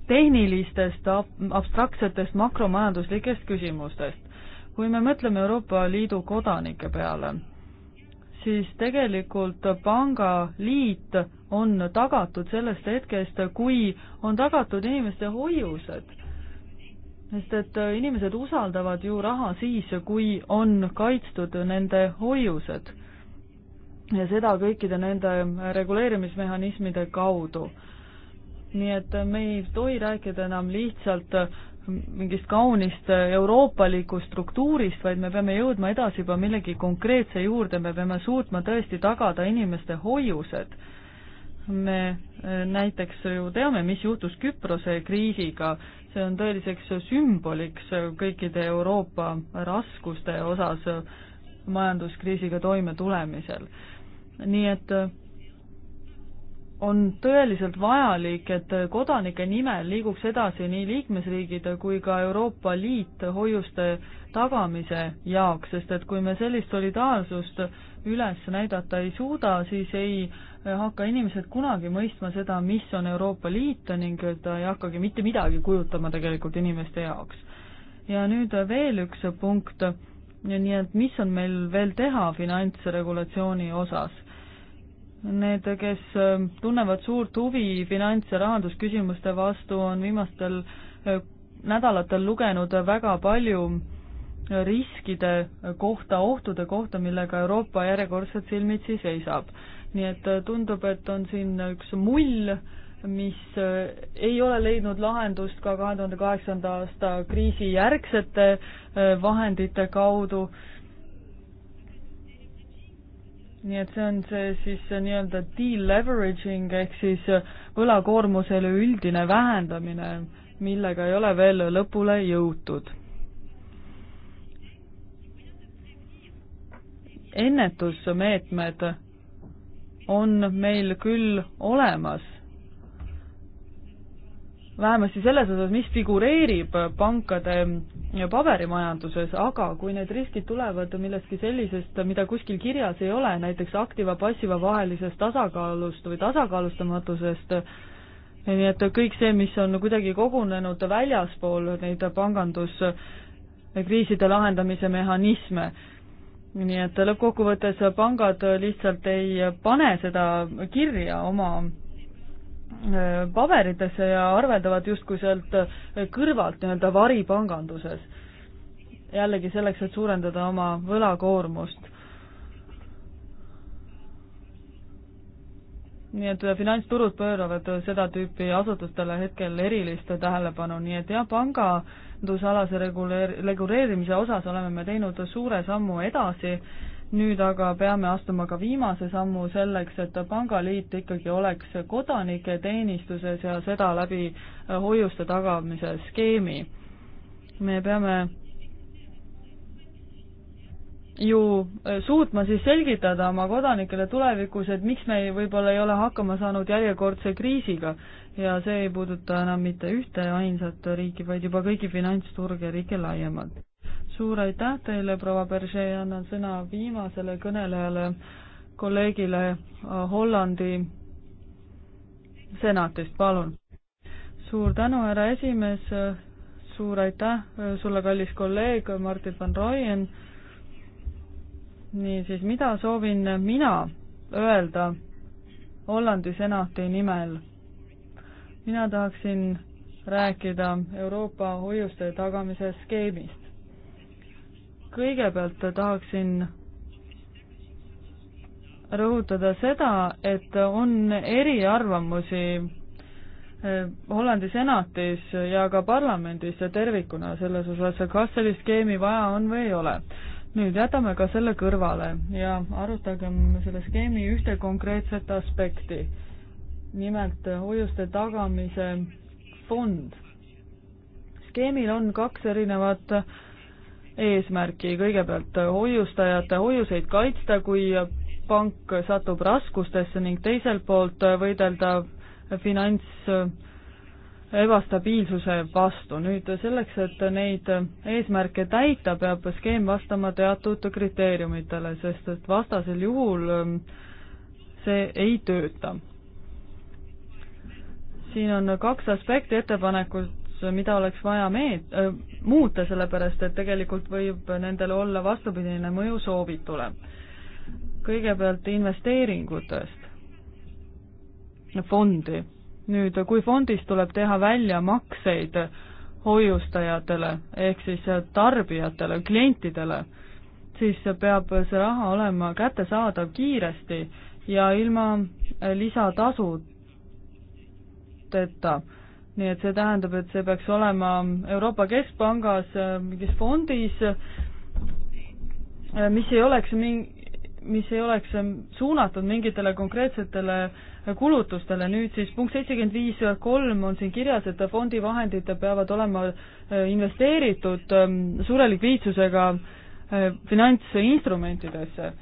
tehnilistest abstraktsetest makromajanduslikest küsimustest kui me mõtleme Euroopa Liidu kodanike peale, siis tegelikult pangaliit on tagatud sellest hetkest, kui on tagatud inimeste hoiused. sest et inimesed usaldavad ju raha siis, kui on kaitstud nende hoiused. ja seda kõikide nende reguleerimismehhanismide kaudu nii et me ei tohi rääkida enam lihtsalt mingist kaunist euroopalikust struktuurist, vaid me peame jõudma edasi juba millegi konkreetse juurde, me peame suutma tõesti tagada inimeste hoiused. me eh, näiteks ju teame, mis juhtus Küprose kriisiga, see on tõeliseks sümboliks kõikide Euroopa raskuste osas majanduskriisiga toimetulemisel. nii et eh, on tõeliselt vajalik, et kodanike nimel liiguks edasi nii liikmesriigid kui ka Euroopa Liit hoiuste tagamise jaoks, sest et kui me sellist solidaarsust üles näidata ei suuda, siis ei hakka inimesed kunagi mõistma seda, mis on Euroopa Liit ning ta ei hakkagi mitte midagi kujutama tegelikult inimeste jaoks. ja nüüd veel üks punkt, nii et mis on meil veel teha finantsregulatsiooni osas Need, kes ähm, tunnevad suurt huvi finants- ja rahandusküsimuste vastu, on viimastel äh, nädalatel lugenud väga palju äh, riskide kohta, ohtude kohta, millega Euroopa järjekordselt silmitsi seisab. nii et äh, tundub, et on siin üks mull, mis ei ole leidnud lahendust ka kahe tuhande kaheksanda aasta kriisi järgsete vahendite kaudu nii et see on see siis äh, nii-öelda deleveraging ehk siis äh, võlakoormuse üleüldine vähendamine, millega ei ole veel lõpule jõutud. ennetusmeetmed on meil küll olemas vähemasti selles osas, mis figureerib pankade paberimajanduses, aga kui need riskid tulevad millestki sellisest, mida kuskil kirjas ei ole, näiteks aktiiva-passiva vahelisest tasakaalust või tasakaalustamatusest, nii et kõik see, mis on kuidagi kogunenud väljaspool neid panganduskriiside lahendamise mehhanisme, nii et lõppkokkuvõttes pangad lihtsalt ei pane seda kirja oma paberitesse ja arveldavad justkui sealt kõrvalt nii-öelda varipanganduses. jällegi selleks, et suurendada oma võlakoormust. nii et finantsturud pööravad seda tüüpi asutustele hetkel erilist tähelepanu, nii et jah, pangandusalase reguleer-, reguleerimise osas oleme me teinud suure sammu edasi nüüd aga peame astuma ka viimase sammu selleks, et pangaliit ikkagi oleks kodanike teenistuses ja seda läbi äh, hoiuste tagamise skeemi. me peame ju äh, suutma siis selgitada oma kodanikele tulevikus, et miks me ei, võib-olla ei ole hakkama saanud järjekordse kriisiga ja see ei puuduta enam mitte ühte ainsat riiki, vaid juba kõigi finantsturge riike laiemalt suur aitäh teile, proua Berge, ja annan sõna viimasele kõnelejale, kolleegile äh, Hollandi senatist, palun. suur tänu, härra esimees, suur aitäh äh, sulle, kallis kolleeg Martin van Rooyen. niisiis, mida soovin mina öelda Hollandi senati nimel? mina tahaksin rääkida Euroopa hoiuste tagamise skeemist kõigepealt tahaksin rõhutada seda, et on eriarvamusi eh, Hollandi senatis ja ka parlamendis tervikuna selles osas, kas sellist skeemi vaja on või ei ole. nüüd jätame ka selle kõrvale ja arutagem selle skeemi ühte konkreetset aspekti, nimelt hoiuste tagamise fond. skeemil on kaks erinevat äh, eesmärki, kõigepealt hoiustajate hoiuseid kaitsta, kui pank satub raskustesse ning teiselt poolt võidelda finants ebastabiilsuse vastu. nüüd selleks, et neid eesmärke täita, peab skeem vastama teatud kriteeriumitele, sest et vastasel juhul ähm, see ei tööta. siin on kaks aspekti ettepanekut mida oleks vaja meet- äh,, muuta, sellepärast et tegelikult võib nendel olla vastupidine mõju soovitule. kõigepealt investeeringutest fondi. nüüd, kui fondist tuleb teha väljamakseid hoiustajatele ehk siis tarbijatele, klientidele, siis peab see raha olema kättesaadav kiiresti ja ilma lisatasudeta nii et see tähendab, et see peaks olema Euroopa Keskpangas äh, mingis fondis, äh, mis ei oleks mingi, mis ei oleks ähm, suunatud mingitele konkreetsetele äh, kulutustele, nüüd siis punkt seitsekümmend viis kolm on siin kirjas, et fondi vahendid peavad olema investeeritud ähm, suure likviidsusega finantsinstrumentidesse.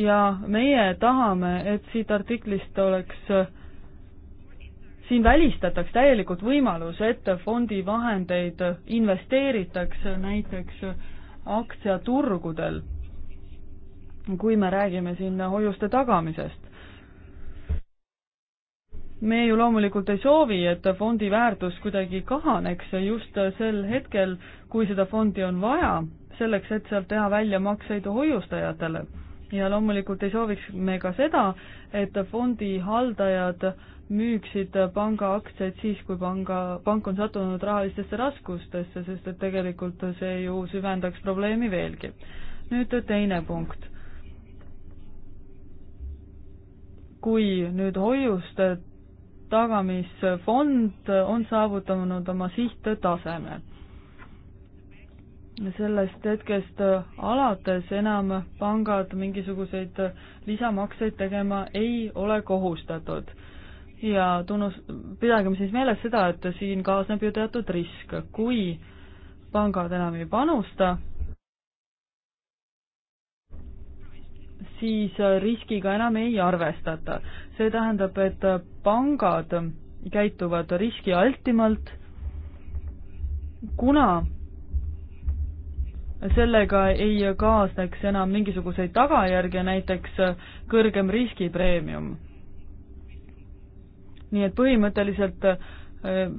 ja meie tahame, et siit artiklist oleks äh, siin välistataks täielikult võimalus, et fondi vahendeid investeeritakse näiteks aktsiaturgudel, kui me räägime siin hoiuste tagamisest. me ju loomulikult ei soovi, et fondi väärtus kuidagi kahaneks just sel hetkel, kui seda fondi on vaja, selleks, et sealt teha väljamakseid hoiustajatele. ja loomulikult ei sooviks me ka seda, et fondi haldajad äh, müüksid panga aktsiaid siis, kui panga, pank on sattunud rahalistesse raskustesse, sest et tegelikult see ju süvendaks probleemi veelgi. nüüd teine punkt. kui nüüd hoiuste tagamisfond on saavutanud oma sihttaseme, sellest hetkest alates enam pangad mingisuguseid lisamakseid tegema ei ole kohustatud ja tunnus, pidagem siis meeles seda, et siin kaasneb ju teatud risk, kui pangad enam ei panusta, siis riskiga enam ei arvestata. see tähendab, et pangad käituvad riskialtimalt, kuna sellega ei kaasneks enam mingisuguseid tagajärgi, näiteks kõrgem riskipreemium nii et põhimõtteliselt äh,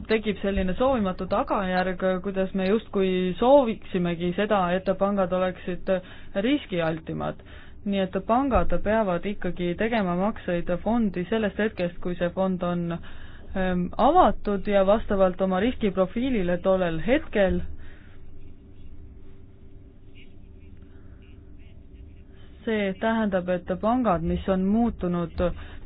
tekib selline soovimatu tagajärg, kuidas me justkui sooviksimegi seda, et pangad oleksid riskialtimad. nii et pangad peavad ikkagi tegema makseid fondi sellest hetkest, kui see fond on ähm, avatud ja vastavalt oma riskiprofiilile tollel hetkel see tähendab, et pangad, mis on muutunud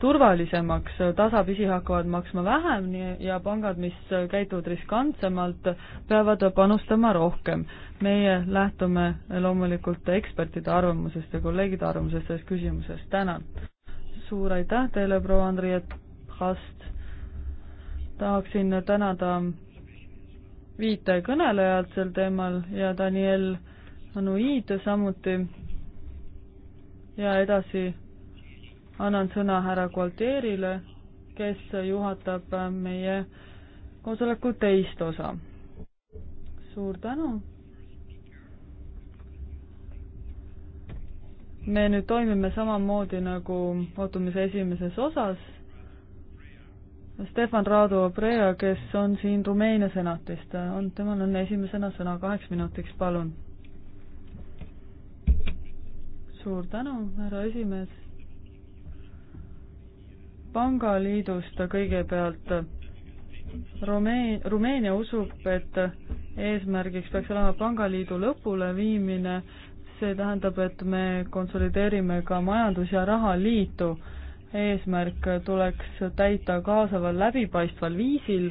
turvalisemaks, tasapisi hakkavad maksma vähem ja pangad, mis käituvad riskantsemalt, peavad panustama rohkem. meie lähtume loomulikult ekspertide arvamusest ja kolleegide arvamusest selles küsimuses, tänan. suur aitäh teile, proua Andriet Hast. tahaksin tänada viite kõnelejalt sel teemal ja Daniel Anuid samuti ja edasi annan sõna härra Gualtierile, kes juhatab äh, meie koosoleku teist osa. suur tänu. me nüüd toimime samamoodi nagu kohtumise esimeses osas. Stefan Raadu Prea, kes on siin Rumeenia senatist, äh, on, temal on esimesena sõna kaheks minutiks, palun suur tänu, härra esimees. pangaliidust kõigepealt. Rumeen-, Rumeenia usub, et eesmärgiks peaks olema pangaliidu lõpuleviimine, see tähendab, et me konsolideerime ka majandus- ja rahaliitu. eesmärk tuleks täita kaasaval läbipaistval viisil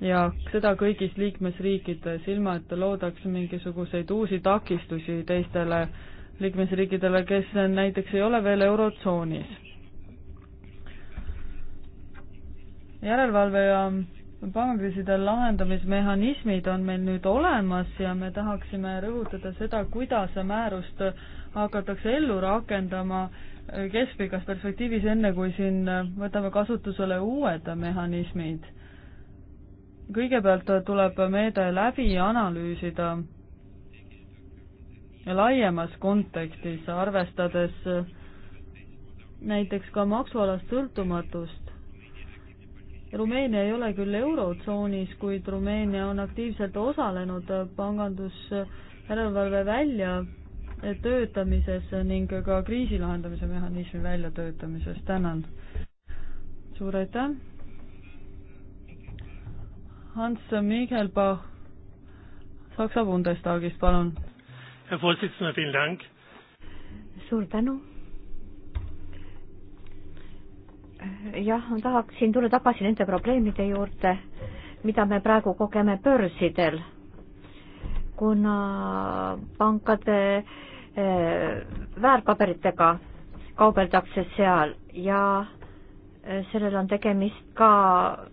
ja seda kõigis liikmesriikides, ilma et loodaks mingisuguseid uusi takistusi teistele äh, liikmesriikidele, kes näiteks ei ole veel Eurotsoonis. järelevalve ja pangakriiside lahendamismehhanismid on meil nüüd olemas ja me tahaksime rõhutada seda, kuidas määrust hakatakse ellu rakendama keskpikas perspektiivis, enne kui siin võtame kasutusele uued mehhanismid. kõigepealt tuleb meede läbi analüüsida laiemas kontekstis, arvestades äh, näiteks ka maksualast sõltumatust. Rumeenia ei ole küll Eurotsoonis, kuid Rumeenia on aktiivselt osalenud pangandusjärelevalve välja töötamises ning ka kriisi lahendamise mehhanismi väljatöötamises, tänan. suur aitäh. Hans Michelbach Saksa Bundestagist, palun suur tänu. jah, ma tahaksin tulla tagasi nende probleemide juurde, mida me praegu kogeme börsidel, kuna pankade eh, väärpaberitega kaubeldakse seal ja eh, sellel on tegemist ka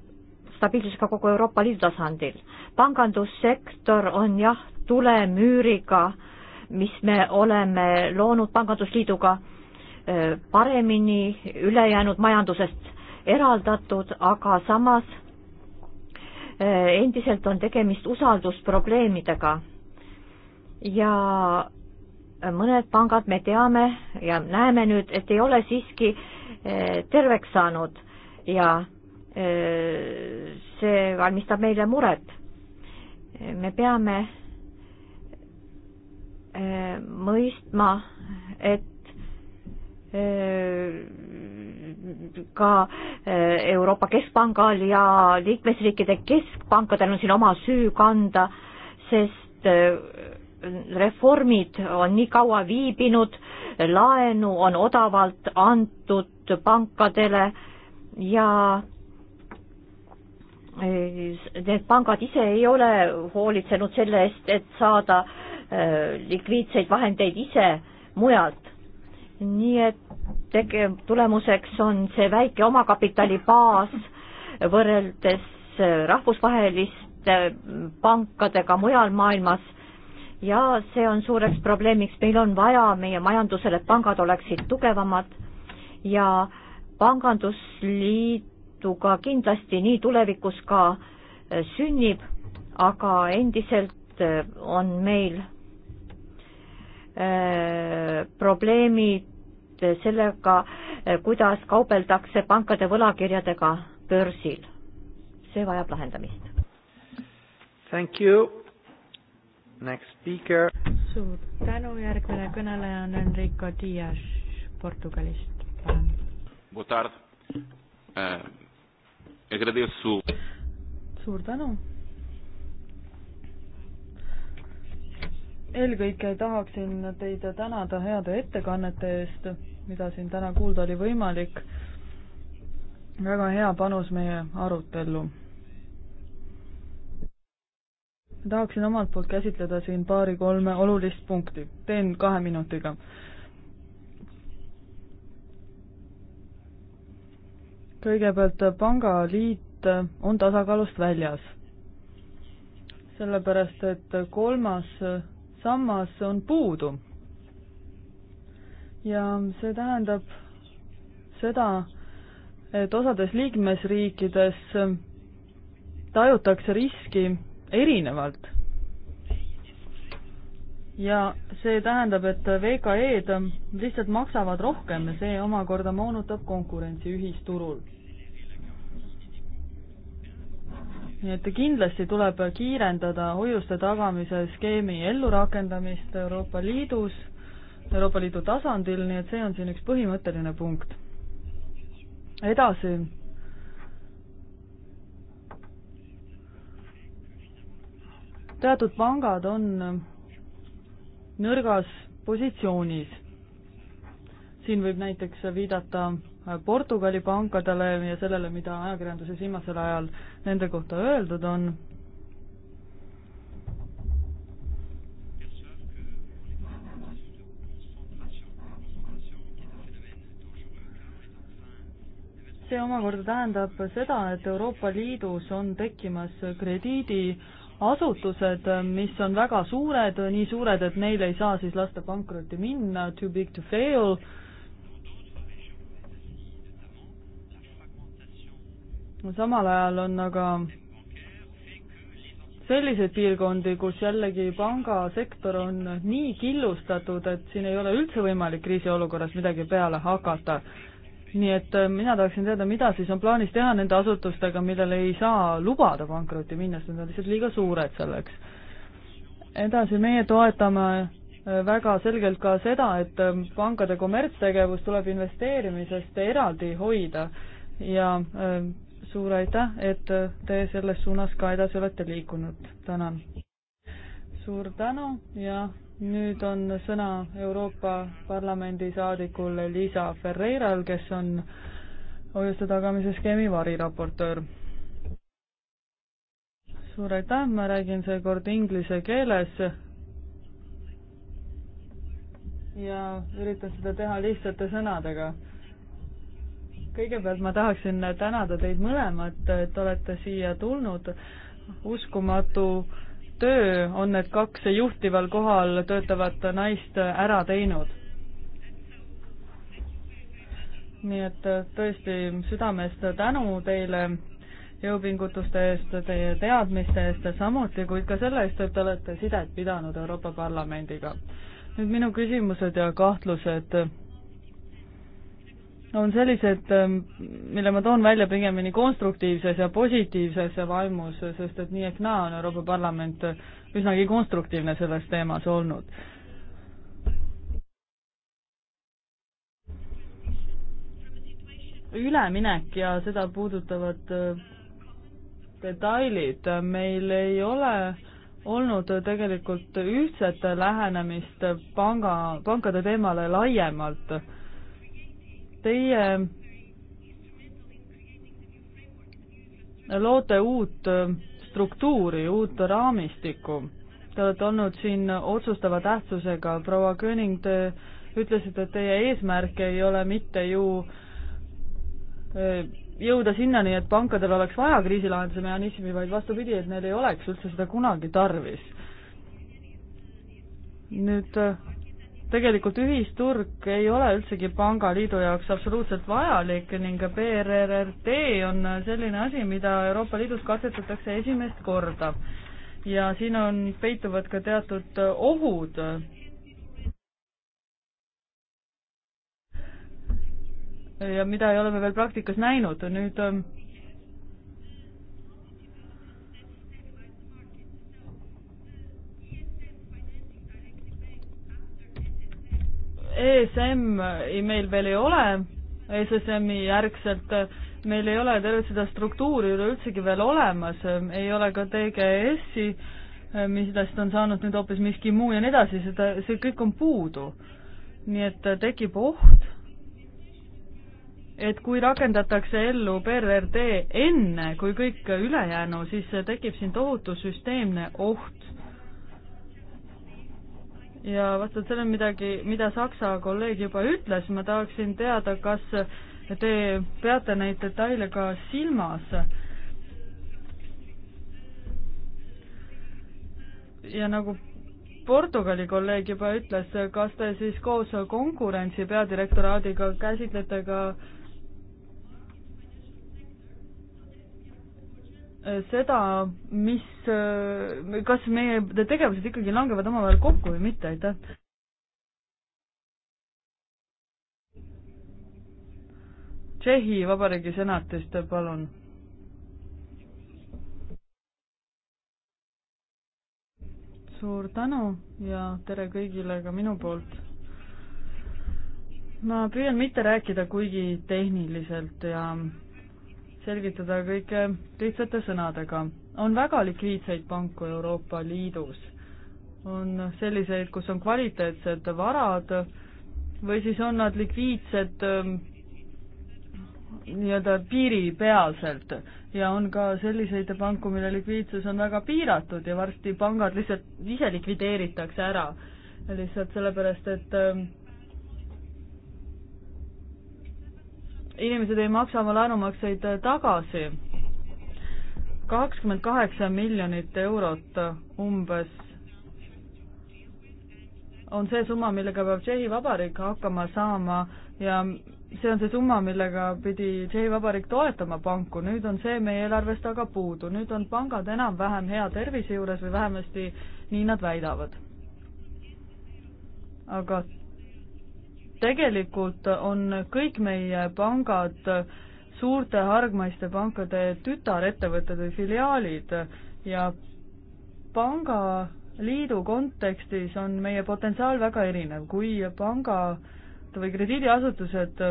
stabiilsusega kogu Euroopa Liidu tasandil. pangandussektor on jah, tulemüüriga äh, mis me oleme loonud Pangandusliiduga, äh, paremini ülejäänud majandusest eraldatud, aga samas äh, endiselt on tegemist usaldusprobleemidega. ja mõned pangad, me teame ja näeme nüüd, et ei ole siiski äh, terveks saanud ja see valmistab meile muret. me peame Eh, mõistma, et eh, ka eh, Euroopa Keskpangal ja liikmesriikide keskpankadel on siin oma süü kanda, sest reformid on nii kaua viibinud, laenu on odavalt antud pankadele ja need pangad ise ei ole hoolitsenud selle eest, et saada äh, Äh, likviidseid vahendeid ise mujalt. nii et tege-, tulemuseks on see väike omakapitali baas võrreldes äh, rahvusvaheliste mm, pankadega mujal maailmas ja see on suureks probleemiks, meil on vaja meie majandusele, et pangad oleksid tugevamad ja pangandusliiduga kindlasti nii tulevikus ka äh, sünnib, aga endiselt on meil Äh, probleemid sellega, äh, kuidas kaubeldakse pankade võlakirjadega börsil. see vajab lahendamist. Thank you. Next speaker. suur tänu, järgmine kõneleja on Enrico Dias Portugalist, palun. Boa tarde uh,. Agradeço. suur tänu eelkõige tahaksin teid tänada heade ettekannete eest, mida siin täna kuulda oli võimalik. väga hea panus meie arutellu. tahaksin omalt poolt käsitleda siin paari-kolme olulist punkti, teen kahe minutiga. kõigepealt pangaliit on tasakaalust väljas sellepärast, et kolmas sammas on puudu. ja see tähendab seda, et osades liikmesriikides tajutakse riski erinevalt. ja see tähendab, et VKE-d lihtsalt maksavad rohkem ja see omakorda moonutab konkurentsi ühisturul nii et kindlasti tuleb kiirendada hoiuste tagamise skeemi ellurakendamist Euroopa Liidus, Euroopa Liidu tasandil, nii et see on siin üks põhimõtteline punkt. edasi. teatud pangad on nõrgas positsioonis. siin võib näiteks viidata Portugali pankadele ja sellele, mida ajakirjanduses viimasel ajal nende kohta öeldud on. see omakorda tähendab seda, et Euroopa Liidus on tekkimas krediidiasutused, mis on väga suured, nii suured, et neile ei saa siis lasta pankrotti minna, too big to fail samal ajal on aga selliseid piirkondi, kus jällegi pangasektor on nii killustatud, et siin ei ole üldse võimalik kriisiolukorras midagi peale hakata. nii et äh, mina tahaksin teada, mida siis on plaanis teha nende asutustega, millele ei saa lubada pankrotti minna, sest nad on lihtsalt liiga suured selleks. edasi, meie toetame äh, väga selgelt ka seda, et äh, pankade kommertstegevus tuleb investeerimisest eraldi hoida ja suur aitäh, et te selles suunas ka edasi olete liikunud, tänan. suur tänu ja nüüd on sõna Euroopa Parlamendi saadikul Liisa Ferreiral, kes on hoiuste tagamise skeemi variraportöör. suur aitäh, ma räägin seekord inglise keeles, ja üritan seda teha lihtsate sõnadega kõigepealt ma tahaksin tänada teid mõlemat, et olete siia tulnud. uskumatu töö on need kaks juhtival kohal töötavat naist ära teinud. nii et tõesti südamest tänu teile jõupingutuste eest, teie teadmiste eest samuti, kuid ka selle eest, et olete sidet pidanud Euroopa Parlamendiga. nüüd minu küsimused ja kahtlused on sellised, ähm, mille ma toon välja pigemini konstruktiivses ja positiivses vaimus, sest et nii ehk naa on Euroopa Parlament üsnagi konstruktiivne selles teemas olnud. üleminek ja seda puudutavad äh, detailid, meil ei ole olnud tegelikult ühtset lähenemist panga, pankade teemale laiemalt teie loote uut struktuuri, uut raamistikku. Te olete olnud siin otsustava tähtsusega, proua Köning, te ütlesite, et teie eesmärk ei ole mitte ju e, jõuda sinnani, et pankadel oleks vaja kriisilahenduse mehhanismi, vaid vastupidi, et neil ei oleks üldse seda kunagi tarvis. nüüd tegelikult ühisturg ei ole üldsegi pangaliidu jaoks absoluutselt vajalik ning BRRT on selline asi, mida Euroopa Liidus katsetatakse esimest korda. ja siin on, peituvad ka teatud ohud. ja mida ei ole me veel praktikas näinud, nüüd ESM-i meil veel ei ole, e SSM-i järgselt meil ei ole tervet seda struktuuri üleüldsegi veel olemas, ei ole ka TGS-i, millest on saanud nüüd hoopis miski muu ja nii edasi, seda, see kõik on puudu. nii et tekib oht, et kui rakendatakse ellu PRRD enne kui kõik ülejäänu, siis tekib siin tohutu süsteemne oht ja vastavalt sellele midagi, mida Saksa kolleeg juba ütles, ma tahaksin teada, kas te peate neid detaile ka silmas. ja nagu Portugali kolleeg juba ütles, kas te siis koos konkurentsi peadirektoraadiga käsitlete ka äh, seda, mis, kas meie tegevused ikkagi langevad omavahel kokku või mitte, aitäh. Tšehhi Vabariigi senatist, palun. suur tänu ja tere kõigile ka minu poolt. ma püüan mitte rääkida kuigi tehniliselt ja selgitada kõike lihtsate sõnadega. on väga likviidseid panku Euroopa Liidus. on selliseid, kus on kvaliteetsed varad või siis on nad likviidsed ähm, nii-öelda piiripealselt ja on ka selliseid panku, mille likviidsus on väga piiratud ja varsti pangad lihtsalt ise likvideeritakse ära. lihtsalt sellepärast, et ähm, inimesed ei maksa oma laenumakseid tagasi. kakskümmend kaheksa miljonit eurot umbes on see summa, millega peab Tšehhi Vabariik hakkama saama ja see on see summa, millega pidi Tšehhi Vabariik toetama panku, nüüd on see meie eelarvest aga puudu, nüüd on pangad enam-vähem hea tervise juures või vähemasti nii nad väidavad. aga tegelikult on kõik meie pangad suurte hargmaiste pankade tütarettevõtted või filiaalid ja pangaliidu kontekstis on meie potentsiaal väga erinev, kui pangad või krediidiasutused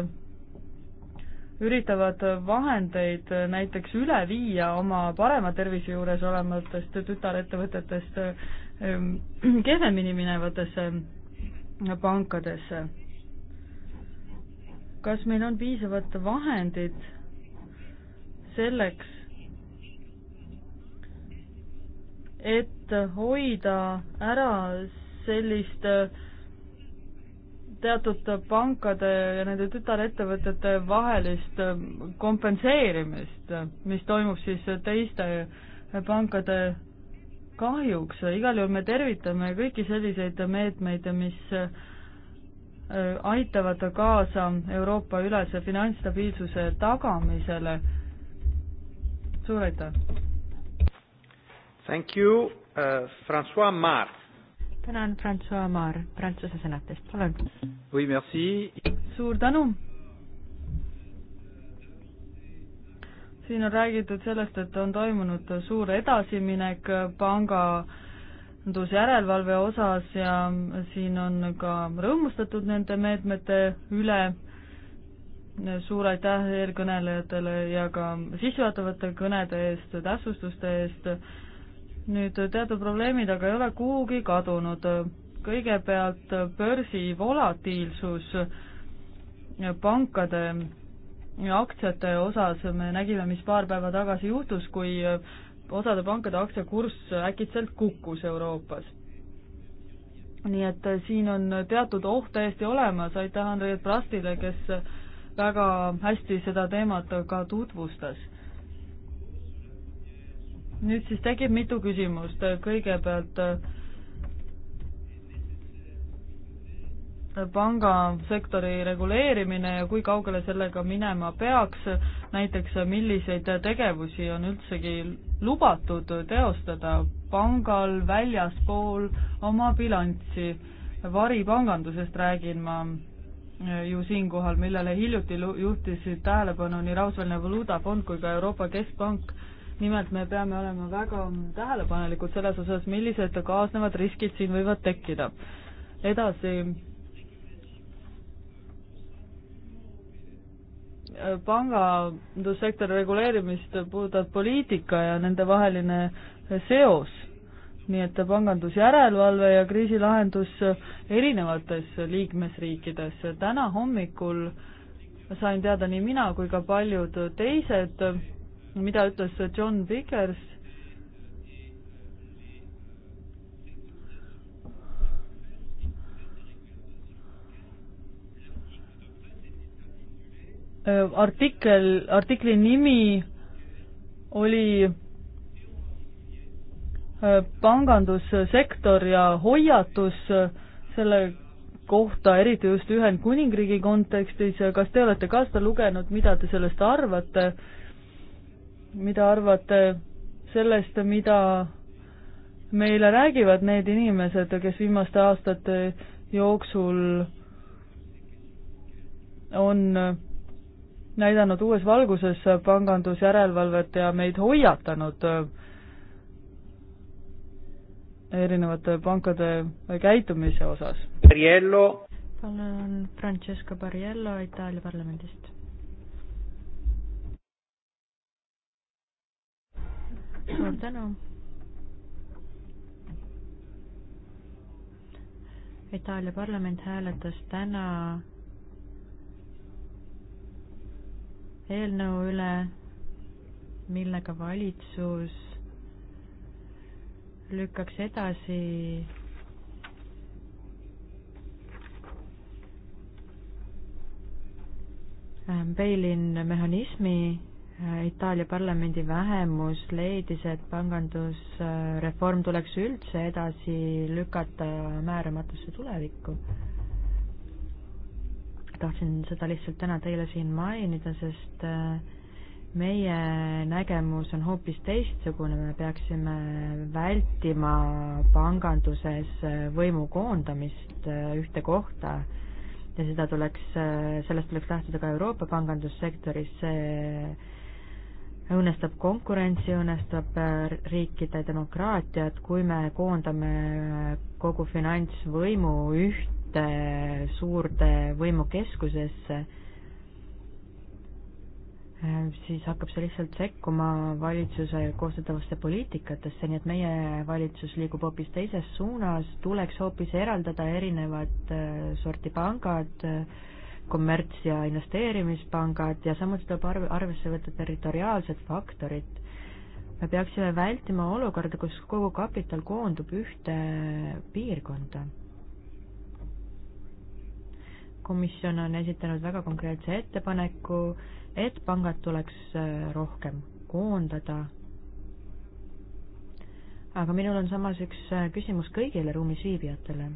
üritavad vahendeid näiteks üle viia oma parema tervise juures olevatest tütarettevõtetest ehm, kehvemini minevatesse pankadesse kas meil on piisavad vahendid selleks, et hoida ära sellist äh, teatud pankade ja nende tütarettevõtete vahelist äh, kompenseerimist, mis toimub siis teiste pankade kahjuks, igal juhul me tervitame kõiki selliseid meetmeid, mis Äh, aitavad kaasa Euroopa ülese finantsstabiilsuse tagamisele. suur aitäh! Thank you uh,, äh, Francois Maar. tänan, Francois Maar Prantsuse senatist, palun. Oui, merci. suur tänu. siin on räägitud sellest, et on toimunud suur edasiminek panga äh, pangandusjärelevalve osas ja siin on ka rõõmustatud nende meetmete üle. suur aitäh eelkõnelejatele ja ka sissejuhatavate kõnede eest, täpsustuste eest. nüüd teatud probleemid aga ei ole kuhugi kadunud. kõigepealt börsi volatiilsus pankade aktsiate osas me nägime, mis paar päeva tagasi juhtus, kui osade pankade aktsiakurss äkitselt kukkus Euroopas. nii et äh, siin on teatud oht täiesti olemas, aitäh Andrei Prastile, kes väga hästi seda teemat ka tutvustas. nüüd siis tekib mitu küsimust, kõigepealt äh, pangasektori reguleerimine ja kui kaugele sellega minema peaks, näiteks milliseid tegevusi on üldsegi lubatud teostada pangal väljaspool oma bilanssi. varipangandusest räägin ma eh, ju siinkohal, millele hiljuti juhtisid tähelepanu nii Rahvusvaheline Valuutafond kui ka Euroopa Keskpank. nimelt me peame olema väga tähelepanelikud selles osas, millised kaasnevad riskid siin võivad tekkida. edasi pangandussektori reguleerimist puudutab poliitika ja nende vaheline seos. nii et pangandusjärelevalve ja kriisilahendus erinevates liikmesriikides. täna hommikul sain teada nii mina kui ka paljud teised, mida ütles John Vickers Äh, artikkel, artikli nimi oli äh, pangandussektor ja hoiatus äh, selle kohta, eriti just Ühendkuningriigi kontekstis, kas te olete ka seda lugenud, mida te sellest arvate, mida arvate sellest, mida meile räägivad need inimesed, kes viimaste aastate jooksul on näidanud uues valguses pangandusjärelevalvet ja meid hoiatanud äh, erinevate pankade käitumise osas. Barriello. palun Francesco Barriello Itaalia parlamendist. suur tänu. Itaalia parlament hääletas täna eelnõu üle, millega valitsus lükkaks edasi ähm, bail-in mehhanismi äh, Itaalia parlamendi vähemus leidis, et pangandusreform tuleks üldse edasi lükata määramatusse tulevikku tahtsin seda lihtsalt täna teile siin mainida, sest äh, meie nägemus on hoopis teistsugune, me peaksime vältima panganduses äh, võimu koondamist äh, ühte kohta ja seda tuleks, sellest tuleks lähtuda ka Euroopa pangandussektoris, see õõnestab konkurentsi, õõnestab riikide demokraatiat, kui me koondame kogu finantsvõimu üht uute suurde võimukeskusesse, siis hakkab see lihtsalt sekkuma valitsuse koostatavasse poliitikatesse, nii et meie valitsus liigub hoopis teises suunas, tuleks hoopis eraldada erinevat äh, sorti pangad, kommerts- ja investeerimispangad ja samuti tuleb arv, arvesse võtta territoriaalset faktorit. me peaksime vältima olukorda, kus kogu kapital koondub ühte piirkonda komisjon on esitanud väga konkreetse ettepaneku, et pangad tuleks äh, rohkem koondada. aga minul on samas üks äh, küsimus kõigile ruumis viibijatele.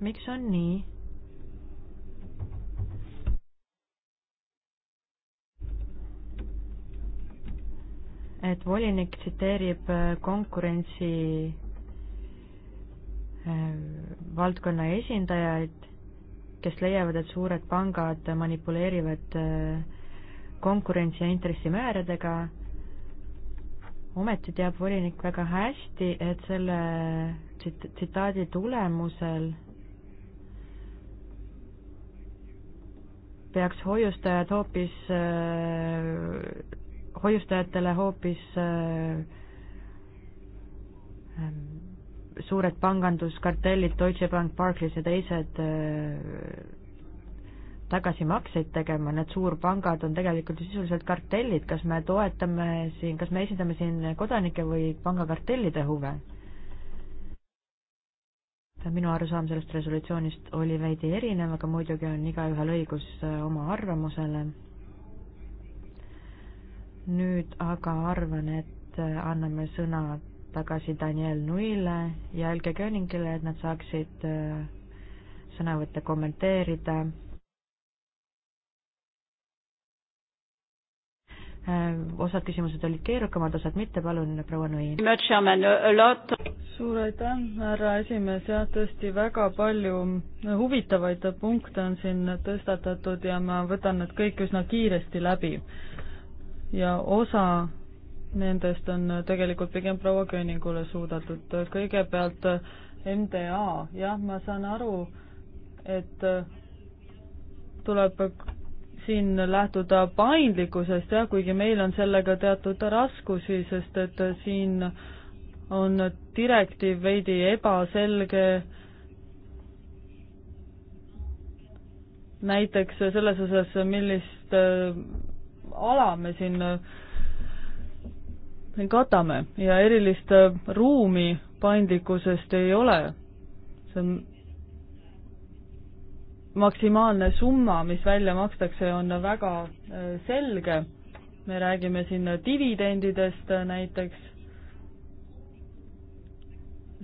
miks on nii, et volinik tsiteerib äh, konkurentsi Äh, valdkonna esindajaid, kes leiavad, et suured pangad manipuleerivad äh, konkurentsi ja intressimääradega. ometi teab volinik väga hästi, et selle tsitaadi tulemusel peaks hoiustajad hoopis, äh, hoiustajatele hoopis ähm, suured panganduskartellid, Deutsche Bank, Barclays ja teised äh, tagasimakseid tegema, need suurpangad on tegelikult ju sisuliselt kartellid, kas me toetame siin, kas me esindame siin kodanike või pangakartellide huve? minu arusaam sellest resolutsioonist oli veidi erinev, aga muidugi on igaühel õigus äh, oma arvamusele. nüüd aga arvan, et äh, anname sõna tagasi Daniel Nuile ja Helge Köningile, et nad saaksid äh, sõnavõtte kommenteerida. Äh, osad küsimused olid keerukamad, osad mitte, palun proua Nui. suur aitäh, härra esimees, jah, tõesti väga palju huvitavaid punkte on siin tõstatatud ja ma võtan need kõik üsna kiiresti läbi. ja osa Nendest on tegelikult pigem proua Kööningule suudatud. kõigepealt MDA, jah, ma saan aru, et tuleb siin lähtuda paindlikkusest, jah, kuigi meil on sellega teatud raskusi, sest et siin on direktiiv veidi ebaselge näiteks selles osas, millist ala me siin äh, katame ja erilist äh, ruumi paindlikkusest ei ole. see on maksimaalne summa, mis välja makstakse, on väga äh, selge. me räägime siin dividendidest äh, näiteks.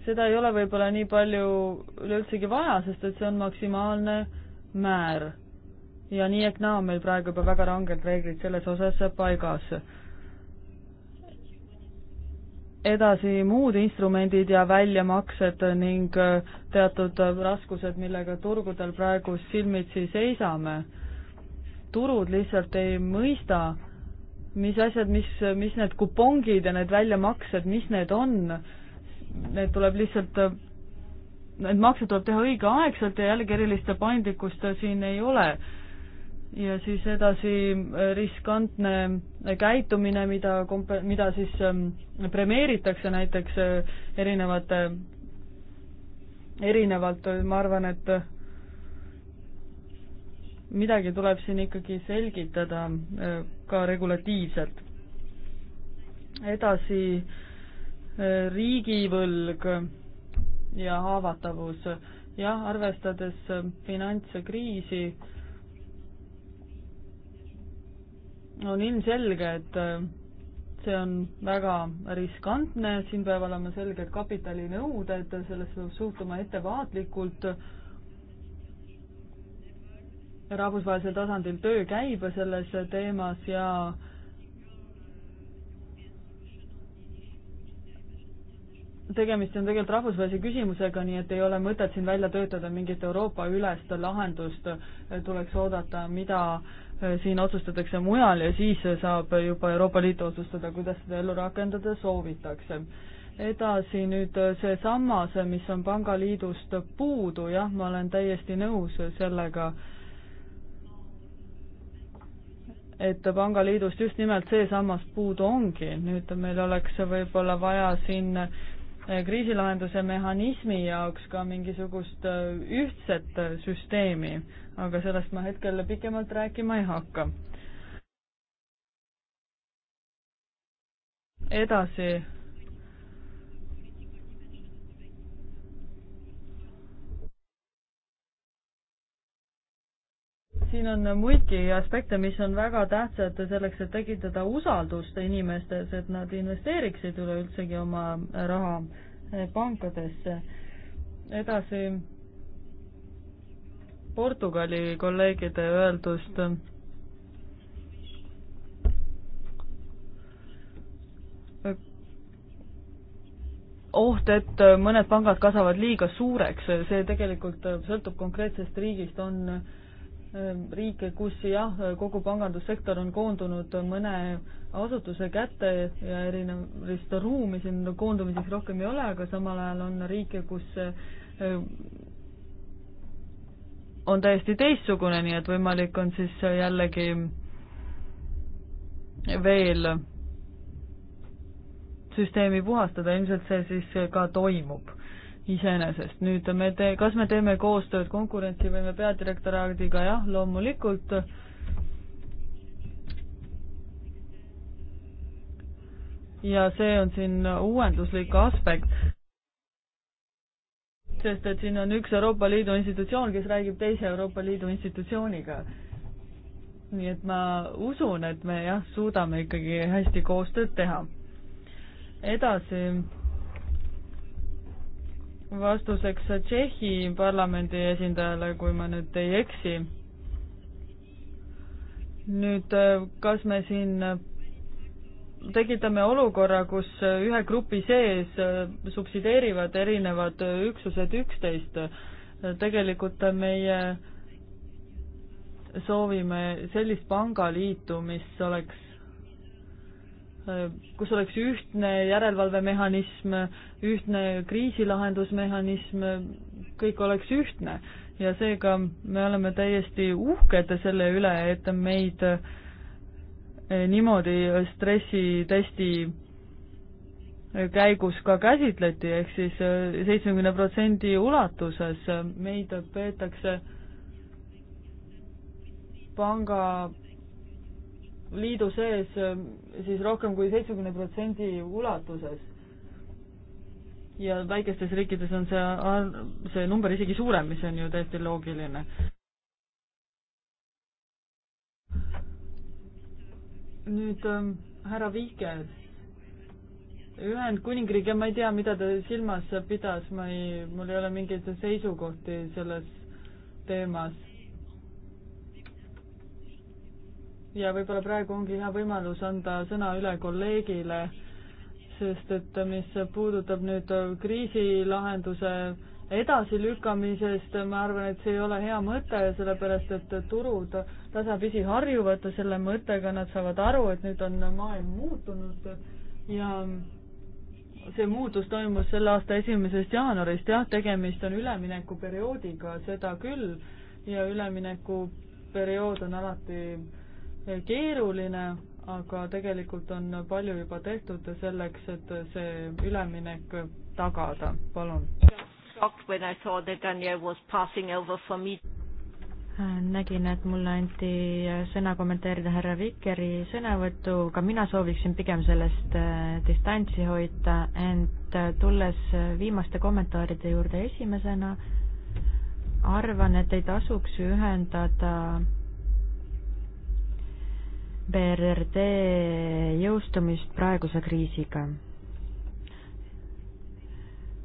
seda ei ole võib-olla nii palju üleüldsegi vaja, sest et see on maksimaalne määr. ja nii ehk naa on meil praegu juba väga ranged reeglid selles osas paigas edasi muud instrumendid ja väljamaksed ning äh, teatud äh, raskused, millega turgudel praegu silmitsi seisame. turud lihtsalt ei mõista, mis asjad, mis, mis need kupongid ja need väljamaksed, mis need on. Need tuleb lihtsalt, äh, need maksed tuleb teha õigeaegselt ja jällegi erilist paindlikkust siin ei ole ja siis edasi äh, riskantne äh, käitumine, mida komp-, mida siis ähm, premeeritakse näiteks äh, erinevate, erinevalt, ma arvan, et midagi tuleb siin ikkagi selgitada ka regulatiivselt. edasi riigivõlg ja haavatavus. jah, arvestades finantskriisi, on ilmselge, et äh, see on väga riskantne, siin peavad olema selged kapitalinõuded, sellesse peab suhtuma ettevaatlikult. rahvusvahelisel tasandil töö käib selles teemas ja tegemist on tegelikult rahvusvahelise küsimusega, nii et ei ole mõtet siin välja töötada mingit Euroopa-ülest lahendust, tuleks oodata, mida äh, Äh, siin otsustatakse mujal ja siis saab juba Euroopa Liit otsustada, kuidas seda ellu rakendada soovitakse. edasi nüüd äh, see sammas, mis on pangaliidust puudu, jah, ma olen täiesti nõus sellega, et pangaliidust just nimelt see sammas puudu ongi, nüüd meil oleks võib-olla vaja siin Äh, kriisilahenduse mehhanismi jaoks ka mingisugust äh, ühtset äh, süsteemi, aga sellest ma hetkel pikemalt rääkima ei hakka. edasi siin on muidki aspekte, mis on väga tähtsad selleks, et tekitada usaldust inimestes, et nad investeeriksid üleüldsegi oma raha pankadesse. edasi Portugali kolleegide öeldust. oht, et mõned pangad kasvavad liiga suureks, see tegelikult sõltub konkreetsest riigist, on äh, Ehm, riike, kus jah, kogu pangandussektor on koondunud mõne asutuse kätte ja erinevat ruumi siin koondumiseks rohkem ei ole, aga samal ajal on riike, kus ehm, on täiesti teistsugune, nii et võimalik on siis jällegi veel süsteemi puhastada, ilmselt see siis ka toimub iseenesest. nüüd me tee-, kas me teeme koostööd konkurentsivõime peadirektoraadiga, jah, loomulikult, ja see on siin uuenduslik aspekt, sest et siin on üks Euroopa Liidu institutsioon, kes räägib teise Euroopa Liidu institutsiooniga. nii et ma usun, et me jah, suudame ikkagi hästi koostööd teha. edasi vastuseks Tšehhi parlamendi esindajale, kui ma nüüd ei eksi. nüüd, äh, kas me siin äh, tekitame olukorra, kus äh, ühe grupi sees subsideerivad erinevad üksused üksteist. tegelikult meie soovime sellist pangaliitu, mis oleks kus oleks ühtne järelevalvemehhanism, ühtne kriisilahendusmehhanism, kõik oleks ühtne ja seega me oleme täiesti uhked selle üle, et meid eh, niimoodi stressitesti käigus ka käsitleti, ehk siis eh, seitsmekümne protsendi ulatuses meid peetakse panga liidu sees ähm, siis rohkem kui seitsmekümne protsendi ulatuses. ja väikestes riikides on see, see number isegi suurem, mis on ju täiesti loogiline. nüüd ähm, härra Viike, Ühendkuningriik ja ma ei tea, mida ta silmas pidas, ma ei, mul ei ole mingeid seisukohti selles teemas ja võib-olla praegu ongi hea võimalus anda sõna üle kolleegile, sest et mis puudutab nüüd kriisilahenduse edasilükkamisest, ma arvan, et see ei ole hea mõte, sellepärast et turud tasapisi harjuvad selle mõttega, nad saavad aru, et nüüd on maailm muutunud ja see muutus toimus selle aasta esimesest jaanuarist, jah, tegemist on üleminekuperioodiga, seda küll, ja üleminekuperiood on alati keeruline, aga tegelikult on palju juba tehtud selleks, et see üleminek tagada. palun. nägin, et mulle anti sõna kommenteerida härra Vikeri sõnavõttu, ka mina sooviksin pigem sellest äh, distantsi hoida, ent äh, tulles viimaste kommentaaride juurde esimesena, arvan, et ei tasuks ühendada BRRD jõustumist praeguse kriisiga.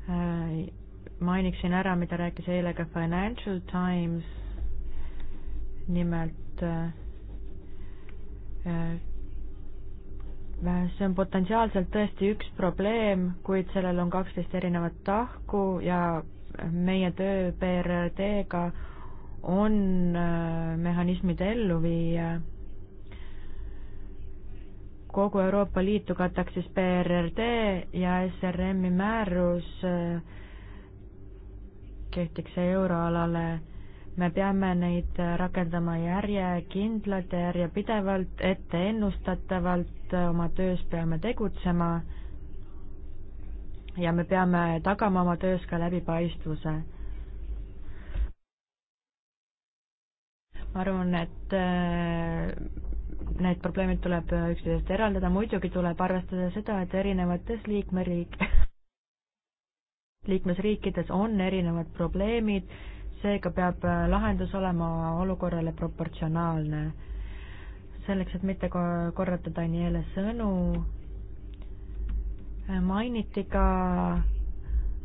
Äh, mainiksin ära, mida rääkis eile ka Financial Times, nimelt äh, äh, see on potentsiaalselt tõesti üks probleem, kuid sellel on kaksteist erinevat tahku ja meie töö BRD-ga on mehhanismid ellu viia kogu Euroopa Liitu kataks siis BRRD ja SRM-i määrus äh, kehtiks euroalale. me peame neid äh, rakendama järjekindlalt ja järjepidevalt, etteennustatavalt, äh, oma töös peame tegutsema ja me peame tagama oma töös ka läbipaistvuse ma arvan, et need probleemid tuleb äh, üksteisest eraldada, muidugi tuleb arvestada seda, et erinevates liikmeriik-, liikmesriikides on erinevad probleemid, seega peab äh, lahendus olema olukorrale proportsionaalne. selleks, et mitte korrata Daniele sõnu, äh, mainiti ka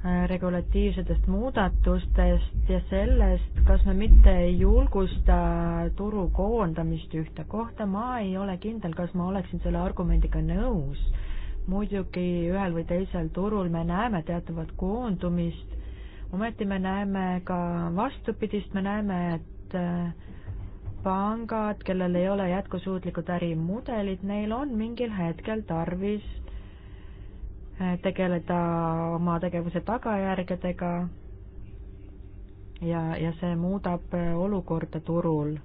Äh, regulatiivsetest muudatustest ja sellest, kas me mitte ei julgusta turu koondamist ühte kohta, ma ei ole kindel, kas ma oleksin selle argumendiga nõus. muidugi ühel või teisel turul me näeme teatavat koondumist, ometi me näeme ka vastupidist, me näeme, et äh, pangad, kellel ei ole jätkusuutlikud ärimudelid, neil on mingil hetkel tarvis tegeleda oma tegevuse tagajärgedega ja, ja see muudab olukorda turul.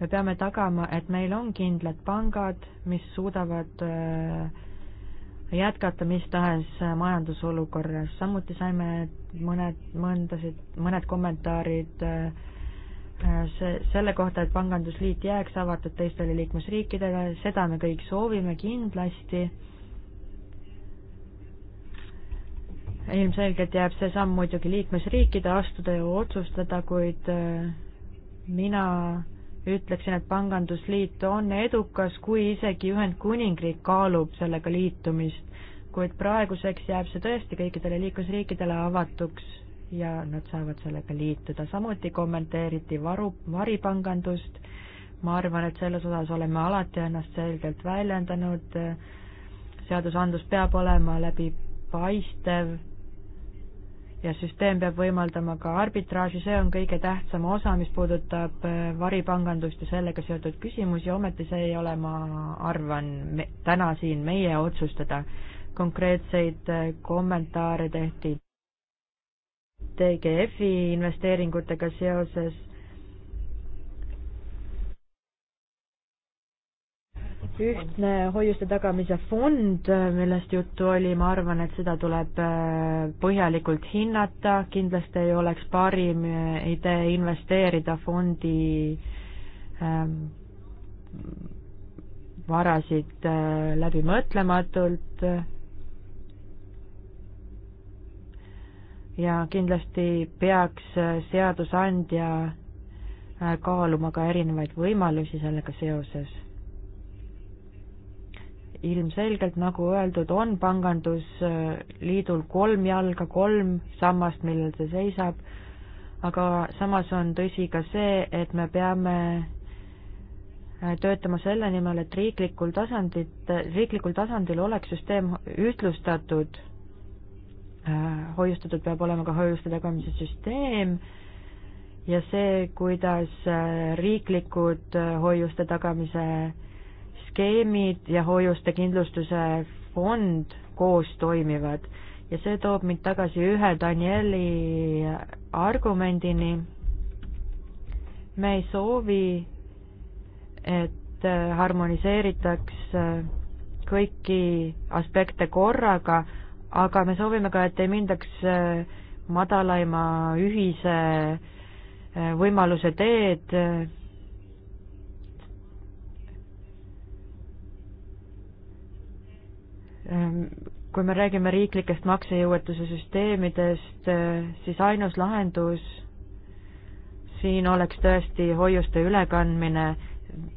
me peame tagama, et meil on kindlad pangad, mis suudavad äh, jätkata mis tahes majandusolukorras, samuti saime mõned, mõndasid, mõned kommentaarid äh, see, selle kohta, et pangandusliit jääks avatud teistele liikmesriikidele, seda me kõik soovime kindlasti ilmselgelt jääb see samm muidugi liikmesriikide astuda ja otsustada, kuid äh, mina ütleksin, et pangandusliit on edukas, kui isegi Ühendkuningriik kaalub sellega liitumist, kuid praeguseks jääb see tõesti kõikidele liikmesriikidele avatuks ja nad saavad sellega liituda. samuti kommenteeriti varu, varipangandust, ma arvan, et selles osas oleme alati ennast selgelt väljendanud, seadusandlus peab olema läbipaistev ja süsteem peab võimaldama ka arbitraaži, see on kõige tähtsam osa, mis puudutab äh, varipangandust ja sellega seotud küsimusi, ometi see ei ole, ma arvan, täna siin meie otsustada. konkreetseid äh, kommentaare tehti TGF-i investeeringutega seoses ühtne hoiuste tagamise fond, millest juttu oli, ma arvan, et seda tuleb äh, põhjalikult hinnata, kindlasti ei oleks parim äh, idee investeerida fondi ähm, varasid äh, läbimõtlematult ja kindlasti peaks seadusandja kaaluma ka erinevaid võimalusi sellega seoses ilmselgelt, nagu öeldud, on pangandusliidul kolm jalga, kolm sammast, millel see seisab, aga samas on tõsi ka see, et me peame äh, töötama selle nimel, et riiklikul tasandit, riiklikul tasandil oleks süsteem ühtlustatud, äh, hoiustatud peab olema ka hoiuste tagamise süsteem ja see, kuidas äh, riiklikud hoiuste tagamise skeemid ja hoiuste kindlustuse fond koos toimivad ja see toob mind tagasi ühe Danieli argumendini. me ei soovi, et harmoniseeritaks kõiki aspekte korraga, aga me soovime ka, et ei mindaks madalaima ühise võimaluse teed Ehm, kui me räägime riiklikest maksejõuetuse süsteemidest, eh, siis ainus lahendus siin oleks tõesti hoiuste ülekandmine.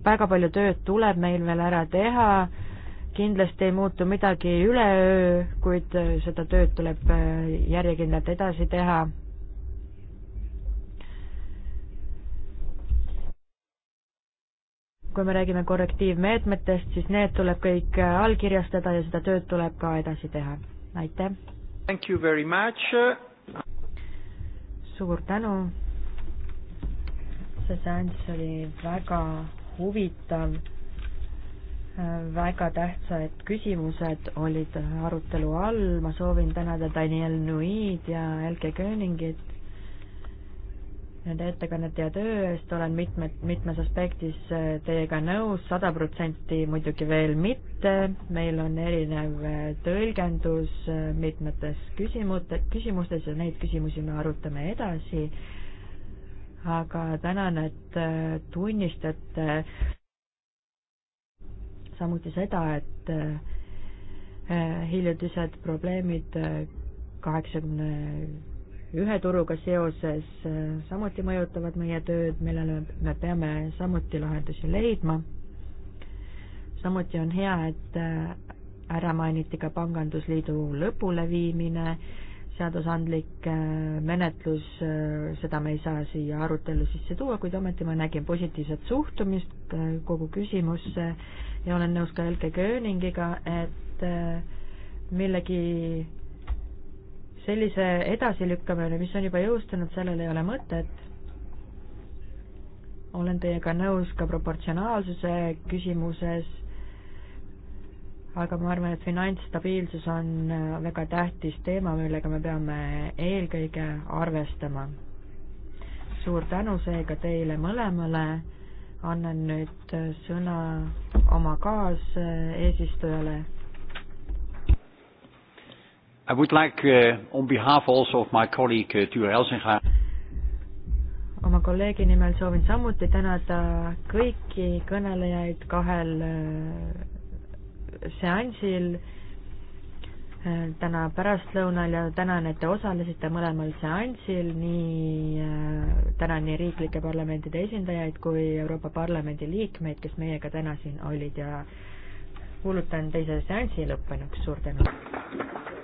väga palju tööd tuleb meil veel ära teha, kindlasti ei muutu midagi üleöö, kuid eh, seda tööd tuleb eh, järjekindlalt edasi teha kui me räägime korrektiivmeetmetest, siis need tuleb kõik äh, allkirjastada ja seda tööd tuleb ka edasi teha. aitäh! Thank you very much! suur tänu! see seanss oli väga huvitav, äh, väga tähtsad küsimused olid arutelu all, ma soovin tänada Daniel Nuid ja Elke Köningit nende ettekannete ja töö eest, olen mitmed, mitmes aspektis äh, teiega nõus, sada protsenti muidugi veel mitte, meil on erinev äh, tõlgendus äh, mitmetes küsimute, küsimustes ja neid küsimusi me arutame edasi, aga tänan, et tunnistate samuti seda, et hiljutised probleemid kaheksakümne 80 ühe turuga seoses samuti mõjutavad meie tööd, millele me peame samuti lahendusi leidma. samuti on hea, et ära mainiti ka pangandusliidu lõpuleviimine, seadusandlik äh, menetlus, äh, seda me ei saa siia arutellu sisse tuua, kuid ometi ma nägin positiivset suhtumist äh, kogu küsimusse ja olen nõus ka Elke Kööningiga, et millegi sellise edasilükkamine, mis on juba jõustunud, sellel ei ole mõtet. olen teiega nõus ka proportsionaalsuse küsimuses, aga ma arvan, et finantsstabiilsus on väga tähtis teema, millega me peame eelkõige arvestama. suur tänu seega teile mõlemale, annan nüüd sõna oma kaaseesistujale I would like uh, on behalf also of my colleague uh, Tüür Elsinga oma kolleegi nimel soovin samuti tänada kõiki kõnelejaid kahel äh, seansil äh, täna pärastlõunal ja tänan, et te osalesite mõlemal seansil, nii äh, tänan nii riiklike parlamentide esindajaid kui Euroopa Parlamendi liikmeid, kes meiega täna siin olid ja kuulutan teise seansi lõppenuks, suur tänu!